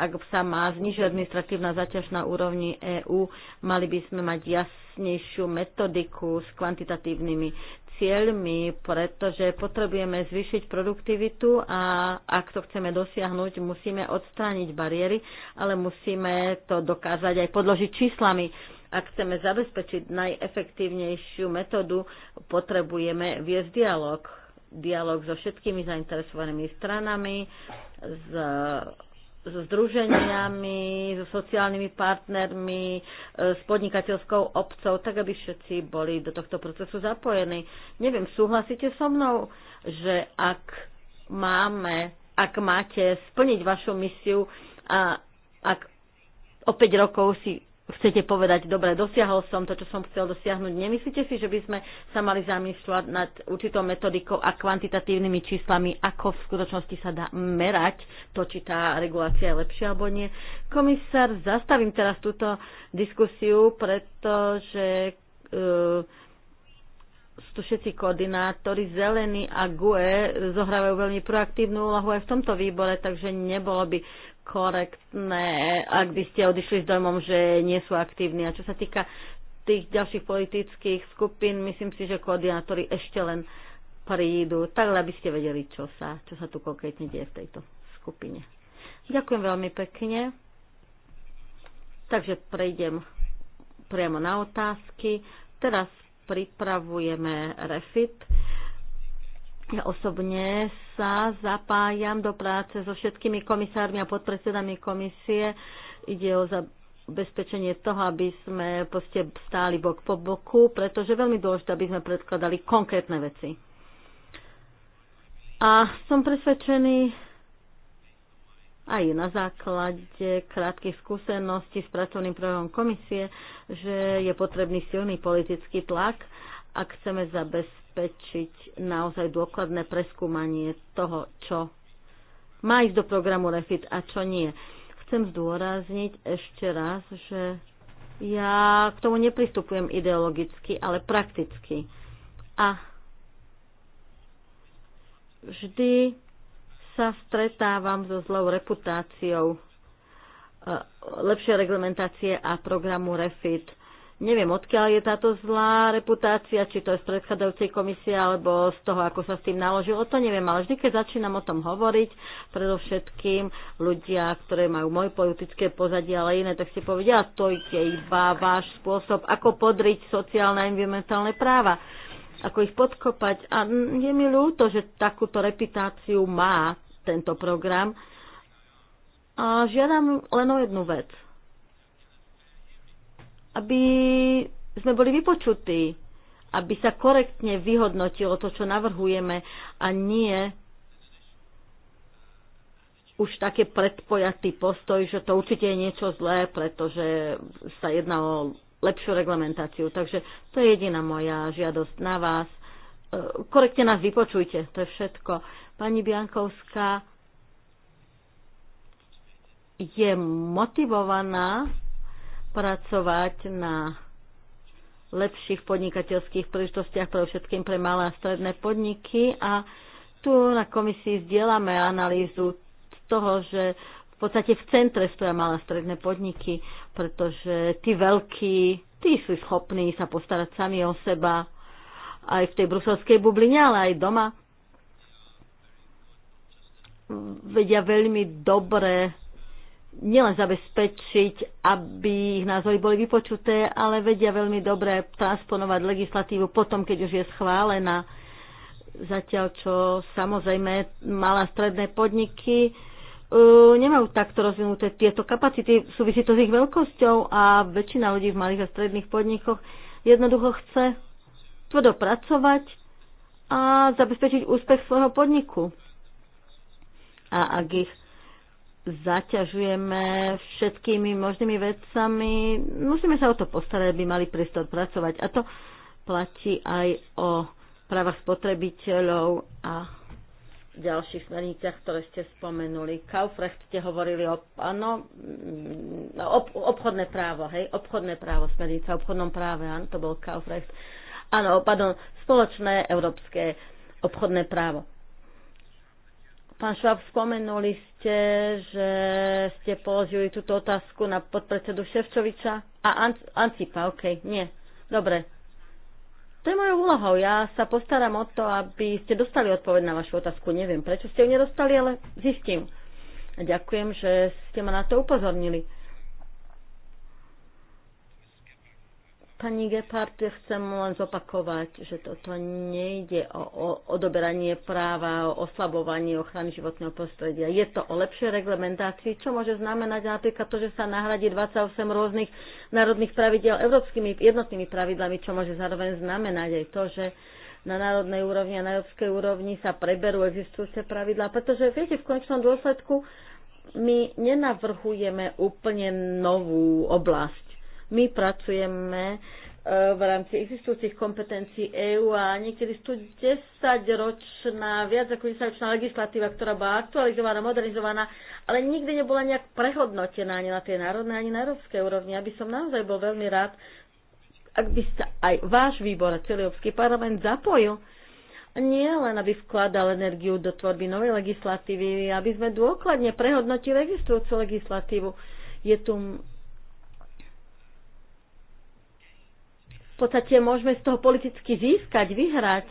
ak sa má znižiť administratívna zaťaž na úrovni EÚ, mali by sme mať jasnejšiu metodiku s kvantitatívnymi cieľmi, pretože potrebujeme zvýšiť produktivitu a ak to chceme dosiahnuť, musíme odstrániť bariéry, ale musíme to dokázať aj podložiť číslami ak chceme zabezpečiť najefektívnejšiu metódu, potrebujeme viesť dialog dialog so všetkými zainteresovanými stranami, s, so združeniami, so sociálnymi partnermi, e, s podnikateľskou obcou, tak aby všetci boli do tohto procesu zapojení. Neviem, súhlasíte so mnou, že ak máme, ak máte splniť vašu misiu a ak o 5 rokov si chcete povedať, dobre, dosiahol som to, čo som chcel dosiahnuť. Nemyslíte si, že by sme sa mali zamýšľať nad určitou metodikou a kvantitatívnymi číslami, ako v skutočnosti sa dá merať to, či tá regulácia je lepšia alebo nie? Komisár, zastavím teraz túto diskusiu, pretože uh, sú tu všetci koordinátori, zelení a GUE zohrávajú veľmi proaktívnu úlohu aj v tomto výbore, takže nebolo by korektné, ak by ste odišli s dojmom, že nie sú aktívni. A čo sa týka tých ďalších politických skupín, myslím si, že koordinátori ešte len prídu, tak aby ste vedeli, čo sa, čo sa tu konkrétne deje v tejto skupine. Ďakujem veľmi pekne. Takže prejdem priamo na otázky. Teraz pripravujeme refit ja osobne sa zapájam do práce so všetkými komisármi a podpredsedami komisie. Ide o zabezpečenie toho, aby sme proste stáli bok po boku, pretože veľmi dôležité, aby sme predkladali konkrétne veci. A som presvedčený aj na základe krátkych skúseností s pracovným programom komisie, že je potrebný silný politický tlak, ak chceme zabezpečiť zabezpečiť naozaj dôkladné preskúmanie toho, čo má ísť do programu REFIT a čo nie. Chcem zdôrazniť ešte raz, že ja k tomu nepristupujem ideologicky, ale prakticky. A vždy sa stretávam so zlou reputáciou e, lepšie reglementácie a programu REFIT – Neviem, odkiaľ je táto zlá reputácia, či to je z predchádzajúcej komisie alebo z toho, ako sa s tým naložilo, to neviem, ale vždy, keď začínam o tom hovoriť, predovšetkým ľudia, ktoré majú moje politické pozadie, ale iné, tak si povedia, to je iba váš spôsob, ako podriť sociálne a environmentálne práva, ako ich podkopať. A je mi ľúto, že takúto reputáciu má tento program. A žiadam len o jednu vec – aby sme boli vypočutí, aby sa korektne vyhodnotilo to, čo navrhujeme a nie už také predpojatý postoj, že to určite je niečo zlé, pretože sa jedná o lepšiu reglementáciu. Takže to je jediná moja žiadosť na vás. E, korektne nás vypočujte, to je všetko. Pani Biankovská je motivovaná pracovať na lepších podnikateľských príležitostiach pre všetkým pre malé a stredné podniky a tu na komisii zdieľame analýzu z toho, že v podstate v centre stoja malé a stredné podniky, pretože tí veľkí, tí sú schopní sa postarať sami o seba aj v tej bruselskej bubline, ale aj doma vedia veľmi dobre nielen zabezpečiť, aby ich názory boli vypočuté, ale vedia veľmi dobre transponovať legislatívu potom, keď už je schválená. Zatiaľ, čo samozrejme malé stredné podniky uh, nemajú takto rozvinuté tieto kapacity, súvisí to s ich veľkosťou a väčšina ľudí v malých a stredných podnikoch jednoducho chce tvrdo pracovať a zabezpečiť úspech svojho podniku. A ak ich zaťažujeme všetkými možnými vecami. Musíme sa o to postarať, aby mali priestor pracovať. A to platí aj o právach spotrebiteľov a ďalších smerniciach, ktoré ste spomenuli. Kaufrecht ste hovorili o, áno, mm, ob, obchodné právo, hej, obchodné právo, smernica o obchodnom práve, áno, to bol Kaufrecht. Áno, pardon, spoločné európske obchodné právo. Pán Šváb, spomenuli ste, že ste položili túto otázku na podpredsedu Ševčoviča a Ant- Ancipa, OK, nie. Dobre. To je mojou úlohou. Ja sa postaram o to, aby ste dostali odpoveď na vašu otázku. Neviem, prečo ste ju nedostali, ale zistím. A ďakujem, že ste ma na to upozornili. Pani Gepard, chcem len zopakovať, že toto nejde o, o odoberanie práva, o oslabovanie ochrany životného prostredia. Je to o lepšej reglementácii, čo môže znamenať napríklad to, že sa nahradí 28 rôznych národných pravidel európskymi jednotnými pravidlami, čo môže zároveň znamenať aj to, že na národnej úrovni a na európskej úrovni sa preberú existujúce pravidlá, pretože viete, v konečnom dôsledku my nenavrhujeme úplne novú oblasť my pracujeme e, v rámci existujúcich kompetencií EÚ a niekedy sú tu 10-ročná, viac ako 10-ročná legislatíva, ktorá bola aktualizovaná, modernizovaná, ale nikdy nebola nejak prehodnotená ani na tej národnej, ani na európskej úrovni. Aby som naozaj bol veľmi rád, ak by sa aj váš výbor a celý Európsky parlament zapojil, nie len aby vkladal energiu do tvorby novej legislatívy, aby sme dôkladne prehodnotili existujúcu legislatívu. Je tu v podstate môžeme z toho politicky získať, vyhrať,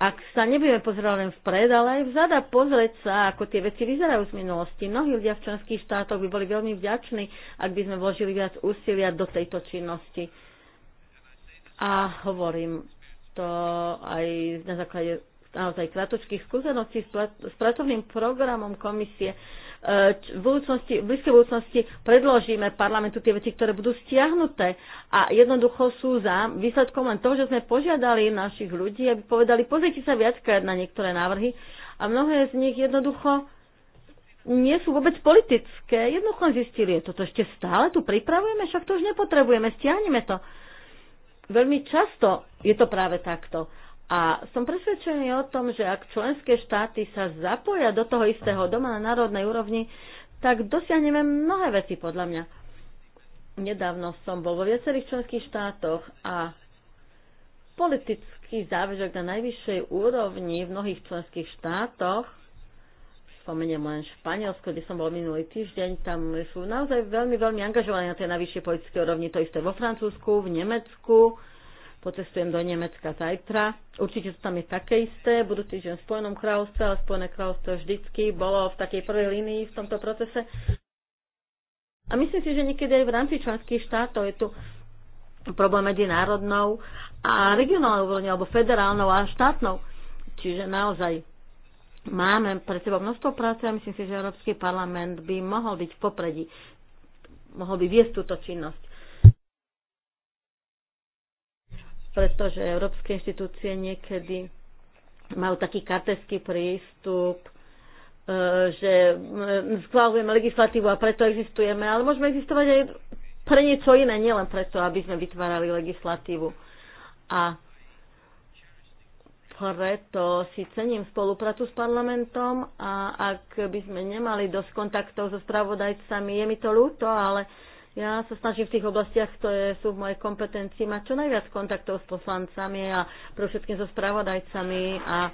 ak sa nebudeme pozerať len vpred, ale aj vzada pozrieť sa, ako tie veci vyzerajú z minulosti. Mnohí ľudia v členských štátoch by boli veľmi vďační, ak by sme vložili viac úsilia do tejto činnosti. A hovorím to aj na základe naozaj kratočkých skúseností s, s pracovným programom komisie v, budúcnosti, v blízkej budúcnosti predložíme parlamentu tie veci, ktoré budú stiahnuté. A jednoducho sú za výsledkom len toho, že sme požiadali našich ľudí, aby povedali, pozrite sa viackrát na niektoré návrhy a mnohé z nich jednoducho nie sú vôbec politické. Jednoducho zistili, je toto ešte stále tu pripravujeme, však to už nepotrebujeme, stiahneme to. Veľmi často je to práve takto. A som presvedčený o tom, že ak členské štáty sa zapoja do toho istého doma na národnej úrovni, tak dosiahneme mnohé veci, podľa mňa. Nedávno som bol vo viacerých členských štátoch a politický záväzok na najvyššej úrovni v mnohých členských štátoch, spomeniem len Španielsko, kde som bol minulý týždeň, tam sú naozaj veľmi, veľmi angažovaní na tej najvyššej politickej úrovni, to isté vo Francúzsku, v Nemecku, Potestujem do Nemecka zajtra. Určite to tam je také isté. Budú týždeň v Spojenom kráľovstve, ale Spojené kráľovstvo vždycky bolo v takej prvej línii v tomto procese. A myslím si, že niekedy aj v rámci členských štátov je tu problém medzi národnou a regionálnou úrovňou, alebo federálnou a štátnou. Čiže naozaj máme pred sebou množstvo práce a myslím si, že Európsky parlament by mohol byť v popredí, mohol by viesť túto činnosť. pretože európske inštitúcie niekedy majú taký kateský prístup, e, že e, schválujeme legislatívu a preto existujeme, ale môžeme existovať aj pre niečo iné, nielen preto, aby sme vytvárali legislatívu. A preto si cením spoluprácu s parlamentom a ak by sme nemali dosť kontaktov so spravodajcami, je mi to ľúto, ale ja sa snažím v tých oblastiach, ktoré sú v mojej kompetencii, mať čo najviac kontaktov s poslancami a pre všetkým so spravodajcami a e,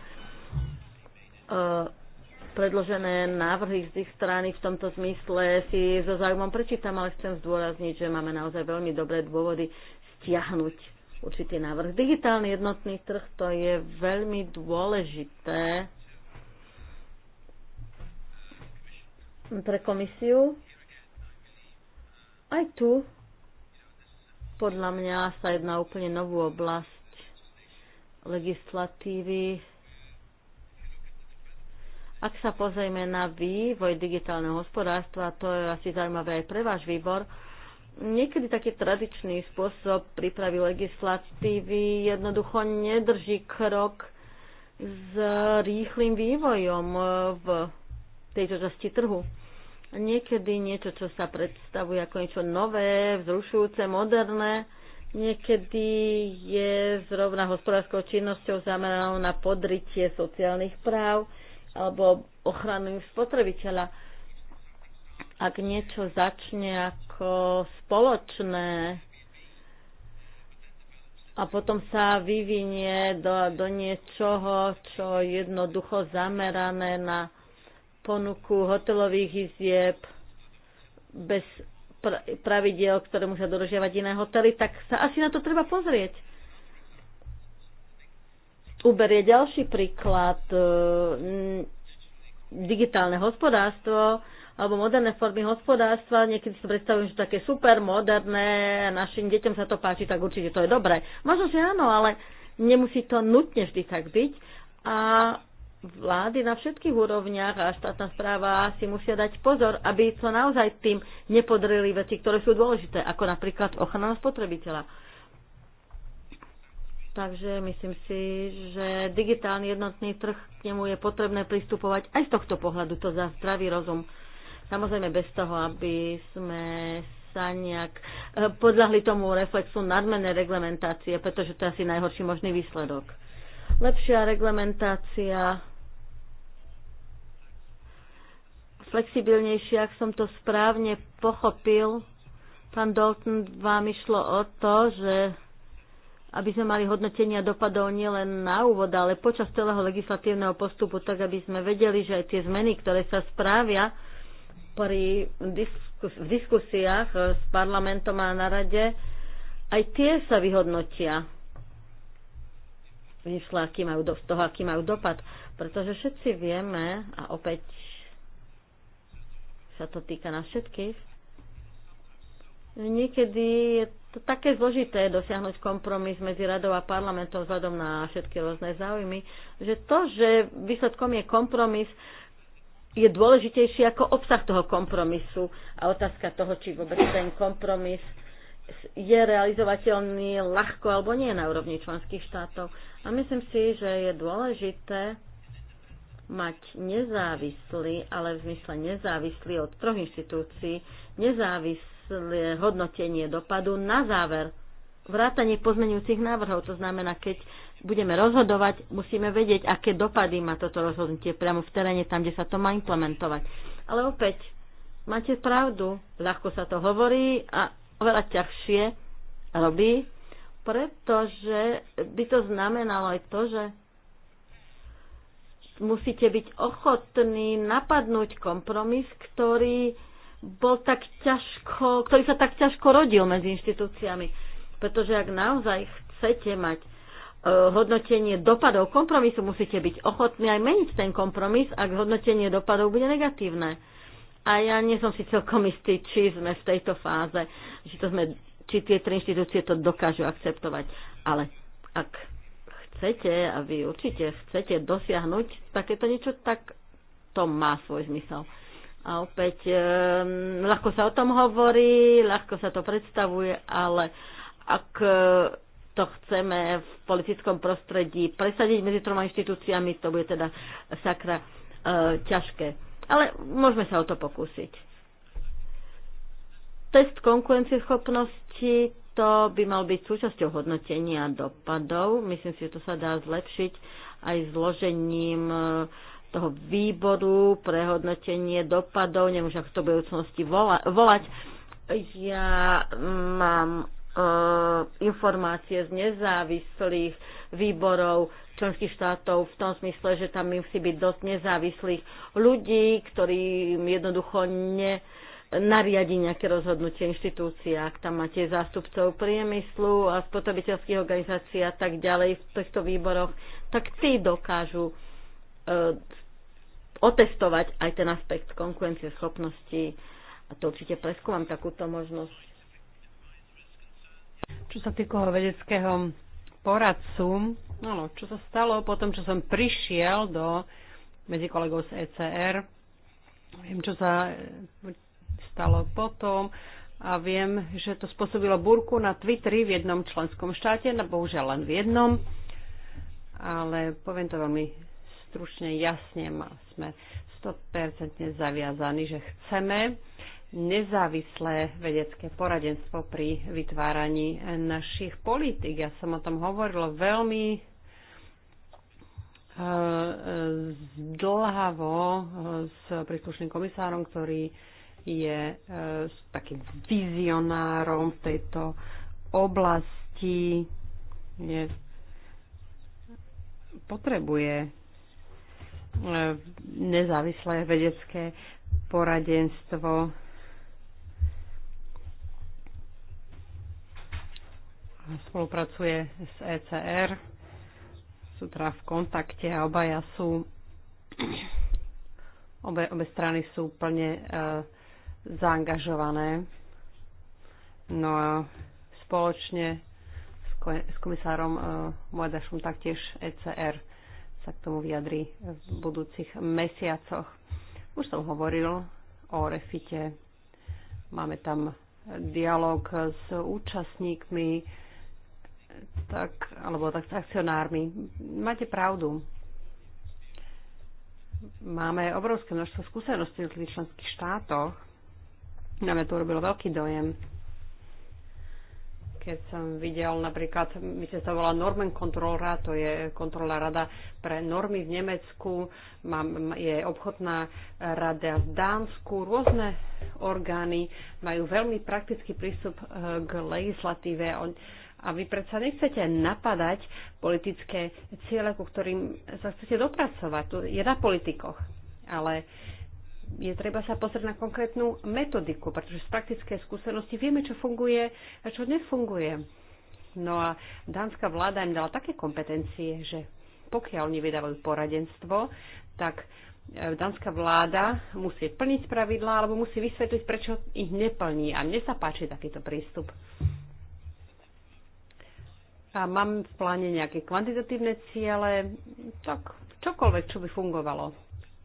predložené návrhy z ich strany v tomto zmysle si so záujmom prečítam, ale chcem zdôrazniť, že máme naozaj veľmi dobré dôvody stiahnuť určitý návrh. Digitálny jednotný trh to je veľmi dôležité pre komisiu aj tu podľa mňa sa jedná úplne novú oblasť legislatívy. Ak sa pozrieme na vývoj digitálneho hospodárstva, to je asi zaujímavé aj pre váš výbor, niekedy taký tradičný spôsob prípravy legislatívy jednoducho nedrží krok s rýchlým vývojom v tejto časti trhu Niekedy niečo, čo sa predstavuje ako niečo nové, vzrušujúce, moderné, niekedy je zrovna hospodárskou činnosťou zameranou na podritie sociálnych práv alebo ochranu spotrebiteľa. Ak niečo začne ako spoločné a potom sa vyvinie do, do niečoho, čo jednoducho zamerané na ponuku hotelových izieb bez pravidel, ktoré musia dorožiavať iné hotely, tak sa asi na to treba pozrieť. Uber je ďalší príklad. E, digitálne hospodárstvo alebo moderné formy hospodárstva. Niekedy si predstavujem, že také super, moderné, našim deťom sa to páči, tak určite to je dobré. Možno, že áno, ale nemusí to nutne vždy tak byť. A vlády na všetkých úrovniach a štátna správa si musia dať pozor, aby to naozaj tým nepodrili veci, ktoré sú dôležité, ako napríklad ochrana spotrebiteľa. Takže myslím si, že digitálny jednotný trh k nemu je potrebné pristupovať aj z tohto pohľadu, to za zdravý rozum. Samozrejme bez toho, aby sme sa nejak eh, podľahli tomu reflexu nadmenej reglementácie, pretože to je asi najhorší možný výsledok lepšia reglementácia flexibilnejšie, ak som to správne pochopil. Pán Dalton, vám išlo o to, že aby sme mali hodnotenia dopadov nielen na úvod, ale počas celého legislatívneho postupu, tak aby sme vedeli, že aj tie zmeny, ktoré sa správia pri diskus- v diskusiách s parlamentom a na rade, aj tie sa vyhodnotia vyšla, aký majú do, toho, aký majú dopad. Pretože všetci vieme, a opäť sa to týka na všetkých. Niekedy je to také zložité dosiahnuť kompromis medzi radou a parlamentom vzhľadom na všetky rôzne záujmy, že to, že výsledkom je kompromis, je dôležitejší ako obsah toho kompromisu a otázka toho, či vôbec ten kompromis je realizovateľný ľahko alebo nie na úrovni členských štátov. A myslím si, že je dôležité mať nezávislý, ale v zmysle nezávislý od troch inštitúcií, nezávislé hodnotenie dopadu na záver vrátanie pozmenujúcich návrhov. To znamená, keď budeme rozhodovať, musíme vedieť, aké dopady má toto rozhodnutie priamo v teréne, tam, kde sa to má implementovať. Ale opäť, máte pravdu, ľahko sa to hovorí a oveľa ťažšie robí, pretože by to znamenalo aj to, že musíte byť ochotní napadnúť kompromis, ktorý bol tak ťažko, ktorý sa tak ťažko rodil medzi inštitúciami. Pretože ak naozaj chcete mať e, hodnotenie dopadov kompromisu, musíte byť ochotní aj meniť ten kompromis, ak hodnotenie dopadov bude negatívne. A ja nie som si celkom istý, či sme v tejto fáze, či, to sme, či tie tri inštitúcie to dokážu akceptovať. Ale ak chcete a vy určite chcete dosiahnuť takéto niečo, tak to má svoj zmysel. A opäť, um, ľahko sa o tom hovorí, ľahko sa to predstavuje, ale ak e, to chceme v politickom prostredí presadiť medzi troma inštitúciami, to bude teda sakra e, ťažké. Ale môžeme sa o to pokúsiť. Test konkurencieschopnosti to by mal byť súčasťou hodnotenia dopadov. Myslím si, že to sa dá zlepšiť aj zložením e, toho výboru pre hodnotenie dopadov. Nemôžem ako to v budúcnosti volať. Ja mm, mám e, informácie z nezávislých výborov členských štátov v tom smysle, že tam musí byť dosť nezávislých ľudí, ktorí jednoducho ne, uh, nariadi nejaké rozhodnutie inštitúcia, ak tam máte zástupcov priemyslu a spotrebiteľských organizácií a tak ďalej v týchto výboroch, tak tí dokážu uh, otestovať aj ten aspekt konkurencie schopnosti a to určite preskúvam takúto možnosť. Čo sa týka vedeckého poradcu, no, čo sa stalo po tom, čo som prišiel do medzi kolegov z ECR, viem, čo sa stalo potom a viem, že to spôsobilo burku na Twitteri v jednom členskom štáte, na no bohužiaľ len v jednom, ale poviem to veľmi stručne, jasne, sme 100% zaviazaní, že chceme nezávislé vedecké poradenstvo pri vytváraní našich politik. Ja som o tom hovorila veľmi e, e, dlhavo e, s príslušným komisárom, ktorý je e, takým vizionárom v tejto oblasti. Je, potrebuje e, nezávislé vedecké poradenstvo. Spolupracuje s ECR, sú teda v kontakte a obaja sú, obe, obe strany sú plne uh, e, zaangažované. No a spoločne s komisárom e, Moedašom taktiež ECR sa k tomu vyjadri v budúcich mesiacoch. Už som hovoril o refite. Máme tam dialog s účastníkmi, tak, alebo tak s akcionármi. Máte pravdu. Máme obrovské množstvo skúseností v členských štátoch na mňa to robilo veľký dojem. Keď som videl napríklad, my sa volá Normen Kontrolra, to je kontrolná rada pre normy v Nemecku, je obchodná rada v Dánsku, rôzne orgány majú veľmi praktický prístup eh, k legislatíve. A vy predsa nechcete napadať politické ciele, ku ktorým sa chcete dopracovať. To je na politikoch. Ale je treba sa pozrieť na konkrétnu metodiku, pretože z praktické skúsenosti vieme, čo funguje a čo nefunguje. No a dánska vláda im dala také kompetencie, že pokiaľ oni vydávajú poradenstvo, tak e, dánska vláda musí plniť pravidlá alebo musí vysvetliť, prečo ich neplní. A mne sa páči takýto prístup. A mám v pláne nejaké kvantitatívne ciele, tak čokoľvek, čo by fungovalo.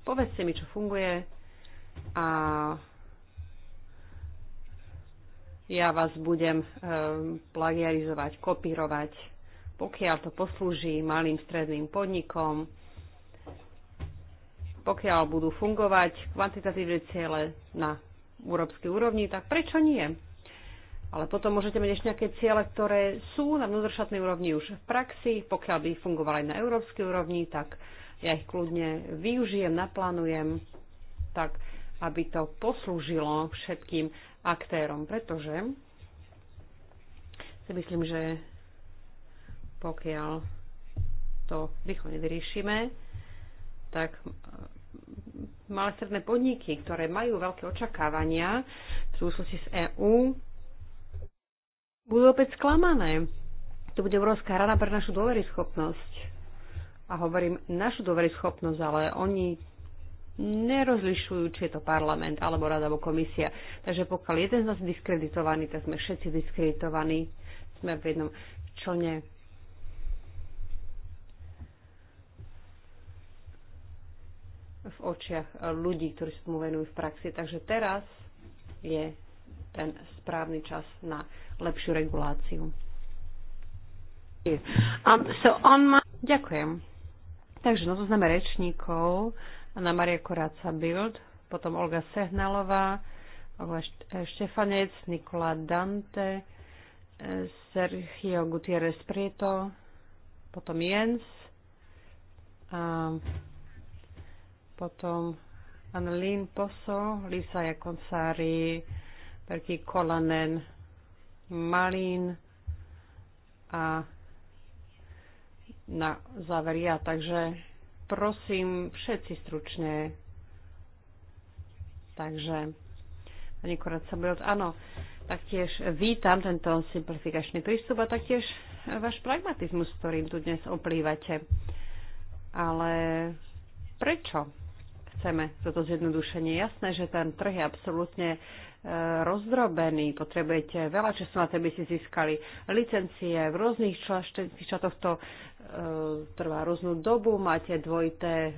Povedzte mi, čo funguje, a ja vás budem eh, plagiarizovať, kopírovať, pokiaľ to poslúži malým stredným podnikom, pokiaľ budú fungovať kvantitatívne ciele na európskej úrovni, tak prečo nie? Ale potom môžete mať ešte nejaké ciele, ktoré sú na vnútroštátnej úrovni už v praxi. Pokiaľ by fungovali aj na európskej úrovni, tak ja ich kľudne využijem, naplánujem. Tak aby to poslúžilo všetkým aktérom, pretože si myslím, že pokiaľ to rýchlo nevyriešime, tak e, malé stredné podniky, ktoré majú veľké očakávania v súvislosti s EÚ, budú opäť sklamané. To bude obrovská rada pre našu dôveryschopnosť. A hovorím našu dôveryschopnosť, ale oni nerozlišujú, či je to parlament alebo rada alebo komisia. Takže pokiaľ jeden z nás je diskreditovaný, tak sme všetci diskreditovaní. Sme v jednom člne. v očiach ľudí, ktorí sa tomu venujú v praxi. Takže teraz je ten správny čas na lepšiu reguláciu. Um, so on my... Ďakujem. Takže na no, zozname rečníkov Anna Maria Koráca Bild, potom Olga Sehnalová, Olga eh, Štefanec, Nikola Dante, eh, Sergio Gutierrez Prieto, potom Jens a potom Annelín Poso, Lisa Jakoncári, Perky Kolanen, Malín a na záver ja. Takže prosím všetci stručne. Takže, pani Koraca áno, taktiež vítam tento simplifikačný prístup a taktiež váš pragmatizmus, s ktorým tu dnes oplývate. Ale prečo chceme toto zjednodušenie. Jasné, že ten trh je absolútne e, rozdrobený, potrebujete veľa času na to, aby ste získali licencie v rôznych členských štátoch, to e, trvá rôznu dobu, máte dvojité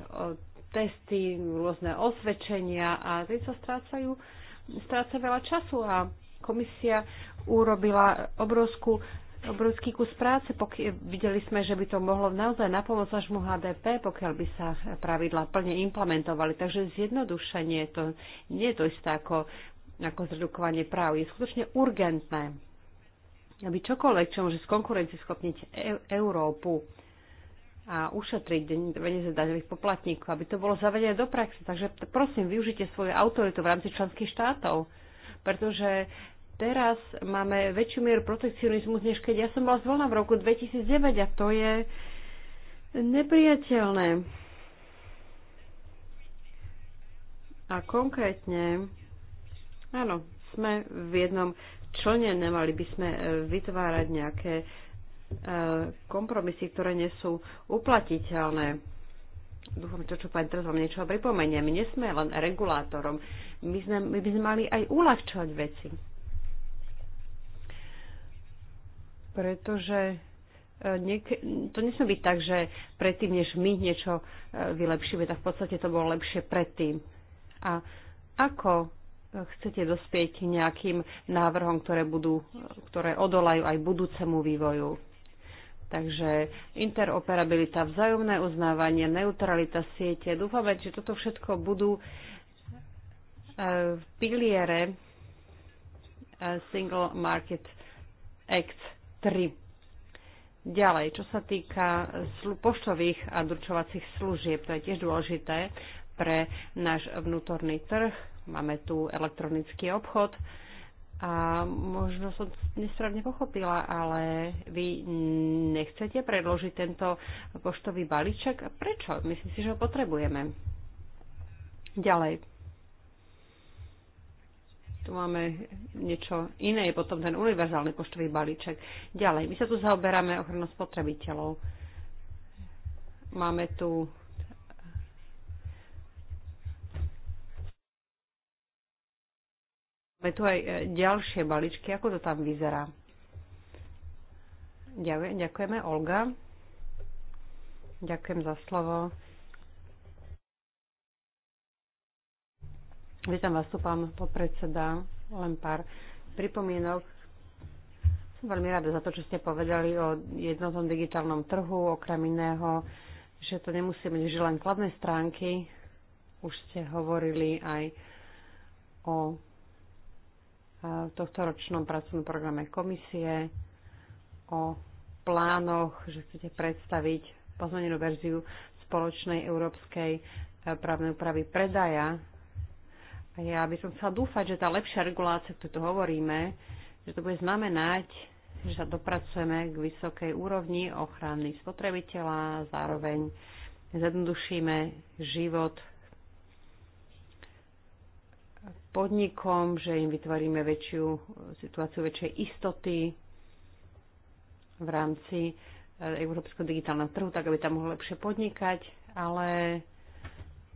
testy, rôzne osvedčenia a tie sa strácajú, stráca veľa času a komisia urobila obrovskú obrovský kus práce. poky videli sme, že by to mohlo naozaj napomôcť nášmu HDP, pokiaľ by sa pravidla plne implementovali. Takže zjednodušenie to nie je to isté ako, ako zredukovanie práv. Je skutočne urgentné, aby čokoľvek, čo môže skonkurencieschopniť e Európu a ušetriť peniaze daňových poplatníkov, aby to bolo zavedené do praxe. Takže prosím, využite svoju autoritu v rámci členských štátov, pretože teraz máme väčšiu mieru protekcionizmu, než keď ja som bola zvolená v roku 2009 a to je nepriateľné. A konkrétne, áno, sme v jednom člne, nemali by sme e, vytvárať nejaké e, kompromisy, ktoré nie sú uplatiteľné. Dúfam, to, čo pani teraz vám niečo pripomenie. My nesme len regulátorom, my, sme, my by sme mali aj uľahčovať veci. pretože e, to nesmie byť tak, že predtým, než my niečo e, vylepšíme, tak v podstate to bolo lepšie predtým. A ako e, chcete dospieť nejakým návrhom, ktoré, budú, ktoré odolajú aj budúcemu vývoju? Takže interoperabilita, vzájomné uznávanie, neutralita siete. Dúfame, že toto všetko budú v piliere Single Market Act 3. Ďalej, čo sa týka poštových a dručovacích služieb, to je tiež dôležité pre náš vnútorný trh. Máme tu elektronický obchod a možno som nesprávne pochopila, ale vy nechcete predložiť tento poštový balíček? Prečo? Myslím si, že ho potrebujeme. Ďalej, tu máme niečo iné, je potom ten univerzálny poštový balíček. Ďalej, my sa tu zaoberáme ochranou spotrebiteľov. Máme tu Máme tu aj e, ďalšie balíčky, ako to tam vyzerá. Ďakujeme, Olga. Ďakujem za slovo. Vítam vás tu, pán podpredseda. Len pár pripomienok. Som veľmi rada za to, čo ste povedali o jednotnom digitálnom trhu, okrem iného, že to nemusí byť že len kladné stránky. Už ste hovorili aj o tohto ročnom pracovnom programe komisie, o plánoch, že chcete predstaviť pozmenenú verziu spoločnej európskej e, právnej úpravy predaja a ja by som chcela dúfať, že tá lepšia regulácia, ktorú tu hovoríme, že to bude znamenať, že sa dopracujeme k vysokej úrovni ochrany spotrebiteľa, zároveň zjednodušíme život podnikom, že im vytvoríme väčšiu situáciu väčšej istoty v rámci eh, európskeho digitálneho trhu, tak aby tam mohli lepšie podnikať, ale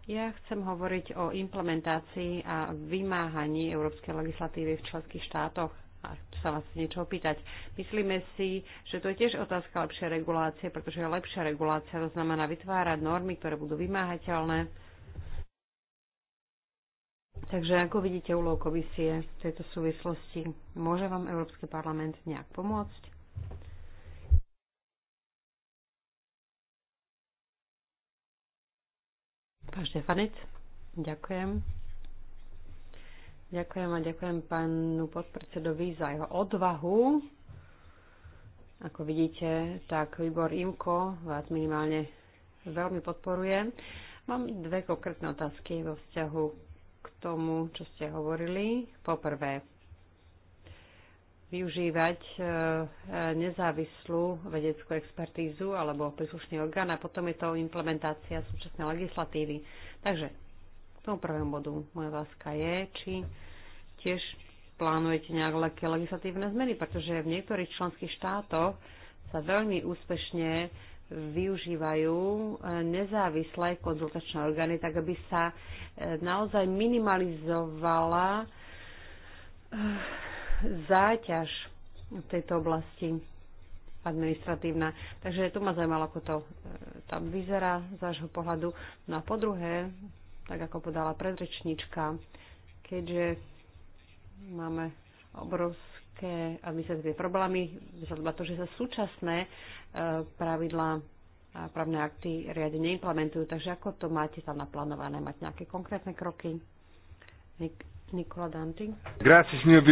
ja chcem hovoriť o implementácii a vymáhaní európskej legislatívy v členských štátoch a tu sa vás niečo opýtať. Myslíme si, že to je tiež otázka lepšej regulácie, pretože lepšia regulácia to znamená vytvárať normy, ktoré budú vymáhateľné. Takže ako vidíte úlohu komisie v tejto súvislosti, môže vám Európsky parlament nejak pomôcť? Pán Štefanec, ďakujem. Ďakujem a ďakujem pánu podpredsedovi za jeho odvahu. Ako vidíte, tak výbor IMKO vás minimálne veľmi podporuje. Mám dve konkrétne otázky vo vzťahu k tomu, čo ste hovorili. Poprvé, využívať e, e, nezávislú vedeckú expertízu alebo príslušný orgán a potom je to implementácia súčasnej legislatívy. Takže k tomu prvému bodu moja otázka je, či tiež plánujete nejaké legislatívne zmeny, pretože v niektorých členských štátoch sa veľmi úspešne využívajú e, nezávislé konzultačné orgány, tak aby sa naozaj minimalizovala záťaž v tejto oblasti administratívna. Takže tu ma zaujímalo, ako to e, tam vyzerá z vášho pohľadu. No a po druhé, tak ako podala predrečníčka, keďže máme obrovské administratívne problémy, vzhľadba to, že sa súčasné e, pravidlá a právne akty riade neimplementujú. Takže ako to máte tam naplánované? Máte nejaké konkrétne kroky? Nik- Nikola Danti. Grazie, signor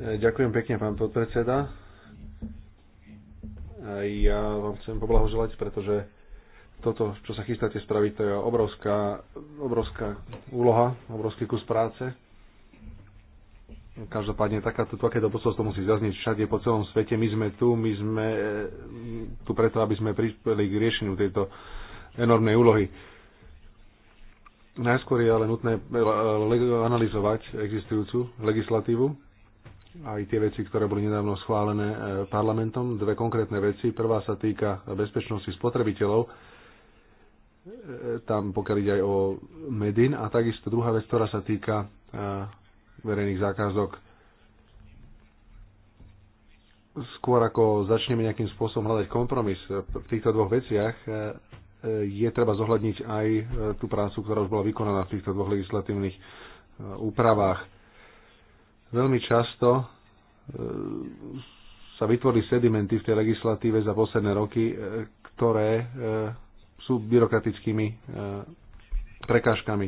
Ďakujem pekne, pán podpredseda. Ja vám chcem poblahoželať, pretože toto, čo sa chystáte spraviť, to je obrovská, obrovská úloha, obrovský kus práce. Každopádne takáto, takéto posolstvo musí zaznieť všade po celom svete. My sme tu, my sme eh, tu preto, aby sme prispeli k riešeniu tejto enormnej úlohy. Najskôr je ale nutné eh, analyzovať existujúcu legislatívu, aj tie veci, ktoré boli nedávno schválené eh, parlamentom. Dve konkrétne veci. Prvá sa týka bezpečnosti spotrebiteľov. Eh, tam pokiaľ ide aj o Medin. A takisto druhá vec, ktorá sa týka eh, verejných zákazok. Skôr ako začneme nejakým spôsobom hľadať kompromis v týchto dvoch veciach, je treba zohľadniť aj tú prácu, ktorá už bola vykonaná v týchto dvoch legislatívnych úpravách Veľmi často e, sa vytvorili sedimenty v tej legislatíve za posledné roky, e, ktoré e, sú byrokratickými prekážkami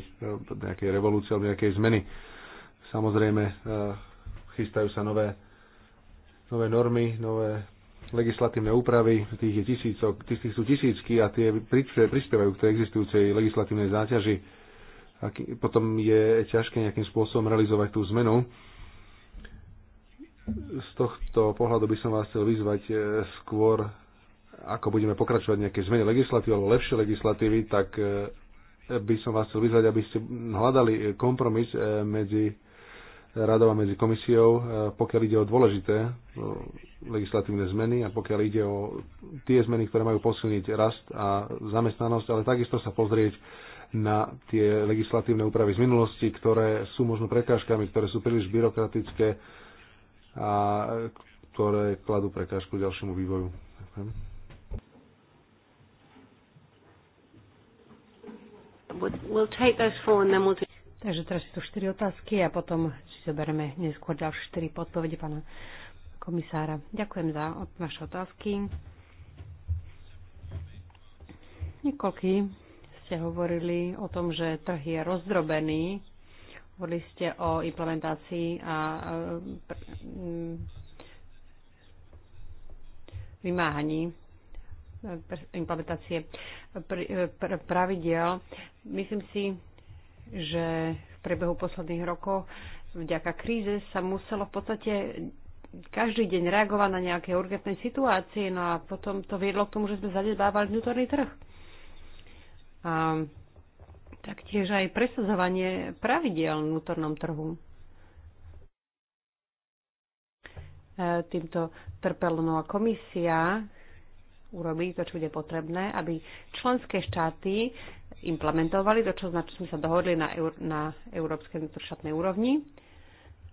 nejakej revolúcie alebo nejakej zmeny. Samozrejme, chystajú sa nové, nové normy, nové legislatívne úpravy, tých je tisícok, tých sú tisícky a tie prispievajú k tej existujúcej legislatívnej záťaži. A potom je ťažké nejakým spôsobom realizovať tú zmenu z tohto pohľadu by som vás chcel vyzvať eh, skôr, ako budeme pokračovať nejaké zmene legislatívy alebo lepšie legislatívy, tak eh, by som vás chcel vyzvať, aby ste hľadali eh, kompromis medzi radou a medzi komisiou, pokiaľ ide o dôležité legislatívne zmeny a pokiaľ ide o tie zmeny, ktoré majú posilniť rast a zamestnanosť, ale takisto sa pozrieť na tie legislatívne úpravy z minulosti, ktoré sú možno prekážkami, ktoré sú príliš byrokratické, a ktoré kladú prekážku ďalšiemu vývoju. Ďakujem. Takže teraz sú štyri otázky a potom si zoberieme neskôr ďalšie štyri podpovede pána komisára. Ďakujem za vaše otázky. Niekoľký ste hovorili o tom, že trh je rozdrobený Hovorili ste o implementácii a e, mm, vymáhaní e, implementácie e, pravidel. Myslím si, že v priebehu posledných rokov vďaka kríze sa muselo v podstate každý deň reagovať na nejaké urgentné situácie, no a potom to viedlo k tomu, že sme zanedbávali vnútorný trh. A taktiež aj presadzovanie pravidel v vnútornom trhu. E, týmto trpelná komisia urobí to, čo bude potrebné, aby členské štáty implementovali to, čo, sme sa dohodli na, eur, na európskej vnútroštátnej úrovni.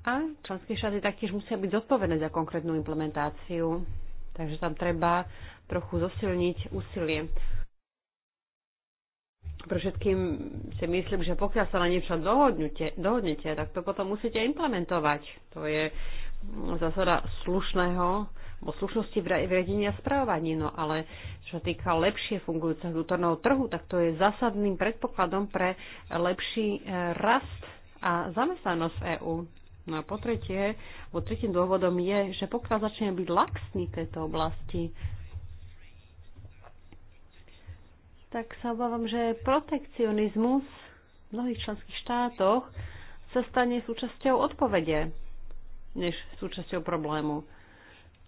A členské štáty taktiež musia byť zodpovedné za konkrétnu implementáciu. Takže tam treba trochu zosilniť úsilie. Pre všetkým si myslím, že pokiaľ sa na niečo dohodnete, dohodnete, tak to potom musíte implementovať. To je mm, zásada slušného o slušnosti v riadení a správaní, no ale čo sa týka lepšie fungujúceho vnútorného trhu, tak to je zásadným predpokladom pre lepší e, rast a zamestnanosť v EÚ. No a po tretie, vo tretím dôvodom je, že pokiaľ začne byť laxný v tejto oblasti, tak sa obávam, že protekcionizmus v mnohých členských štátoch sa stane súčasťou odpovede, než súčasťou problému.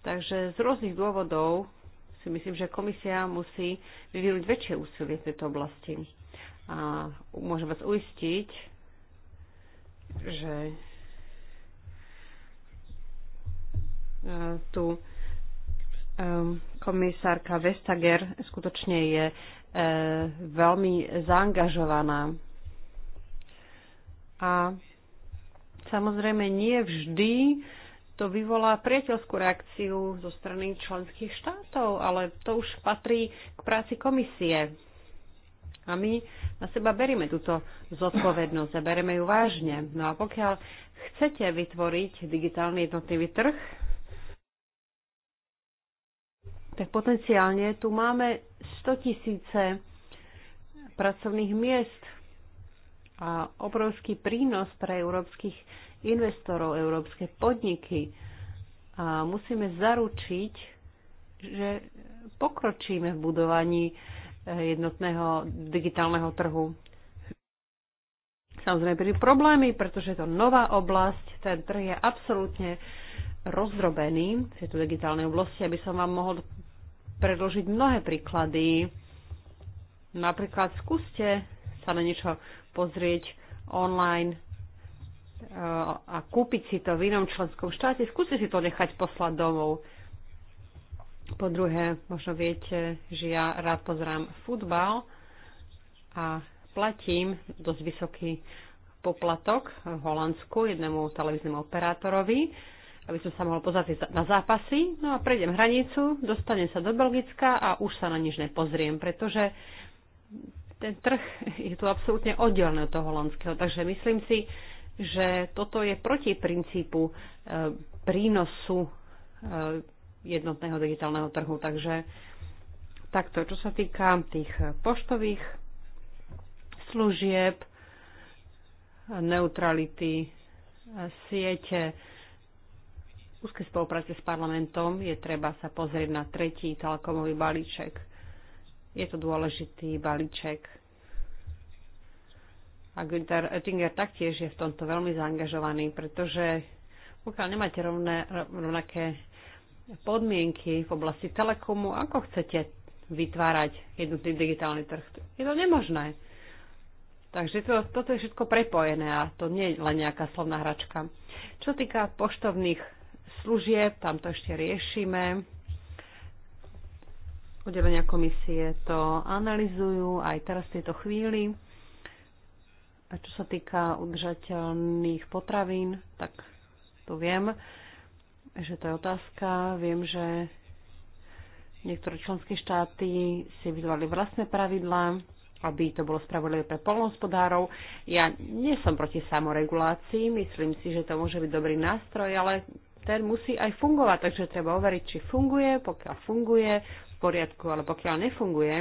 Takže z rôznych dôvodov si myslím, že komisia musí vyvinúť väčšie úsilie v tejto oblasti. A môžem vás uistiť, že e, tu e, komisárka Vestager skutočne je E, veľmi zaangažovaná. A samozrejme nie vždy to vyvolá priateľskú reakciu zo strany členských štátov, ale to už patrí k práci komisie. A my na seba berieme túto zodpovednosť a bereme ju vážne. No a pokiaľ chcete vytvoriť digitálny jednotlivý trh, tak potenciálne tu máme 100 tisíce pracovných miest a obrovský prínos pre európskych investorov, európske podniky. A musíme zaručiť, že pokročíme v budovaní e, jednotného digitálneho trhu. Samozrejme, boli problémy, pretože je to nová oblasť, ten trh je absolútne rozdrobený v tejto digitálnej oblasti, aby som vám mohol predložiť mnohé príklady. Napríklad skúste sa na niečo pozrieť online e, a kúpiť si to v inom členskom štáte. Skúste si to nechať poslať domov. Po druhé, možno viete, že ja rád pozerám futbal a platím dosť vysoký poplatok v Holandsku jednému televíznemu operátorovi aby som sa mohol pozrieť na zápasy. No a prejdem hranicu, dostanem sa do Belgicka a už sa na nič nepozriem, pretože ten trh [LAUGHS] je tu absolútne oddelený od toho holandského. Takže myslím si, že toto je proti princípu e, prínosu e, jednotného digitálneho trhu. Takže takto, čo sa týka tých poštových služieb, neutrality siete, úzkej spolupráce s parlamentom je treba sa pozrieť na tretí telekomový balíček. Je to dôležitý balíček. A Günther Oettinger taktiež je v tomto veľmi zaangažovaný, pretože pokiaľ nemáte rovné, rovnaké podmienky v oblasti telekomu, ako chcete vytvárať jednotný digitálny trh? Je to nemožné. Takže to, toto je všetko prepojené a to nie je len nejaká slovná hračka. Čo týka poštovných služieb, tam to ešte riešime. Oddelenia komisie to analizujú aj teraz v tejto chvíli. A čo sa týka udržateľných potravín, tak to viem, že to je otázka. Viem, že niektoré členské štáty si vyzvali vlastné pravidlá, aby to bolo spravodlivé pre polnohospodárov. Ja nie som proti samoregulácii, myslím si, že to môže byť dobrý nástroj, ale ten musí aj fungovať, takže treba overiť, či funguje, pokiaľ funguje v poriadku, ale pokiaľ nefunguje,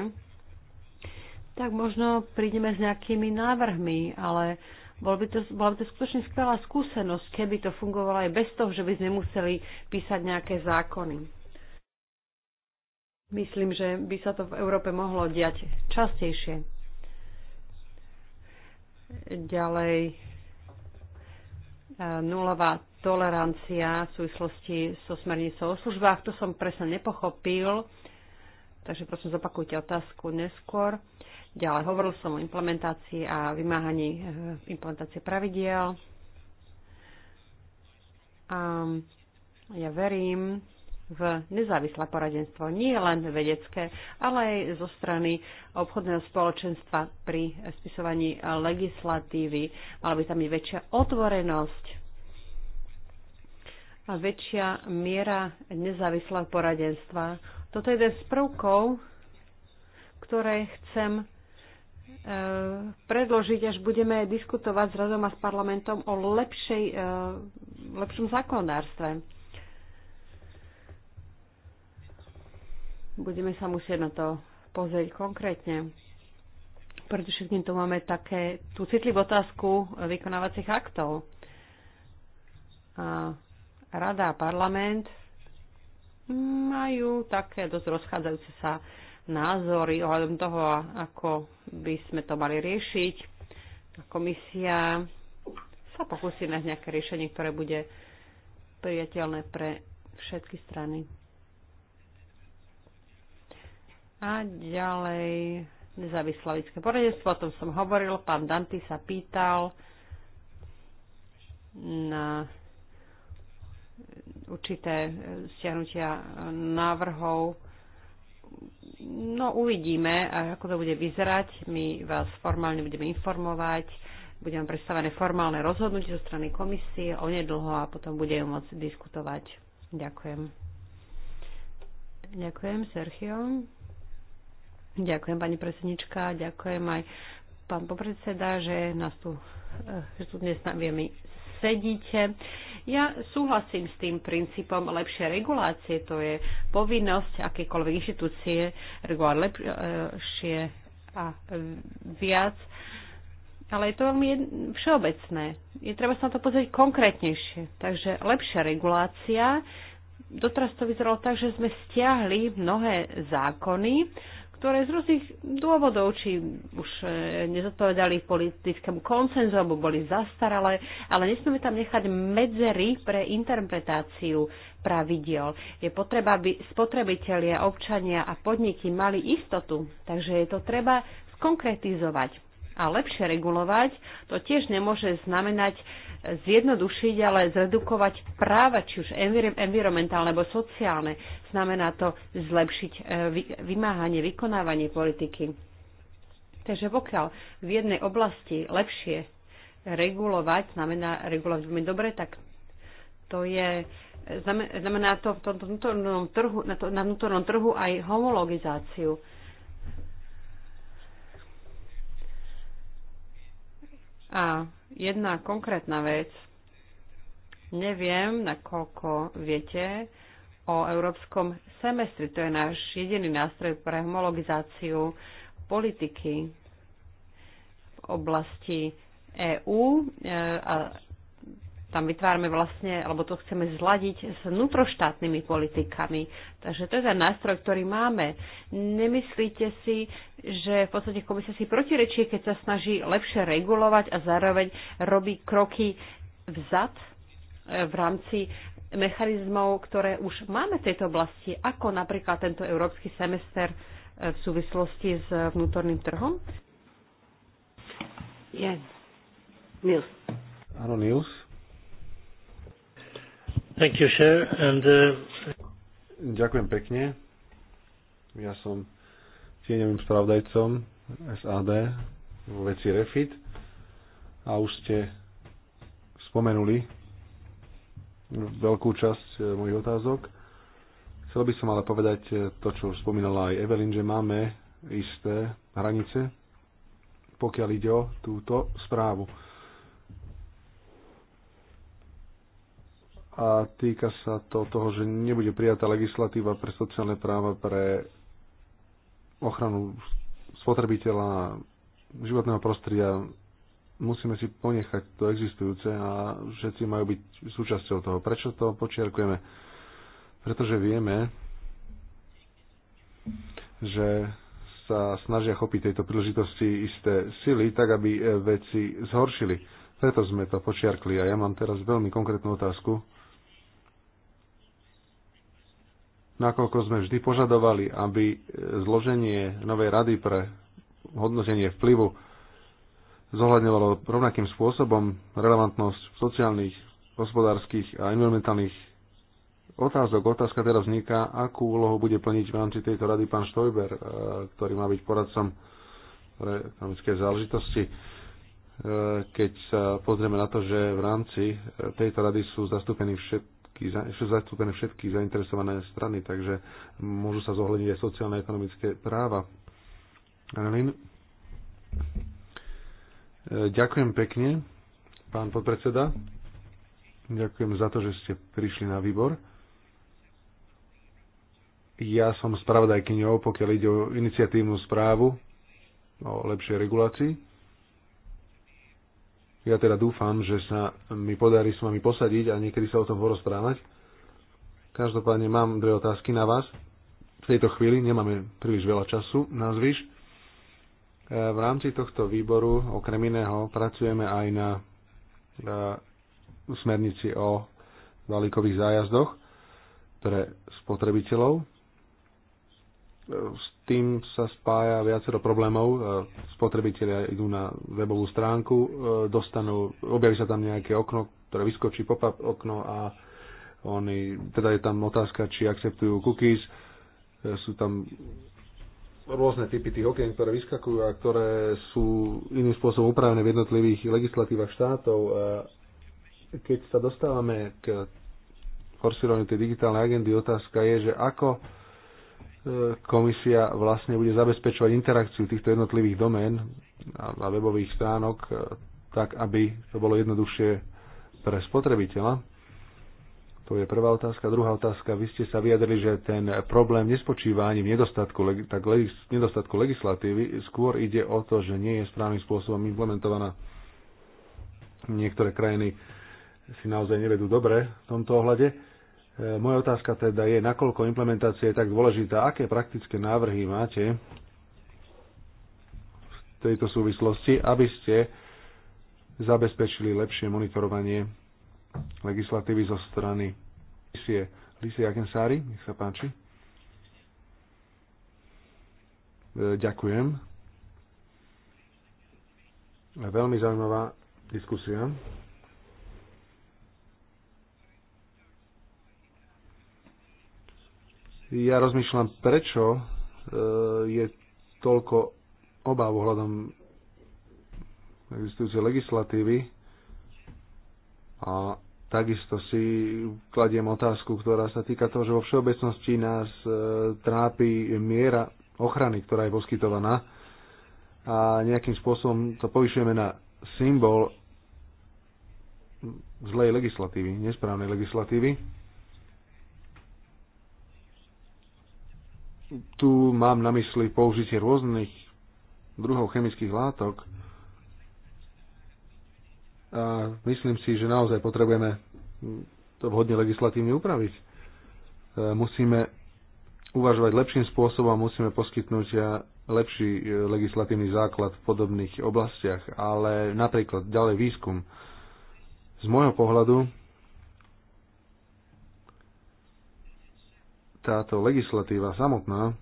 tak možno prídeme s nejakými návrhmi, ale bol by to, bola by to skutočne skvelá skúsenosť, keby to fungovalo aj bez toho, že by sme museli písať nejaké zákony. Myslím, že by sa to v Európe mohlo diať častejšie. Ďalej eh, nulová tolerancia v súvislosti so smernicou o službách. To som presne nepochopil, takže prosím zopakujte otázku neskôr. Ďalej, hovoril som o implementácii a vymáhaní eh, implementácie pravidiel. A ja verím v nezávislé poradenstvo, nie len vedecké, ale aj zo strany obchodného spoločenstva pri spisovaní legislatívy. Mala by tam byť väčšia otvorenosť a väčšia miera nezávislého poradenstva. Toto je jeden z prvkov, ktoré chcem e, predložiť, až budeme diskutovať s radom a s parlamentom o lepšej, e, lepšom zákonodárstve. Budeme sa musieť na to pozrieť konkrétne. všetkým tu máme také, tú citlivú otázku vykonávacích aktov. A Rada a parlament majú také dosť rozchádzajúce sa názory ohľadom toho, ako by sme to mali riešiť. Komisia sa pokusí nájsť nejaké riešenie, ktoré bude priateľné pre všetky strany. A ďalej nezávislé lidské poradenstvo, o tom som hovoril, pán Danty sa pýtal na určité e, stiahnutia e, návrhov. No uvidíme, ako to bude vyzerať. My vás formálne budeme informovať. budeme predstavené formálne rozhodnutie zo strany komisie o nedlho a potom budeme môcť diskutovať. Ďakujem. Ďakujem, Sergio. Ďakujem, pani predsednička. Ďakujem aj pán popredseda, že nás tu, e, že tu dnes s nami sedíte. Ja súhlasím s tým princípom lepšej regulácie, to je povinnosť akékoľvek inštitúcie regulovať lepšie a viac, ale je to veľmi všeobecné. Je treba sa na to pozrieť konkrétnejšie. Takže lepšia regulácia. Doteraz to vyzeralo tak, že sme stiahli mnohé zákony, ktoré z rôznych dôvodov, či už e, nezodpovedali politickému koncenzu, alebo boli zastaralé, ale nesmieme tam nechať medzery pre interpretáciu pravidiel. Je potreba, aby spotrebitelia, občania a podniky mali istotu, takže je to treba skonkretizovať. A lepšie regulovať to tiež nemôže znamenať zjednodušiť, ale zredukovať práva, či už environmentálne alebo sociálne. Znamená to zlepšiť e, vymáhanie, vykonávanie politiky. Takže pokiaľ v jednej oblasti lepšie regulovať, znamená regulovať veľmi dobre, tak to je znamená to, v tomto vnútornom trhu, na, to, na vnútornom trhu aj homologizáciu. A jedna konkrétna vec. Neviem, nakoľko viete o európskom semestri. To je náš jediný nástroj pre homologizáciu politiky v oblasti EÚ e, a tam vytvárame vlastne, alebo to chceme zladiť s vnútroštátnymi politikami. Takže to je ten nástroj, ktorý máme. Nemyslíte si, že v podstate komisia si protirečie, keď sa snaží lepšie regulovať a zároveň robí kroky vzad e, v rámci mechanizmov, ktoré už máme v tejto oblasti, ako napríklad tento európsky semester e, v súvislosti s vnútorným trhom? Yes. Nils. Áno, Nils. Thank you, And, uh... Ďakujem pekne. Ja som tieňovým spravodajcom SAD v veci REFIT a už ste spomenuli veľkú časť eh, mojich otázok. Chcel by som ale povedať eh, to, čo spomínala aj Evelyn, že máme isté hranice, pokiaľ ide o túto správu a týka sa to toho, že nebude prijatá legislatíva pre sociálne práva pre ochranu spotrebiteľa životného prostredia. Musíme si ponechať to existujúce a všetci majú byť súčasťou toho. Prečo to počiarkujeme? Pretože vieme, že sa snažia chopiť tejto príležitosti isté sily, tak aby e, veci zhoršili. Preto sme to počiarkli a ja mám teraz veľmi konkrétnu otázku nakoľko sme vždy požadovali, aby zloženie novej rady pre hodnotenie vplyvu zohľadňovalo rovnakým spôsobom relevantnosť sociálnych, hospodárskych a environmentálnych otázok. Otázka teraz vzniká, akú úlohu bude plniť v rámci tejto rady pán Štojber, eh, ktorý má byť poradcom pre ekonomické záležitosti. Eh, keď sa pozrieme na to, že v rámci eh, tejto rady sú zastúpení všetci všetky, sú zastúpené všetky zainteresované strany, takže môžu sa zohľadniť aj sociálne a ekonomické práva. Arlín? E, ďakujem pekne, pán podpredseda. Ďakujem za to, že ste prišli na výbor. Ja som spravodajkyňou, pokiaľ ide o iniciatívnu správu o lepšej regulácii ja teda dúfam, že sa mi podarí s vami posadiť a niekedy sa o tom porozprávať. Každopádne mám dve otázky na vás. V tejto chvíli nemáme príliš veľa času, nazvíš. E, v rámci tohto výboru, okrem iného, pracujeme aj na e, smernici o balíkových zájazdoch pre spotrebiteľov s tým sa spája viacero problémov. E, spotrebitelia idú na webovú stránku, e, dostanú, objaví sa tam nejaké okno, ktoré vyskočí pop-up okno a oni, teda je tam otázka, či akceptujú cookies, e, sú tam rôzne typy tých okien, ktoré vyskakujú a ktoré sú iným spôsobom upravené v jednotlivých legislatívach štátov. Keď sa dostávame k forsírovaniu tej digitálnej agendy, otázka je, že ako komisia vlastne bude zabezpečovať interakciu týchto jednotlivých domén a webových stránok e, tak, aby to bolo jednoduchšie pre spotrebiteľa. To je prvá otázka. Druhá otázka. Vy ste sa vyjadrili, že ten problém nespočíva ani v nedostatku, tak, legis, nedostatku legislatívy. Skôr ide o to, že nie je správnym spôsobom implementovaná. Niektoré krajiny si naozaj nevedú dobre v tomto ohľade E, moja otázka teda je, nakoľko implementácia je tak dôležitá, aké praktické návrhy máte v tejto súvislosti, aby ste zabezpečili lepšie monitorovanie legislatívy zo strany Lisie, Lisie Akensári, nech sa páči. E, ďakujem. Veľmi zaujímavá diskusia. Ja rozmýšľam, prečo e, je toľko obáv ohľadom existujúcej legislatívy a takisto si kladiem otázku, ktorá sa týka toho, že vo všeobecnosti nás e, trápi miera ochrany, ktorá je poskytovaná a nejakým spôsobom to povyšujeme na symbol zlej legislatívy, nesprávnej legislatívy tu mám na mysli použitie rôznych druhov chemických látok. A myslím si, že naozaj potrebujeme to vhodne legislatívne upraviť. E, musíme uvažovať lepším spôsobom, musíme poskytnúť e, lepší e, legislatívny základ v podobných oblastiach, ale napríklad ďalej výskum. Z môjho pohľadu táto legislatíva samotná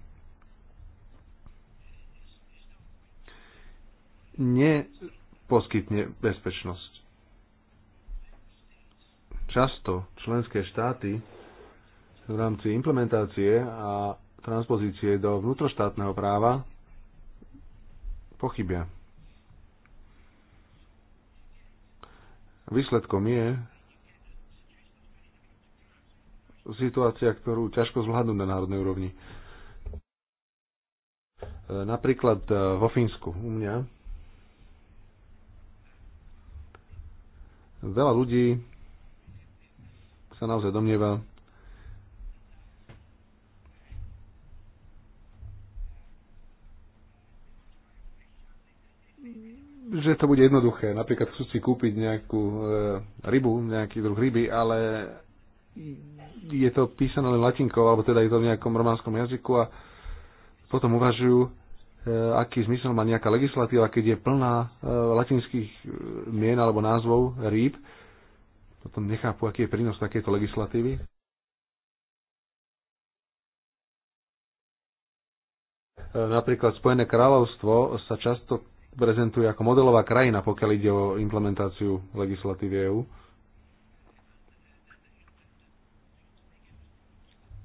neposkytne bezpečnosť. Často členské štáty v rámci implementácie a transpozície do vnútroštátneho práva pochybia. Výsledkom je, situácia, ktorú ťažko zvládnu na národnej úrovni. E, napríklad e, vo Fínsku u mňa veľa ľudí sa naozaj domnieva, že to bude jednoduché. Napríklad chcú si kúpiť nejakú e, rybu, nejaký druh ryby, ale je to písané len latinkou, alebo teda je to v nejakom románskom jazyku a potom uvažujú, e, aký zmysel má nejaká legislatíva, keď je plná e, latinských e, mien alebo názvov rýb. Potom nechápu, aký je prínos takéto legislatívy. Napríklad Spojené kráľovstvo sa často prezentuje ako modelová krajina, pokiaľ ide o implementáciu legislatívy EÚ.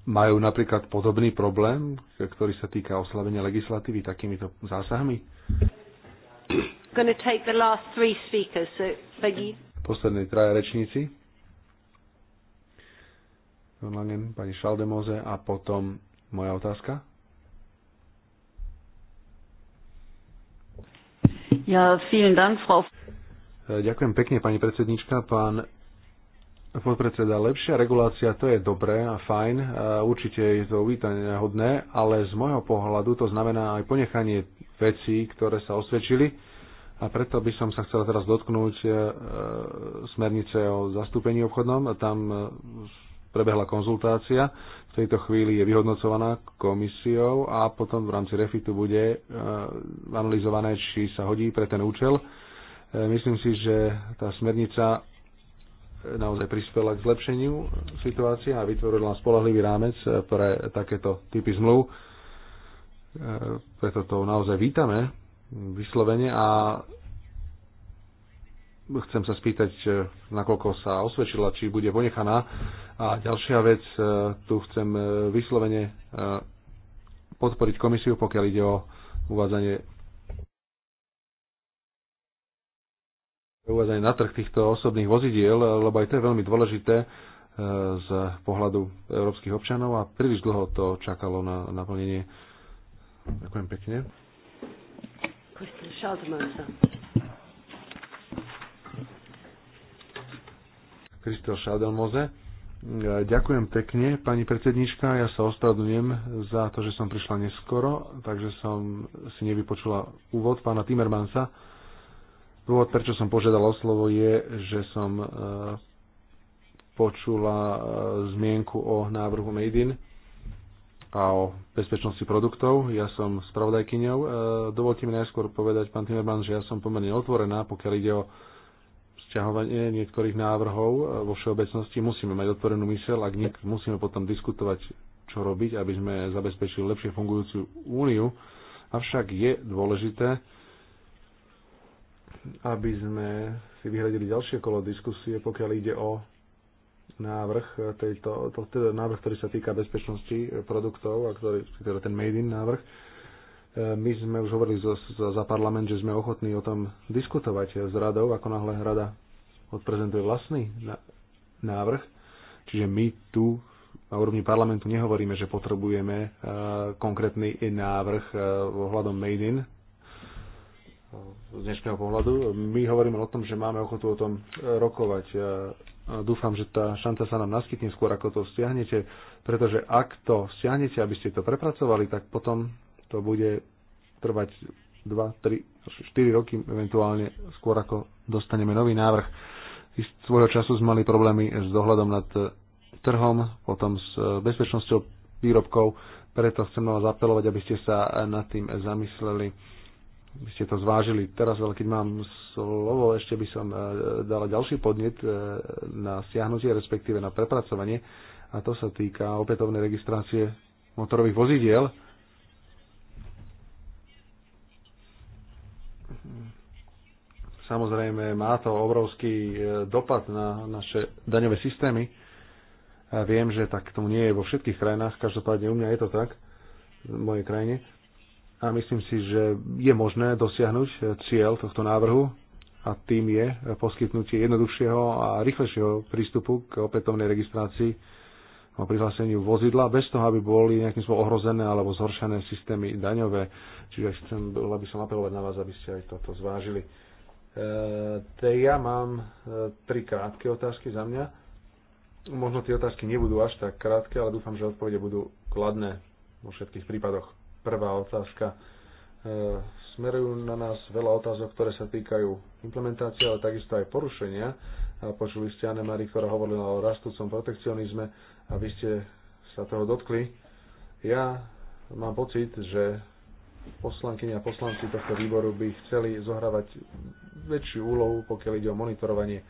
majú napríklad podobný problém, ktorý sa týka oslavenia legislatívy takýmito zásahmi? Speakers, so Poslední traje rečníci. Langen, pani Šaldemoze a potom moja otázka. Ja, vielen Dank, Frau. Ďakujem pekne, pani predsednička. Pán podpredseda, lepšia regulácia to je dobré a fajn, určite je to uvítania hodné, ale z môjho pohľadu to znamená aj ponechanie vecí, ktoré sa osvedčili a preto by som sa chcel teraz dotknúť e, smernice o zastúpení obchodnom. Tam e, prebehla konzultácia, v tejto chvíli je vyhodnocovaná komisiou a potom v rámci refitu bude e, analyzované, či sa hodí pre ten účel. Myslím si, že tá smernica naozaj prispela k zlepšeniu situácie a vytvorila spolahlivý rámec pre takéto typy zmluv. E, preto to naozaj vítame vyslovene a chcem sa spýtať, e, nakoľko sa osvedčila, či bude ponechaná. A ďalšia vec, e, tu chcem vyslovene podporiť komisiu, pokiaľ ide o uvádzanie uvádzanie na trh týchto osobných vozidiel, lebo aj to je veľmi dôležité eh, z pohľadu európskych občanov a príliš dlho to čakalo na naplnenie. Ďakujem pekne. Kristel Šadelmoze. Eh, ďakujem pekne, pani predsednička. Ja sa ospravedlňujem za to, že som prišla neskoro, takže som si nevypočula úvod pána Timmermansa Dôvod, prečo som požiadal o slovo, je, že som e, počula e, zmienku o návrhu Made in a o bezpečnosti produktov. Ja som spravodajkyňou. E, dovolte mi najskôr povedať, pán Timerman, že ja som pomerne otvorená, pokiaľ ide o sťahovanie niektorých návrhov vo všeobecnosti. Musíme mať otvorenú myseľ, ak nie, musíme potom diskutovať, čo robiť, aby sme zabezpečili lepšie fungujúcu úniu. Avšak je dôležité, aby sme si vyhradili ďalšie kolo diskusie, pokiaľ ide o návrh, tejto, to, teda návrh, ktorý sa týka bezpečnosti produktov, a ktorý, teda ten Made in návrh. E, my sme už hovorili za, za, za parlament, že sme ochotní o tom diskutovať s radou, ako náhle rada odprezentuje vlastný návrh. Čiže my tu na úrovni parlamentu nehovoríme, že potrebujeme e, konkrétny návrh e, ohľadom Made in z dnešného pohľadu. My hovoríme o tom, že máme ochotu o tom e, rokovať. Ja dúfam, že tá šanca sa nám naskytne skôr, ako to stiahnete, pretože ak to stiahnete, aby ste to prepracovali, tak potom to bude trvať 2, 3, 4 roky eventuálne skôr, ako dostaneme nový návrh. Z svojho času sme mali problémy s dohľadom nad e, trhom, potom s e, bezpečnosťou výrobkov, preto chcem vás apelovať, aby ste sa nad tým zamysleli by ste to zvážili. Teraz, ale keď mám slovo, ešte by som e, dala ďalší podnet e, na stiahnutie, respektíve na prepracovanie, a to sa týka opätovnej registrácie motorových vozidiel. Samozrejme, má to obrovský e, dopad na naše daňové systémy. viem, že tak tomu nie je vo všetkých krajinách, každopádne u mňa je to tak, v mojej krajine a myslím si, že je možné dosiahnuť cieľ tohto návrhu a tým je poskytnutie jednoduchšieho a rýchlejšieho prístupu k opätovnej registrácii o prihláseniu vozidla, bez toho, aby boli nejakým spôsobom ohrozené alebo zhoršené systémy daňové. Čiže chcem, bola by som apelovať na vás, aby ste aj toto zvážili. E, ja mám e, tri krátke otázky za mňa. Možno tie otázky nebudú až tak krátke, ale dúfam, že odpovede budú kladné vo všetkých prípadoch prvá otázka. E, smerujú na nás veľa otázok, ktoré sa týkajú implementácie, ale takisto aj porušenia. počuli ste Anne Marie, ktorá hovorila o rastúcom protekcionizme a vy ste sa toho dotkli. Ja mám pocit, že poslanky a poslanci tohto výboru by chceli zohrávať väčšiu úlohu, pokiaľ ide o monitorovanie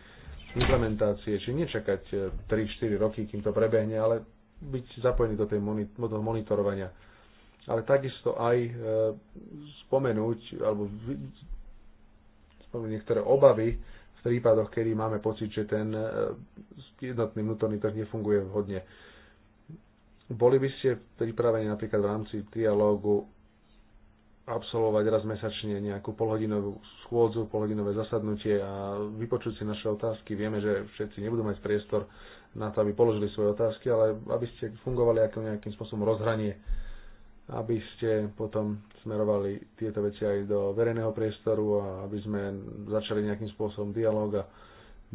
implementácie, či nečakať 3-4 roky, kým to prebehne, ale byť zapojený do, tej moni- do monitorovania ale takisto aj e, spomenúť alebo spomenúť niektoré obavy v prípadoch, kedy máme pocit, že ten e, jednotný vnútorný trh nefunguje vhodne. Boli by ste pripravení napríklad v rámci dialógu absolvovať raz mesačne nejakú polhodinovú schôdzu, polhodinové zasadnutie a vypočuť si naše otázky. Vieme, že všetci nebudú mať priestor na to, aby položili svoje otázky, ale aby ste fungovali ako nejakým spôsobom rozhranie aby ste potom smerovali tieto veci aj do verejného priestoru a aby sme začali nejakým spôsobom dialog a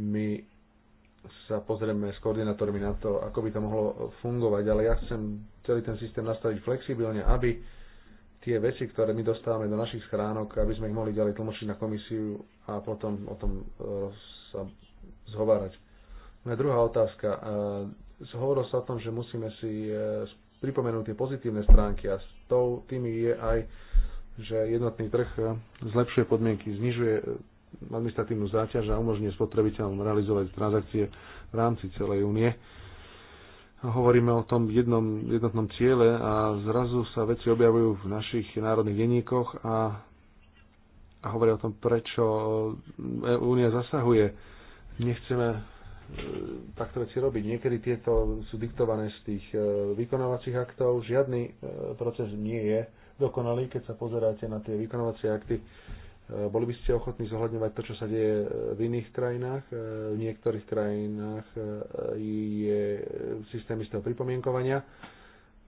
my sa pozrieme s koordinátormi na to, ako by to mohlo fungovať, ale ja chcem celý ten systém nastaviť flexibilne, aby tie veci, ktoré my dostávame do našich schránok, aby sme ich mohli ďalej tlmočiť na komisiu a potom o tom eh, sa zhovárať. Moja druhá otázka. Eh, Hovorilo sa o tom, že musíme si eh, pripomenú tie pozitívne stránky a s tou, tými je aj, že jednotný trh eh, zlepšuje podmienky, znižuje eh, administratívnu záťaž a umožňuje spotrebiteľom realizovať transakcie v rámci celej únie. Hovoríme o tom jednom, jednotnom ciele a zrazu sa veci objavujú v našich národných denníkoch a, a hovoria o tom, prečo eh, Únia zasahuje. Nechceme E, takto veci robiť. Niekedy tieto sú diktované z tých e, vykonávacích aktov. Žiadny e, proces nie je dokonalý, keď sa pozeráte na tie vykonávacie akty. Boli by ste ochotní zohľadňovať to, čo sa deje v iných krajinách? V niektorých krajinách je systém istého pripomienkovania.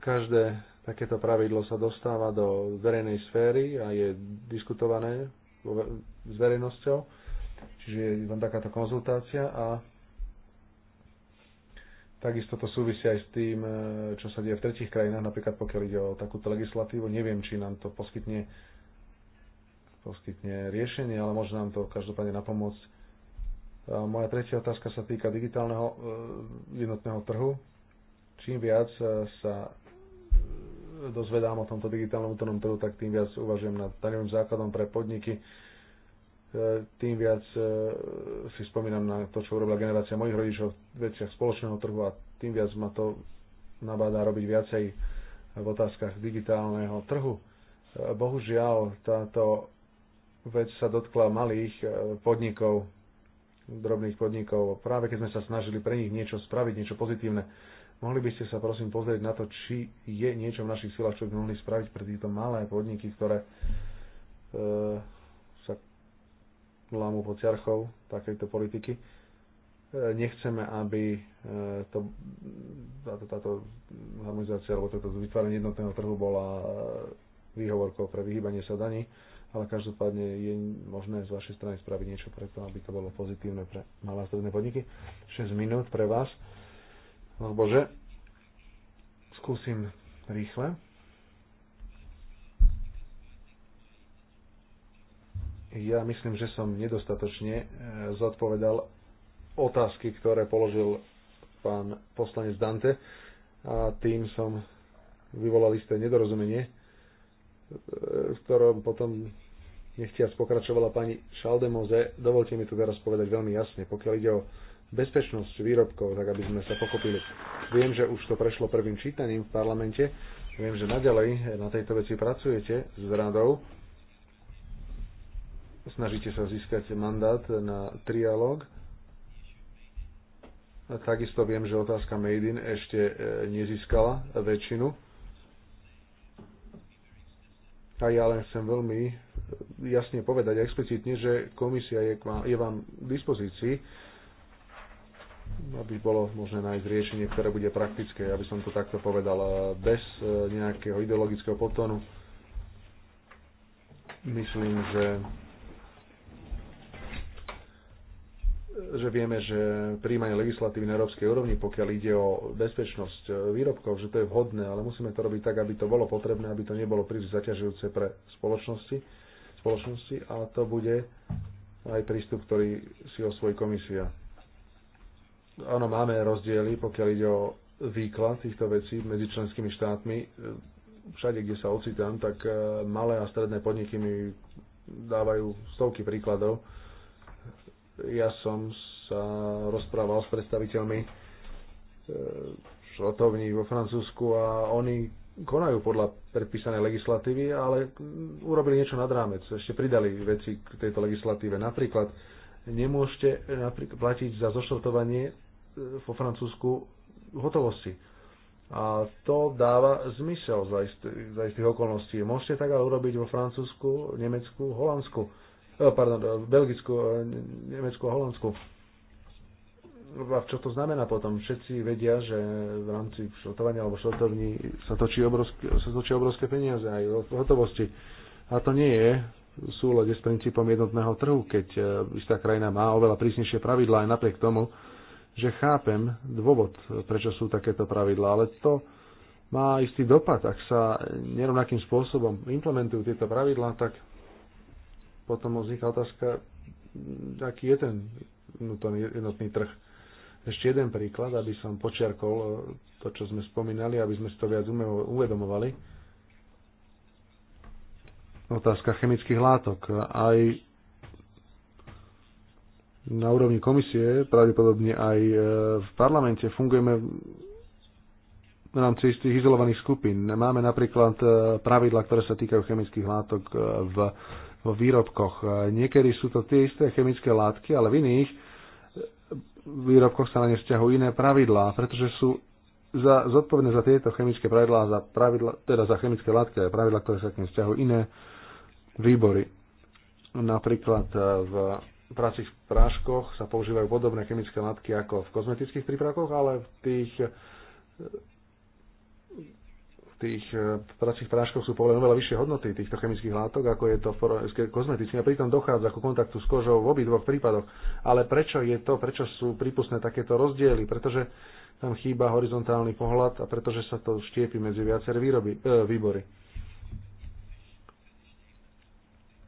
Každé takéto pravidlo sa dostáva do verejnej sféry a je diskutované s verejnosťou. Čiže je tam takáto konzultácia a Takisto to súvisí aj s tým, e, čo sa deje v tretich krajinách, napríklad pokiaľ ide o takúto legislatívu. Neviem, či nám to poskytne, poskytne riešenie, ale môže nám to každopádne napomôcť. pomoc. E, moja tretia otázka sa týka digitálneho e, jednotného trhu. Čím viac sa dozvedám o tomto digitálnom útornom trhu, tak tým viac uvažujem nad daňovým základom pre podniky, tým viac e, si spomínam na to, čo urobila generácia mojich rodičov v veciach spoločného trhu a tým viac ma to nabáda robiť viacej v otázkach digitálneho trhu. E, bohužiaľ, táto vec sa dotkla malých e, podnikov, drobných podnikov. Práve keď sme sa snažili pre nich niečo spraviť, niečo pozitívne, mohli by ste sa prosím pozrieť na to, či je niečo v našich silách, čo by mohli spraviť pre tieto malé podniky, ktoré e lámu pod ťarchou takejto politiky. E, nechceme, aby e, to, táto, táto harmonizácia alebo toto vytváranie jednotného trhu bola e, výhovorkou pre vyhýbanie sa daní, ale každopádne je možné z vašej strany spraviť niečo preto, aby to bolo pozitívne pre malé a stredné podniky. 6 minút pre vás. Oh Bože, skúsim rýchle. Ja myslím, že som nedostatočne e, zodpovedal otázky, ktoré položil pán poslanec Dante a tým som vyvolal isté nedorozumenie, e, v ktorom potom nechtiac pokračovala pani Šaldemoze. Dovolte mi tu teraz povedať veľmi jasne, pokiaľ ide o bezpečnosť výrobkov, tak aby sme sa pochopili. Viem, že už to prešlo prvým čítaním v parlamente, viem, že naďalej na tejto veci pracujete s radou, snažíte sa získať mandát na trialog. Takisto viem, že otázka Made in ešte e, nezískala väčšinu. A ja len chcem veľmi e, jasne povedať a explicitne, že komisia je, vám, je vám k dispozícii, aby bolo možné nájsť riešenie, ktoré bude praktické, aby som to takto povedal, bez e, nejakého ideologického potonu. Myslím, že že vieme, že príjmanie legislatívy na európskej úrovni, pokiaľ ide o bezpečnosť e, výrobkov, že to je vhodné, ale musíme to robiť tak, aby to bolo potrebné, aby to nebolo príliš zaťažujúce pre spoločnosti, spoločnosti a to bude aj prístup, ktorý si osvojí komisia. Áno, máme rozdiely, pokiaľ ide o výklad týchto vecí medzi členskými štátmi. E, Všade, kde sa ocitám, tak e, malé a stredné podniky mi dávajú stovky príkladov, ja som sa rozprával s predstaviteľmi e, šrotovní vo Francúzsku a oni konajú podľa predpísanej legislatívy, ale mm, urobili niečo nad rámec. Ešte pridali veci k tejto legislatíve. Napríklad nemôžete napríklad platiť za zošrotovanie e, vo Francúzsku hotovosti. A to dáva zmysel za, ist- za istých okolností. Môžete tak ale urobiť vo Francúzsku, Nemecku, Holandsku. Eh, pardon, eh, v Belgicku, eh, Nemecku a Holandsku. A čo to znamená potom? Všetci vedia, že v rámci šotovania alebo šotovní sa točí obrovské, sa točí obrovské peniaze aj v hotovosti. A to nie je v súlade s princípom jednotného trhu, keď istá krajina má oveľa prísnejšie pravidlá aj napriek tomu, že chápem dôvod, prečo sú takéto pravidlá, ale to má istý dopad. Ak sa nerovnakým spôsobom implementujú tieto pravidlá, tak potom vzniká otázka, mm, aký je ten vnútorný jednotný trh. Ešte jeden príklad, aby som počiarkol e, to, čo sme spomínali, aby sme si to viac uvedomovali. Otázka chemických látok. Aj na úrovni komisie, pravdepodobne aj e, v parlamente fungujeme v rámci istých izolovaných skupín. Máme napríklad e, pravidla, ktoré sa týkajú chemických látok v vo výrobkoch. E, niekedy sú to tie isté chemické látky, ale v iných e, výrobkoch sa na ne vzťahujú iné pravidlá, pretože sú za, zodpovedné za tieto chemické pravidlá, za pravidla, teda za chemické látky a pravidlá, ktoré sa k nim vzťahujú iné výbory. Napríklad e, v pracích práškoch sa používajú podobné chemické látky ako v kozmetických prípravkoch, ale v tých tých e, pracích práškoch sú povedané oveľa vyššie hodnoty týchto chemických látok, ako je to v forenskej A pritom dochádza ku kontaktu s kožou v obi dvoch prípadoch. Ale prečo je to, prečo sú prípustné takéto rozdiely? Pretože tam chýba horizontálny pohľad a pretože sa to štiepi medzi viaceré výroby, e, výbory.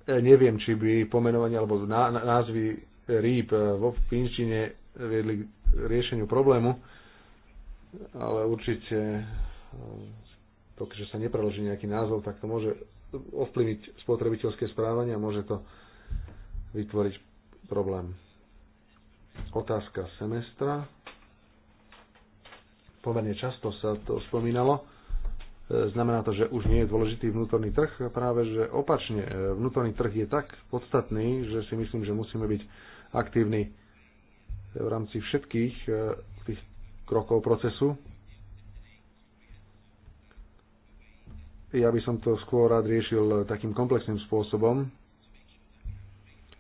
E, neviem, či by pomenovanie alebo ná, názvy rýb e, vo finčine viedli k riešeniu problému, ale určite e, to keďže sa nepreloží nejaký názov, tak to môže ovplyvniť spotrebiteľské správanie a môže to vytvoriť problém. Otázka semestra. Pomerne často sa to spomínalo. E, znamená to, že už nie je dôležitý vnútorný trh. Práve, že opačne, e, vnútorný trh je tak podstatný, že si myslím, že musíme byť aktívni v rámci všetkých e, tých krokov procesu Ja by som to skôr rád riešil takým komplexným spôsobom,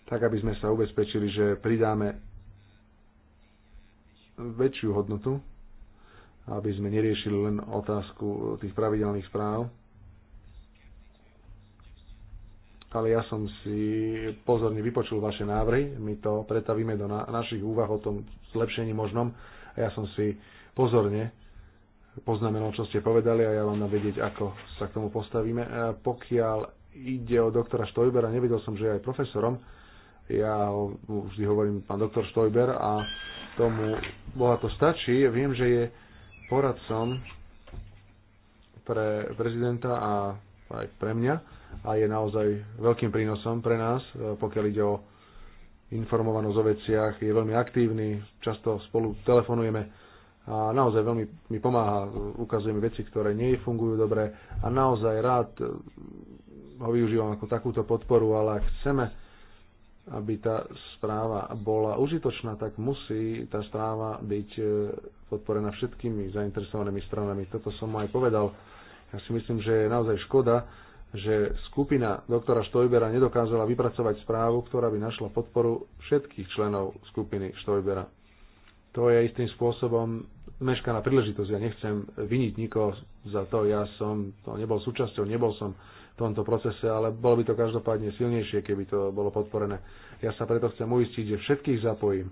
tak aby sme sa ubezpečili, že pridáme väčšiu hodnotu, aby sme neriešili len otázku tých pravidelných správ. ale ja som si pozorne vypočul vaše návrhy, my to pretavíme do na- našich úvah o tom zlepšení možnom a ja som si pozorne poznamenal, čo ste povedali a ja vám dám vedieť, ako sa k tomu postavíme. A e, pokiaľ ide o doktora Štojbera, nevedel som, že je aj profesorom. Ja ho vždy hovorím pán doktor Štojber a tomu boha to stačí. Viem, že je poradcom pre prezidenta a aj pre mňa a je naozaj veľkým prínosom pre nás, e, pokiaľ ide o informovanosť o veciach, je veľmi aktívny, často spolu telefonujeme a naozaj veľmi mi pomáha, ukazuje mi veci, ktoré nie fungujú dobre a naozaj rád e, ho využívam ako takúto podporu, ale ak chceme, aby tá správa bola užitočná, tak musí tá správa byť e, podporená všetkými zainteresovanými stranami. Toto som aj povedal. Ja si myslím, že je naozaj škoda, že skupina doktora Štojbera nedokázala vypracovať správu, ktorá by našla podporu všetkých členov skupiny Štojbera to je istým spôsobom meškaná príležitosť. Ja nechcem viniť nikoho za to. Ja som to nebol súčasťou, nebol som v tomto procese, ale bolo by to každopádne silnejšie, keby to bolo podporené. Ja sa preto chcem uistiť, že všetkých zapojím.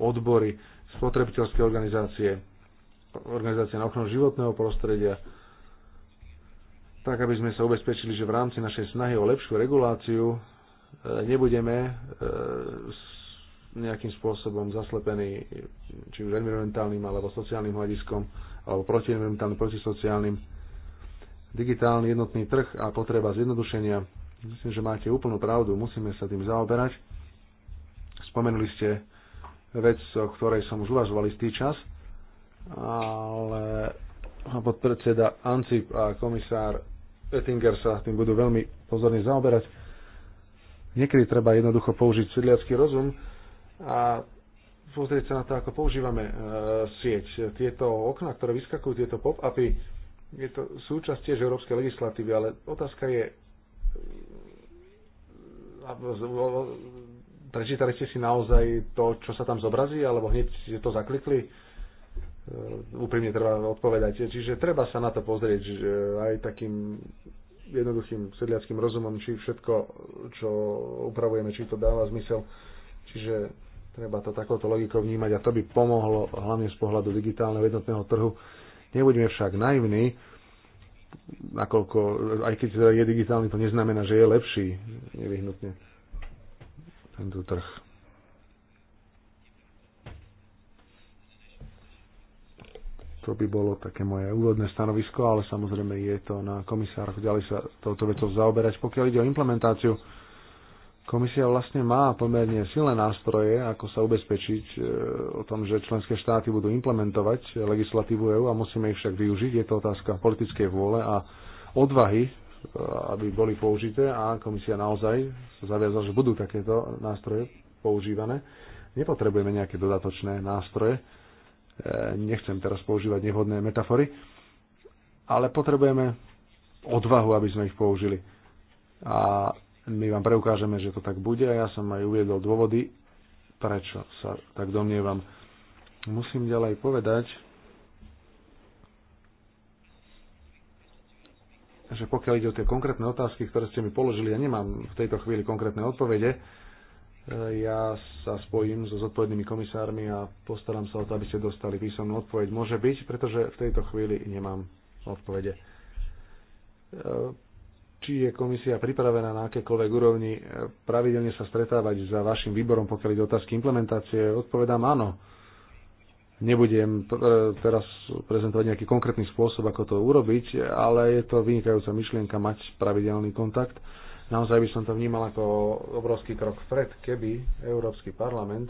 Odbory, spotrebiteľské organizácie, organizácie na ochranu životného prostredia, tak aby sme sa ubezpečili, že v rámci našej snahy o lepšiu reguláciu e, nebudeme e, nejakým spôsobom zaslepený či už environmentálnym alebo sociálnym hľadiskom alebo protienvironmentálnym, protisociálnym. Digitálny jednotný trh a potreba zjednodušenia. Myslím, že máte úplnú pravdu, musíme sa tým zaoberať. Spomenuli ste vec, o ktorej som už uvažoval istý čas, ale podpredseda Ancip a komisár Ettinger sa tým budú veľmi pozorne zaoberať. Niekedy treba jednoducho použiť sedliacký rozum a pozrieť sa na to, ako používame e, sieť. Tieto okna, ktoré vyskakujú, tieto pop-upy, je to súčasť tiež európskej legislatívy, ale otázka je, e, prečítali ste si naozaj to, čo sa tam zobrazí, alebo hneď ste to zaklikli? E, úprimne treba odpovedať. Čiže treba sa na to pozrieť že aj takým jednoduchým sedliackým rozumom, či všetko, čo upravujeme, či to dáva zmysel. Čiže Treba to takouto logikou vnímať a to by pomohlo hlavne z pohľadu digitálneho jednotného trhu. Nebudeme však naivní, nakoľko, aj keď teda je digitálny, to neznamená, že je lepší nevyhnutne tento trh. To by bolo také moje úvodné stanovisko, ale samozrejme je to na komisároch ďalej sa touto vecou zaoberať. Pokiaľ ide o implementáciu, Komisia vlastne má pomerne silné nástroje, ako sa ubezpečiť e, o tom, že členské štáty budú implementovať legislatívu EÚ a musíme ich však využiť. Je to otázka politickej vôle a odvahy, e, aby boli použité a komisia naozaj sa zaviazala, že budú takéto nástroje používané. Nepotrebujeme nejaké dodatočné nástroje. E, nechcem teraz používať nevhodné metafory, ale potrebujeme odvahu, aby sme ich použili. A my vám preukážeme, že to tak bude a ja som aj uviedol dôvody, prečo sa tak domnievam. Musím ďalej povedať, že pokiaľ ide o tie konkrétne otázky, ktoré ste mi položili, ja nemám v tejto chvíli konkrétne odpovede. E, ja sa spojím so zodpovednými komisármi a postaram sa o to, aby ste dostali písomnú odpoveď. Môže byť, pretože v tejto chvíli nemám odpovede. E, či je komisia pripravená na akékoľvek úrovni eh, pravidelne sa stretávať za vašim výborom, pokiaľ ide otázky implementácie? Odpovedám áno. Nebudem eh, teraz prezentovať nejaký konkrétny spôsob, ako to urobiť, ale je to vynikajúca myšlienka mať pravidelný kontakt. Naozaj by som to vnímal ako obrovský krok vpred, keby Európsky parlament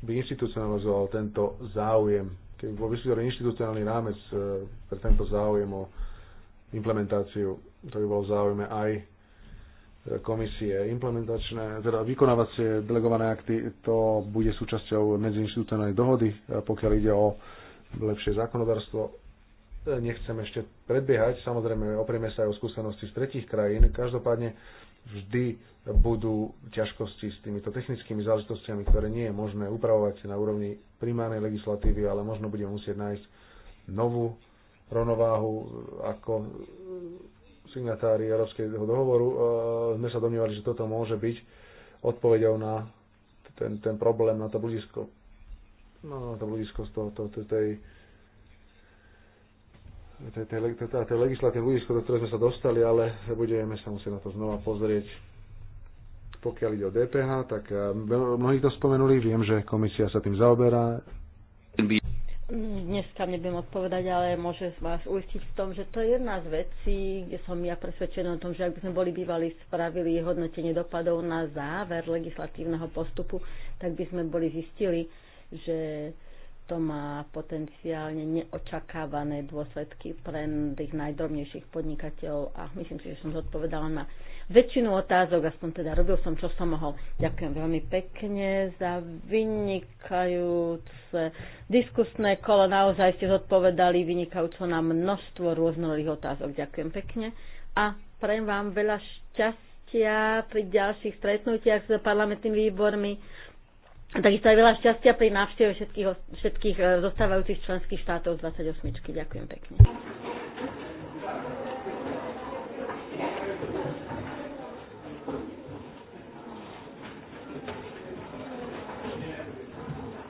by institucionalizoval tento záujem, keby bol vyšli inštitucionálny rámec eh, pre tento záujem o implementáciu. To by bolo záujme aj e, komisie. Implementačné, teda vykonávacie delegované akty, to bude súčasťou medziinstitucionálnej dohody, e, pokiaľ ide o lepšie zákonodárstvo. E, nechcem ešte predbiehať, samozrejme oprieme sa aj o skúsenosti z tretich krajín. Každopádne vždy budú ťažkosti s týmito technickými záležitostiami, ktoré nie je možné upravovať na úrovni primárnej legislatívy, ale možno budeme musieť nájsť novú rovnováhu ako signatári Európskeho dohovoru, e, sme sa domnívali, že toto môže byť odpovedou na ten, ten problém, na to blízko. No, na to blízko z toho, to, to, tej, tej, tej, tej, legislatívne bludisko, do ktoré sme sa dostali, ale budeme sa musieť na to znova pozrieť. Pokiaľ ide o DPH, tak e, mnohí to spomenuli, viem, že komisia sa tým zaoberá. Dneska nebudem odpovedať, ale môžem vás uistiť v tom, že to je jedna z vecí, kde som ja presvedčená o tom, že ak by sme boli bývali spravili hodnotenie dopadov na záver legislatívneho postupu, tak by sme boli zistili, že to má potenciálne neočakávané dôsledky pre tých najdrobnejších podnikateľov a myslím si, že som zodpovedala na väčšinu otázok, aspoň teda robil som, čo som mohol. Ďakujem veľmi pekne za vynikajúce diskusné kolo. Naozaj ste zodpovedali vynikajúco na množstvo rôznorodých otázok. Ďakujem pekne a prajem vám veľa šťastia pri ďalších stretnutiach s parlamentnými výbormi. Takisto aj veľa šťastia pri návšteve všetkých, všetkých e, zostávajúcich členských štátov z 28. Ďakujem pekne.